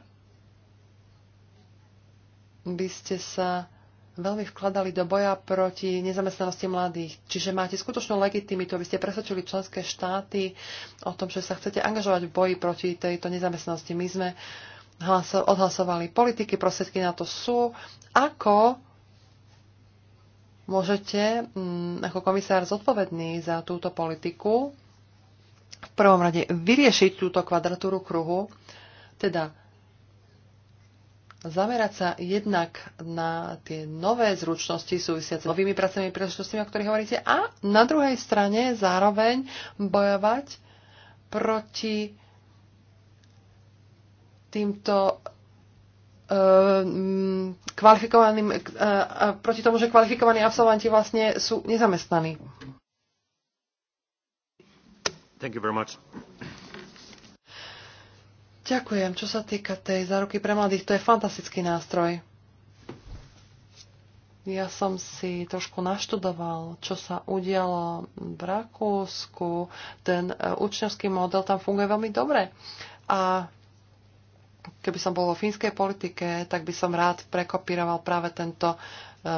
C: by ste sa veľmi vkladali do boja proti nezamestnanosti mladých. Čiže máte skutočnú legitimitu, aby ste presvedčili členské štáty o tom, že sa chcete angažovať v boji proti tejto nezamestnanosti. My sme odhlasovali politiky, prostriedky na to sú, ako môžete mm, ako komisár zodpovedný za túto politiku v prvom rade vyriešiť túto kvadratúru kruhu, teda zamerať sa jednak na tie nové zručnosti súvisiace s novými pracovnými príležitostiami, o ktorých hovoríte, a na druhej strane zároveň bojovať proti týmto Eh, kvalifikovaným, eh, proti tomu, že kvalifikovaní absolventi vlastne sú nezamestnaní. Thank you very much. Ďakujem. Čo sa týka tej záruky pre mladých, to je fantastický nástroj. Ja som si trošku naštudoval, čo sa udialo v Rakúsku. Ten eh, učňovský model tam funguje veľmi dobre. A keby som bol vo fínskej politike, tak by som rád prekopíroval práve tento e,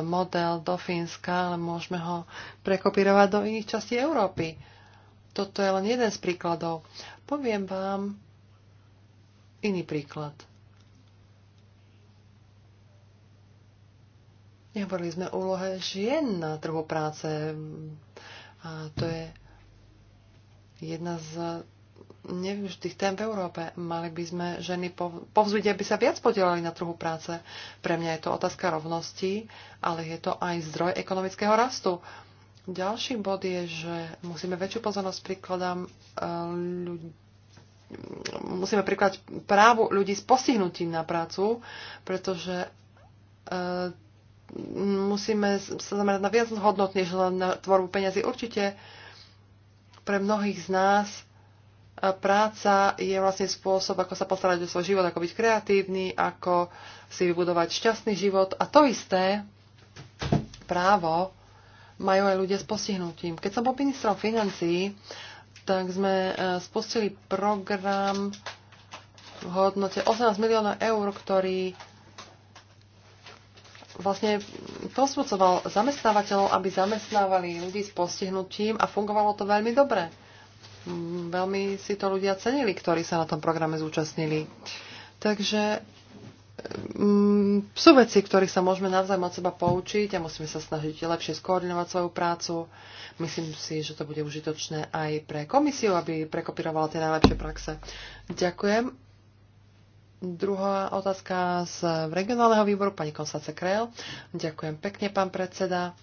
C: model do Fínska, ale môžeme ho prekopírovať do iných častí Európy. Toto je len jeden z príkladov. Poviem vám iný príklad. Nehovorili sme o úlohe žien na trhu práce. A to je jedna z nevyužitých tém v Európe. Mali by sme ženy povzbudiť, aby sa viac podielali na trhu práce. Pre mňa je to otázka rovnosti, ale je to aj zdroj ekonomického rastu. Ďalší bod je, že musíme väčšiu pozornosť prikladám e, ľudí musíme prikladať právu ľudí s postihnutím na prácu, pretože e, musíme sa zamerať na viac hodnot, než len na tvorbu peniazy. Určite pre mnohých z nás práca je vlastne spôsob, ako sa postarať o svoj život, ako byť kreatívny, ako si vybudovať šťastný život. A to isté právo majú aj ľudia s postihnutím. Keď som bol ministrom financií, tak sme e, spustili program v hodnote 18 miliónov eur, ktorý vlastne posvedcoval zamestnávateľov, aby zamestnávali ľudí s postihnutím a fungovalo to veľmi dobre veľmi si to ľudia cenili, ktorí sa na tom programe zúčastnili. Takže mm, sú veci, ktorých sa môžeme navzájom od seba poučiť a musíme sa snažiť lepšie skoordinovať svoju prácu. Myslím si, že to bude užitočné aj pre komisiu, aby prekopírovala tie najlepšie praxe. Ďakujem. Druhá otázka z regionálneho výboru, pani Konstance Krejl. Ďakujem pekne, pán predseda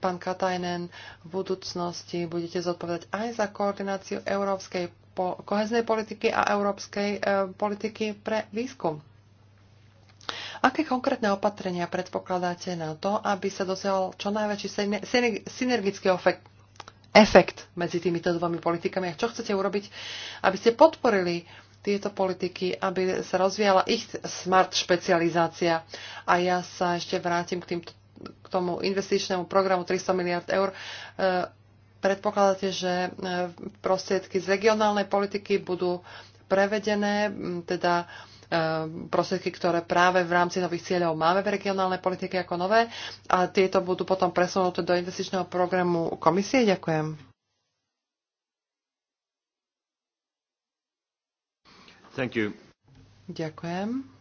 C: pán Katajnen, v budúcnosti budete zodpovedať aj za koordináciu európskej po, koheznej politiky a európskej e, politiky pre výskum. Aké konkrétne opatrenia predpokladáte na to, aby sa dosiahol čo najväčší synergický efekt, efekt medzi týmito dvomi politikami? A čo chcete urobiť, aby ste podporili tieto politiky, aby sa rozvíjala ich smart špecializácia. A ja sa ešte vrátim k týmto k tomu investičnému programu 300 miliard eur, e, predpokladáte, že e, prostriedky z regionálnej politiky budú prevedené, teda e, prostriedky, ktoré práve v rámci nových cieľov máme v regionálnej politike ako nové a tieto budú potom presunuté do investičného programu komisie. Ďakujem. Thank you. Ďakujem.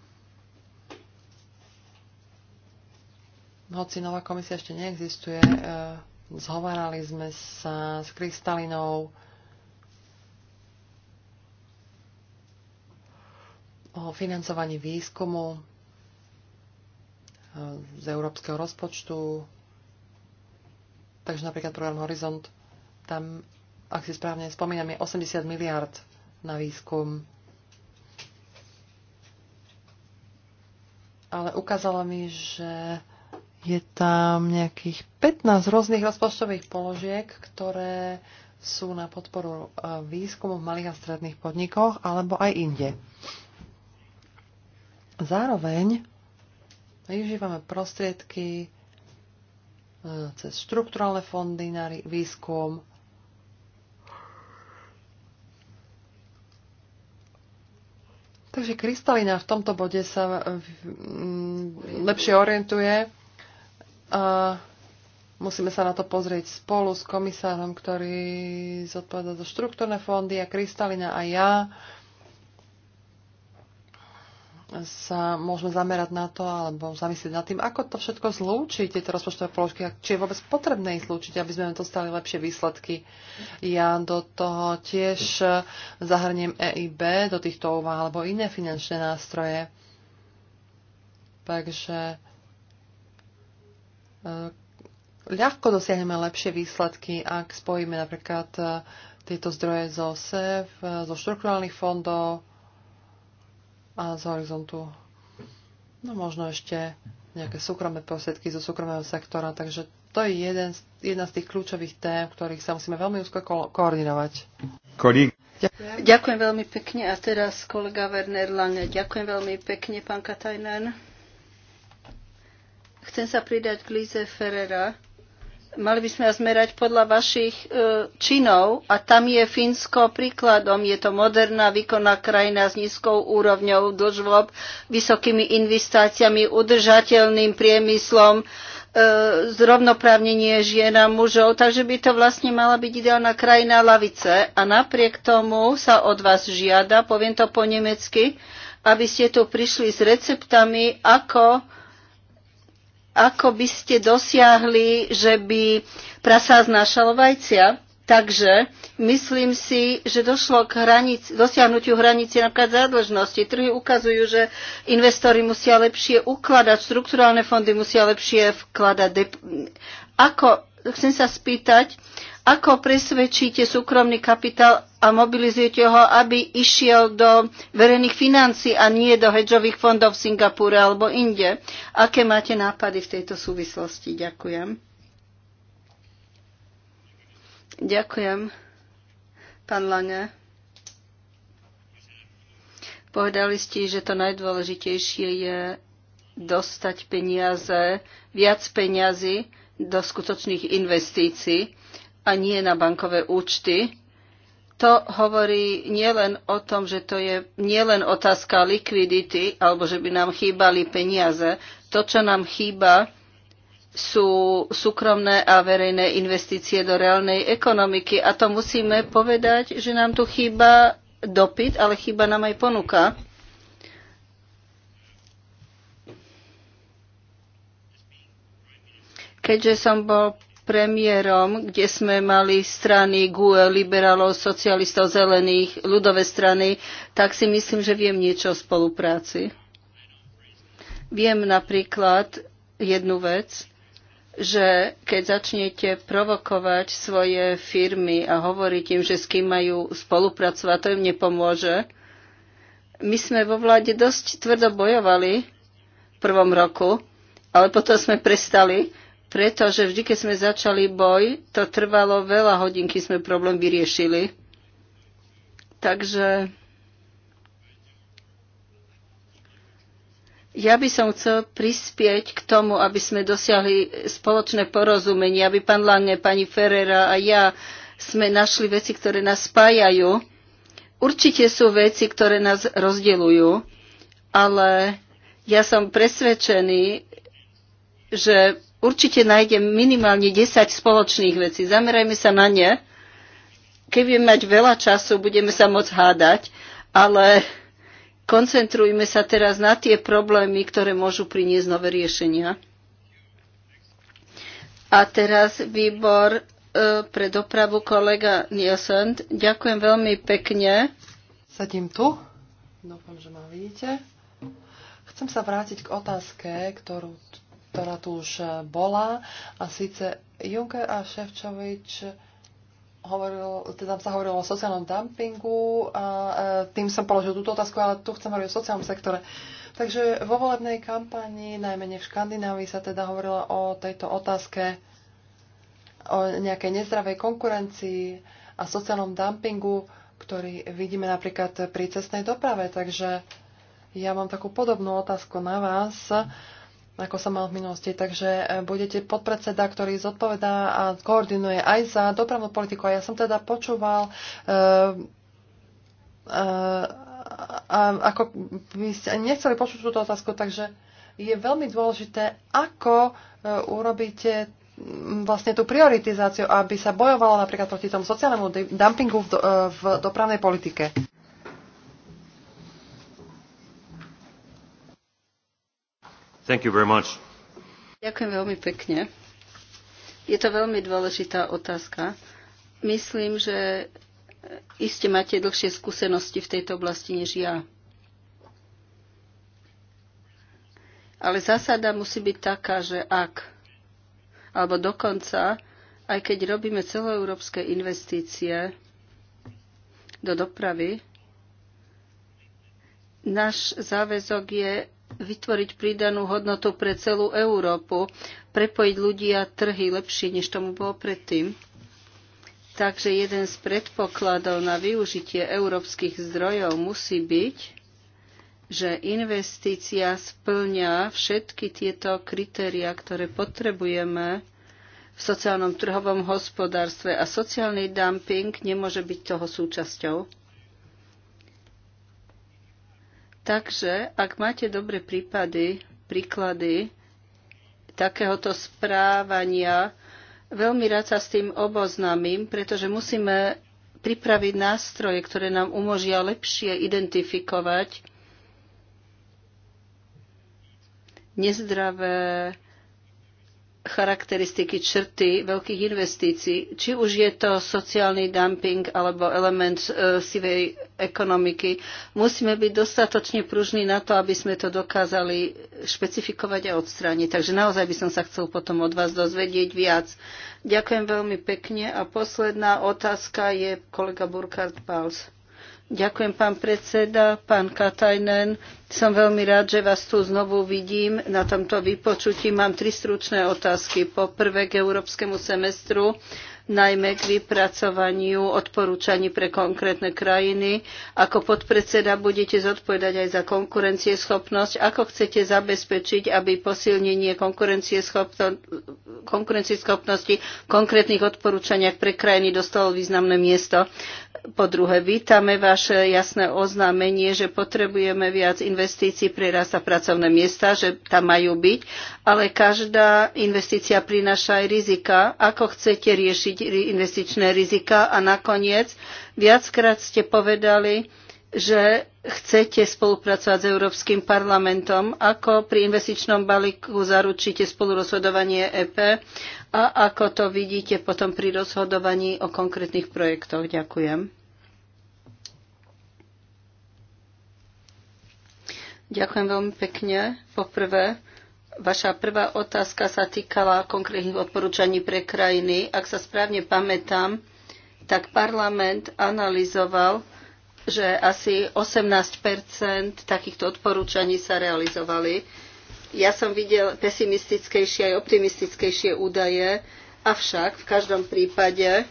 C: hoci nová komisia ešte neexistuje, e, zhovárali sme sa s Kristalinou o financovaní výskumu e, z európskeho rozpočtu. Takže napríklad program Horizont, tam, ak si správne spomínam, je 80 miliard na výskum. Ale ukázalo mi, že je tam nejakých 15 rôznych rozpočtových položiek, ktoré sú na podporu e, výskumu v malých a stredných podnikoch alebo aj inde. Zároveň využívame prostriedky e, cez štrukturálne fondy na výskum, Takže krystalina v tomto bode sa lepšie orientuje a musíme sa na to pozrieť spolu s komisárom, ktorý zodpovedá za štruktúrne fondy a Kristalina a ja sa môžeme zamerať na to alebo zamyslieť nad tým, ako to všetko zlúčiť, tieto rozpočtové položky, či je vôbec potrebné ich zlúčiť, aby sme dostali lepšie výsledky. Ja do toho tiež zahrniem EIB do týchto úvah alebo iné finančné nástroje. Takže E, ľahko dosiahneme lepšie výsledky, ak spojíme napríklad e, tieto zdroje zo SEF, e, zo štrukturálnych fondov a z horizontu. No možno ešte nejaké súkromné prostriedky zo súkromného sektora, takže to je jeden z, jedna z tých kľúčových tém, ktorých sa musíme veľmi úzko ko- koordinovať.
D: Kolík.
A: Ďakujem veľmi pekne a teraz kolega Werner Lange. Ďakujem veľmi pekne, pán Katajnen. Chcem sa pridať k Lize Ferrera. Mali by sme vás zmerať podľa vašich e, činov a tam je Fínsko príkladom. Je to moderná, výkonná krajina s nízkou úrovňou dlžvob, vysokými investáciami, udržateľným priemyslom, e, zrovnoprávnenie žien a mužov. Takže by to vlastne mala byť ideálna krajina lavice. A napriek tomu sa od vás žiada, poviem to po nemecky, aby ste tu prišli s receptami, ako ako by ste dosiahli, že by prasa znášalo vajcia. Takže myslím si, že došlo k hranic, dosiahnutiu hranice napríklad zádlžnosti. Trhy ukazujú, že investori musia lepšie ukladať, štruktúrálne fondy musia lepšie vkladať. Ako, chcem sa spýtať, ako presvedčíte súkromný kapitál a mobilizujete ho, aby išiel do verejných financí a nie do hedžových fondov v Singapúre alebo inde? Aké máte nápady v tejto súvislosti? Ďakujem. Ďakujem, pán Lange. Povedali ste, že to najdôležitejšie je dostať peniaze, viac peniazy do skutočných investícií a nie na bankové účty. To hovorí nielen o tom, že to je nielen otázka likvidity, alebo že by nám chýbali peniaze. To, čo nám chýba, sú súkromné a verejné investície do reálnej ekonomiky. A to musíme povedať, že nám tu chýba dopyt, ale chýba nám aj ponuka. Keďže som bol premiérom, kde sme mali strany GUE, liberálov, socialistov, zelených, ľudové strany, tak si myslím, že viem niečo o spolupráci. Viem napríklad jednu vec, že keď začnete provokovať svoje firmy a hovoriť im, že s kým majú spolupracovať, to im nepomôže. My sme vo vláde dosť tvrdo bojovali v prvom roku, ale potom sme prestali, pretože vždy, keď sme začali boj, to trvalo veľa hodín, kým sme problém vyriešili. Takže Ja by som chcel prispieť k tomu, aby sme dosiahli spoločné porozumenie, aby pán Lange, pani Ferrera a ja sme našli veci, ktoré nás spájajú. Určite sú veci, ktoré nás rozdeľujú, ale ja som presvedčený, že určite nájdem minimálne 10 spoločných vecí. Zamerajme sa na ne. Keď budeme mať veľa času, budeme sa môcť hádať, ale koncentrujme sa teraz na tie problémy, ktoré môžu priniesť nové riešenia. A teraz výbor e, pre dopravu kolega Nielsen. Ďakujem veľmi pekne. Sedím tu.
C: Dúfam, že ma vidíte.
A: Chcem sa vrátiť k otázke, ktorú
C: ktorá tu už e, bola. A síce Juncker a Ševčovič hovoril, teda sa hovorilo o sociálnom dumpingu a e, tým som položil túto otázku, ale tu chcem hovoriť o sociálnom sektore. Takže vo volebnej kampani, najmenej v Škandinávii, sa teda hovorilo o tejto otázke, o nejakej nezdravej konkurencii a sociálnom dumpingu, ktorý vidíme napríklad pri cestnej doprave. Takže ja mám takú podobnú otázku na vás. Mm ako som mal v minulosti. Takže e, budete podpredseda, ktorý zodpovedá a koordinuje aj za dopravnú politiku. A ja som teda počúval, uh, uh, a, ako by ste nechceli počuť túto otázku, takže je veľmi dôležité, ako uh, urobíte vlastne tú prioritizáciu, aby sa bojovalo napríklad proti tomu sociálnemu dumpingu v, do, v dopravnej politike.
D: Thank you very much.
A: Ďakujem veľmi pekne. Je to veľmi dôležitá otázka. Myslím, že iste máte dlhšie skúsenosti v tejto oblasti než ja. Ale zásada musí byť taká, že ak, alebo dokonca, aj keď robíme celoeurópske investície do dopravy, náš záväzok je vytvoriť pridanú hodnotu pre celú Európu, prepojiť ľudí a trhy lepšie, než tomu bolo predtým. Takže jeden z predpokladov na využitie európskych zdrojov musí byť, že investícia splňa všetky tieto kritéria, ktoré potrebujeme v sociálnom trhovom hospodárstve a sociálny dumping nemôže byť toho súčasťou. Takže ak máte dobré prípady, príklady takéhoto správania, veľmi rád sa s tým oboznámim, pretože musíme pripraviť nástroje, ktoré nám umožia lepšie identifikovať nezdravé charakteristiky, črty veľkých investícií. Či už je to sociálny dumping alebo element e, sivej ekonomiky. Musíme byť dostatočne pružní na to, aby sme to dokázali špecifikovať a odstrániť. Takže naozaj by som sa chcel potom od vás dozvedieť viac. Ďakujem veľmi pekne. A posledná otázka je kolega Burkhard Pals. Ďakujem, pán predseda, pán Katajnen. Som veľmi rád, že vás tu znovu vidím na tomto vypočutí. Mám tri stručné otázky. Po prvé k európskemu semestru najmä k vypracovaniu odporúčaní pre konkrétne krajiny. Ako podpredseda budete zodpovedať aj za konkurencieschopnosť. Ako chcete zabezpečiť, aby posilnenie konkurencieschopnosti v konkrétnych odporúčaniach pre krajiny dostalo významné miesto? Po druhé, vítame vaše jasné oznámenie, že potrebujeme viac investícií pre rast a pracovné miesta, že tam majú byť, ale každá investícia prináša aj rizika. Ako chcete riešiť investičné rizika. A nakoniec, viackrát ste povedali, že chcete spolupracovať s Európskym parlamentom, ako pri investičnom balíku zaručíte spolurozhodovanie EP a ako to vidíte potom pri rozhodovaní o konkrétnych projektoch. Ďakujem. Ďakujem veľmi pekne. Poprvé, Vaša prvá otázka sa týkala konkrétnych odporúčaní pre krajiny. Ak sa správne pamätám, tak parlament analyzoval, že asi 18 takýchto odporúčaní sa realizovali. Ja som videl pesimistickejšie aj optimistickejšie údaje, avšak v každom prípade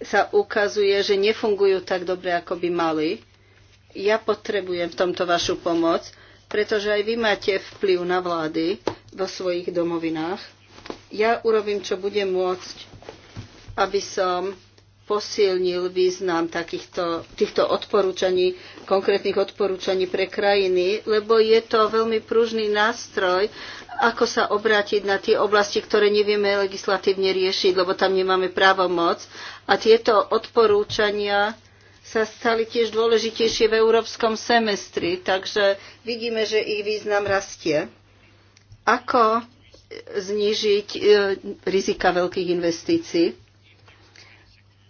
A: sa ukazuje, že nefungujú tak dobre, ako by mali. Ja potrebujem v tomto vašu pomoc pretože aj vy máte vplyv na vlády vo svojich domovinách. Ja urobím, čo budem môcť, aby som posilnil význam takýchto, týchto odporúčaní, konkrétnych odporúčaní pre krajiny, lebo je to veľmi pružný nástroj, ako sa obrátiť na tie oblasti, ktoré nevieme legislatívne riešiť, lebo tam nemáme právomoc. A tieto odporúčania sa stali tiež dôležitejšie v európskom semestri, takže vidíme, že ich význam rastie. Ako znížiť e, rizika veľkých investícií?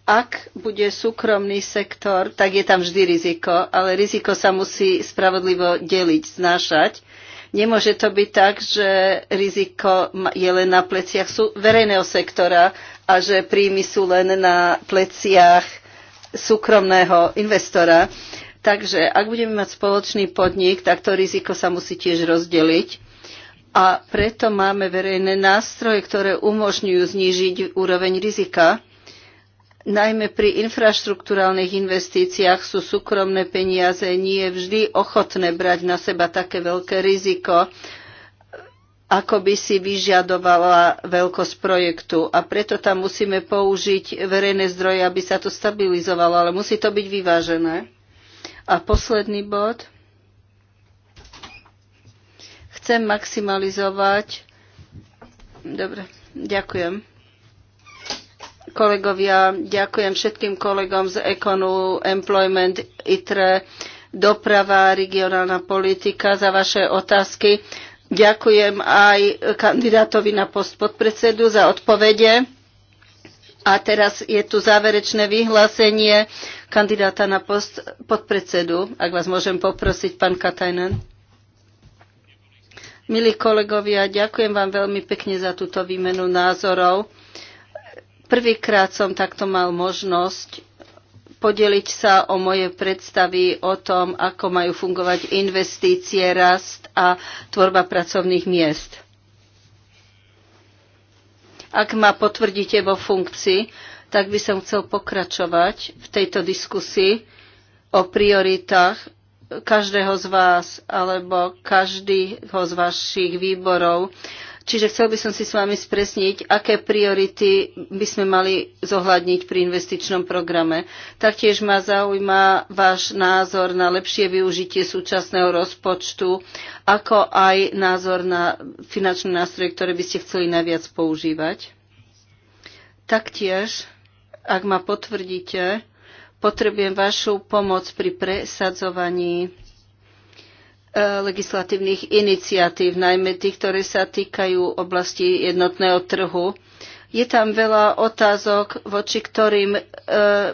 A: Ak bude súkromný sektor, tak je tam vždy riziko, ale riziko sa musí spravodlivo deliť, znášať. Nemôže to byť tak, že riziko je len na pleciach verejného sektora a že príjmy sú len na pleciach súkromného investora. Takže ak budeme mať spoločný podnik, tak to riziko sa musí tiež rozdeliť. A preto máme verejné nástroje, ktoré umožňujú znížiť úroveň rizika. Najmä pri infraštruktúrálnych investíciách sú súkromné peniaze nie vždy ochotné brať na seba také veľké riziko, ako by si vyžiadovala veľkosť projektu. A preto tam musíme použiť verejné zdroje, aby sa to stabilizovalo, ale musí to byť vyvážené. A posledný bod. Chcem maximalizovať. Dobre, ďakujem. Kolegovia, ďakujem všetkým kolegom z Econu, Employment, ITRE, doprava, regionálna politika za vaše otázky. Ďakujem aj kandidátovi na post podpredsedu za odpovede. A teraz je tu záverečné vyhlásenie kandidáta na post podpredsedu. Ak vás môžem poprosiť, pán Katajnen. Milí kolegovia, ďakujem vám veľmi pekne za túto výmenu názorov. Prvýkrát som takto mal možnosť podeliť sa o moje predstavy o tom, ako majú fungovať investície, rast a tvorba pracovných miest. Ak ma potvrdíte vo funkcii, tak by som chcel pokračovať v tejto diskusii o prioritách každého z vás alebo každého z vašich výborov Čiže chcel by som si s vami spresniť, aké priority by sme mali zohľadniť pri investičnom programe. Taktiež ma zaujíma váš názor na lepšie využitie súčasného rozpočtu, ako aj názor na finančné nástroje, ktoré by ste chceli najviac používať. Taktiež, ak ma potvrdíte, potrebujem vašu pomoc pri presadzovaní E, legislatívnych iniciatív, najmä tých, ktoré sa týkajú oblasti jednotného trhu. Je tam veľa otázok, voči ktorým e,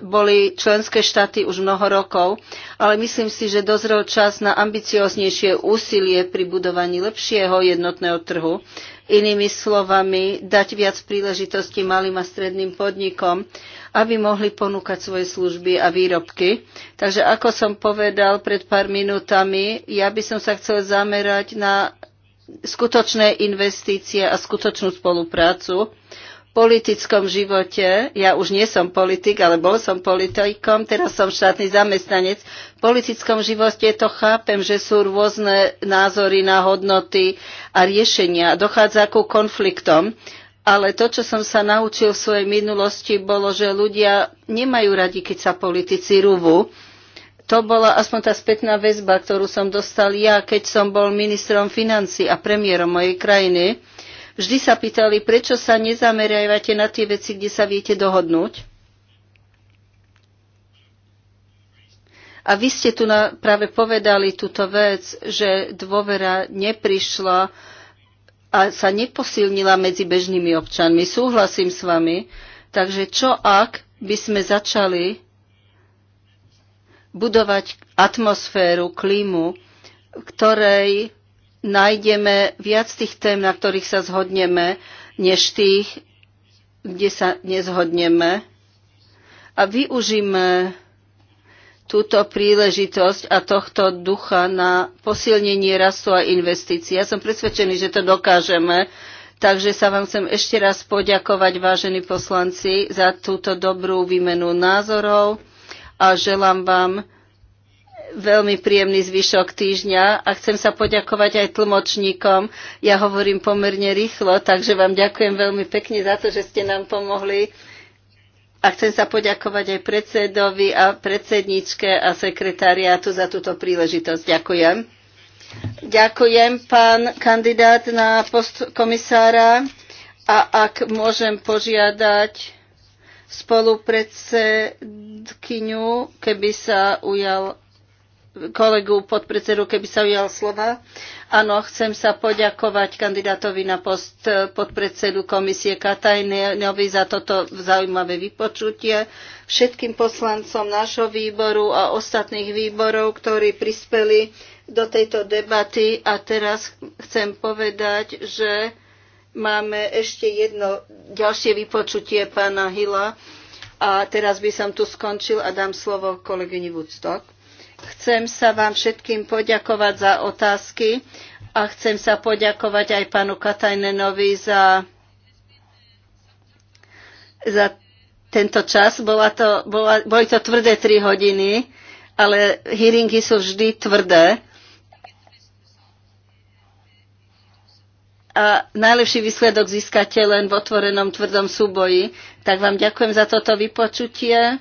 A: boli členské štáty už mnoho rokov, ale myslím si, že dozrel čas na ambicioznejšie úsilie pri budovaní lepšieho jednotného trhu. Inými slovami, dať viac príležitosti malým a stredným podnikom, aby mohli ponúkať svoje služby a výrobky. Takže ako som povedal pred pár minútami, ja by som sa chcel zamerať na skutočné investície a skutočnú spoluprácu politickom živote, ja už nie som politik, ale bol som politikom, teraz som štátny zamestnanec, v politickom živote to chápem, že sú rôzne názory na hodnoty a riešenia. Dochádza ku konfliktom, ale to, čo som sa naučil v svojej minulosti, bolo, že ľudia nemajú radi, keď sa politici rúvu. To bola aspoň tá spätná väzba, ktorú som dostal ja, keď som bol ministrom financí a premiérom mojej krajiny vždy sa pýtali, prečo sa nezameriavate na tie veci, kde sa viete dohodnúť. A vy ste tu na, práve povedali túto vec, že dôvera neprišla a sa neposilnila medzi bežnými občanmi. Súhlasím s vami. Takže čo ak by sme začali budovať atmosféru, klímu, v ktorej nájdeme viac tých tém, na ktorých sa zhodneme, než tých, kde sa nezhodneme. A využíme túto príležitosť a tohto ducha na posilnenie rastu a investícií. Ja som presvedčený, že to dokážeme, takže sa vám chcem ešte raz poďakovať, vážení poslanci, za túto dobrú výmenu názorov a želám vám veľmi príjemný zvyšok týždňa a chcem sa poďakovať aj tlmočníkom. Ja hovorím pomerne rýchlo, takže vám ďakujem veľmi pekne za to, že ste nám pomohli. A chcem sa poďakovať aj predsedovi a predsedničke a sekretariátu za túto príležitosť. Ďakujem. Ďakujem, pán kandidát na post komisára. A ak môžem požiadať spolupredsedkyňu, keby sa ujal kolegu podpredsedu, keby sa ujal slova. Áno, chcem sa poďakovať kandidátovi na post eh, podpredsedu komisie Katajnovi za toto zaujímavé vypočutie, všetkým poslancom nášho výboru a ostatných výborov, ktorí prispeli do tejto debaty. A teraz chcem povedať, že máme ešte jedno ďalšie vypočutie pána Hila. A teraz by som tu skončil a dám slovo kolegyni Woodstock. Chcem sa vám všetkým poďakovať za otázky a chcem sa poďakovať aj pánu Katajnenovi za, za tento čas. Bola to, bola, boli to tvrdé tri hodiny, ale hearingy sú vždy tvrdé. a najlepší výsledok získate len v otvorenom tvrdom súboji. Tak vám ďakujem za toto vypočutie.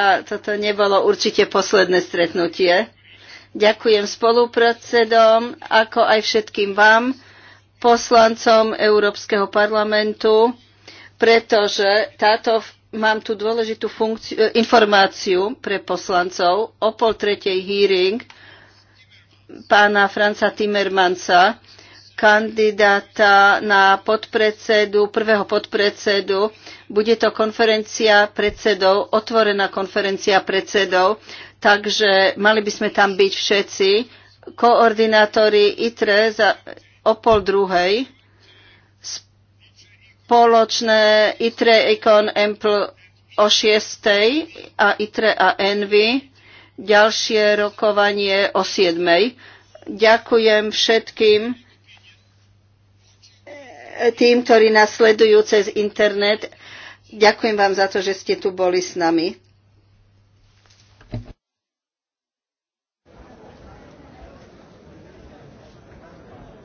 A: a toto nebolo určite posledné stretnutie. Ďakujem spolupracedom, ako aj všetkým vám, poslancom Európskeho parlamentu, pretože táto, mám tu dôležitú funkciu, e, informáciu pre poslancov o pol tretej hearing pána Franca Timmermansa, kandidáta na podpredsedu, prvého podpredsedu bude to konferencia predsedov, otvorená konferencia predsedov, takže mali by sme tam byť všetci. Koordinátori ITRE za, o pol druhej, spoločné ITRE Econ Ample o šiestej a ITRE a ENVY, ďalšie rokovanie o siedmej. Ďakujem všetkým tým, ktorí nás sledujú cez internet Ďakujem vám za to, že ste tu boli s nami.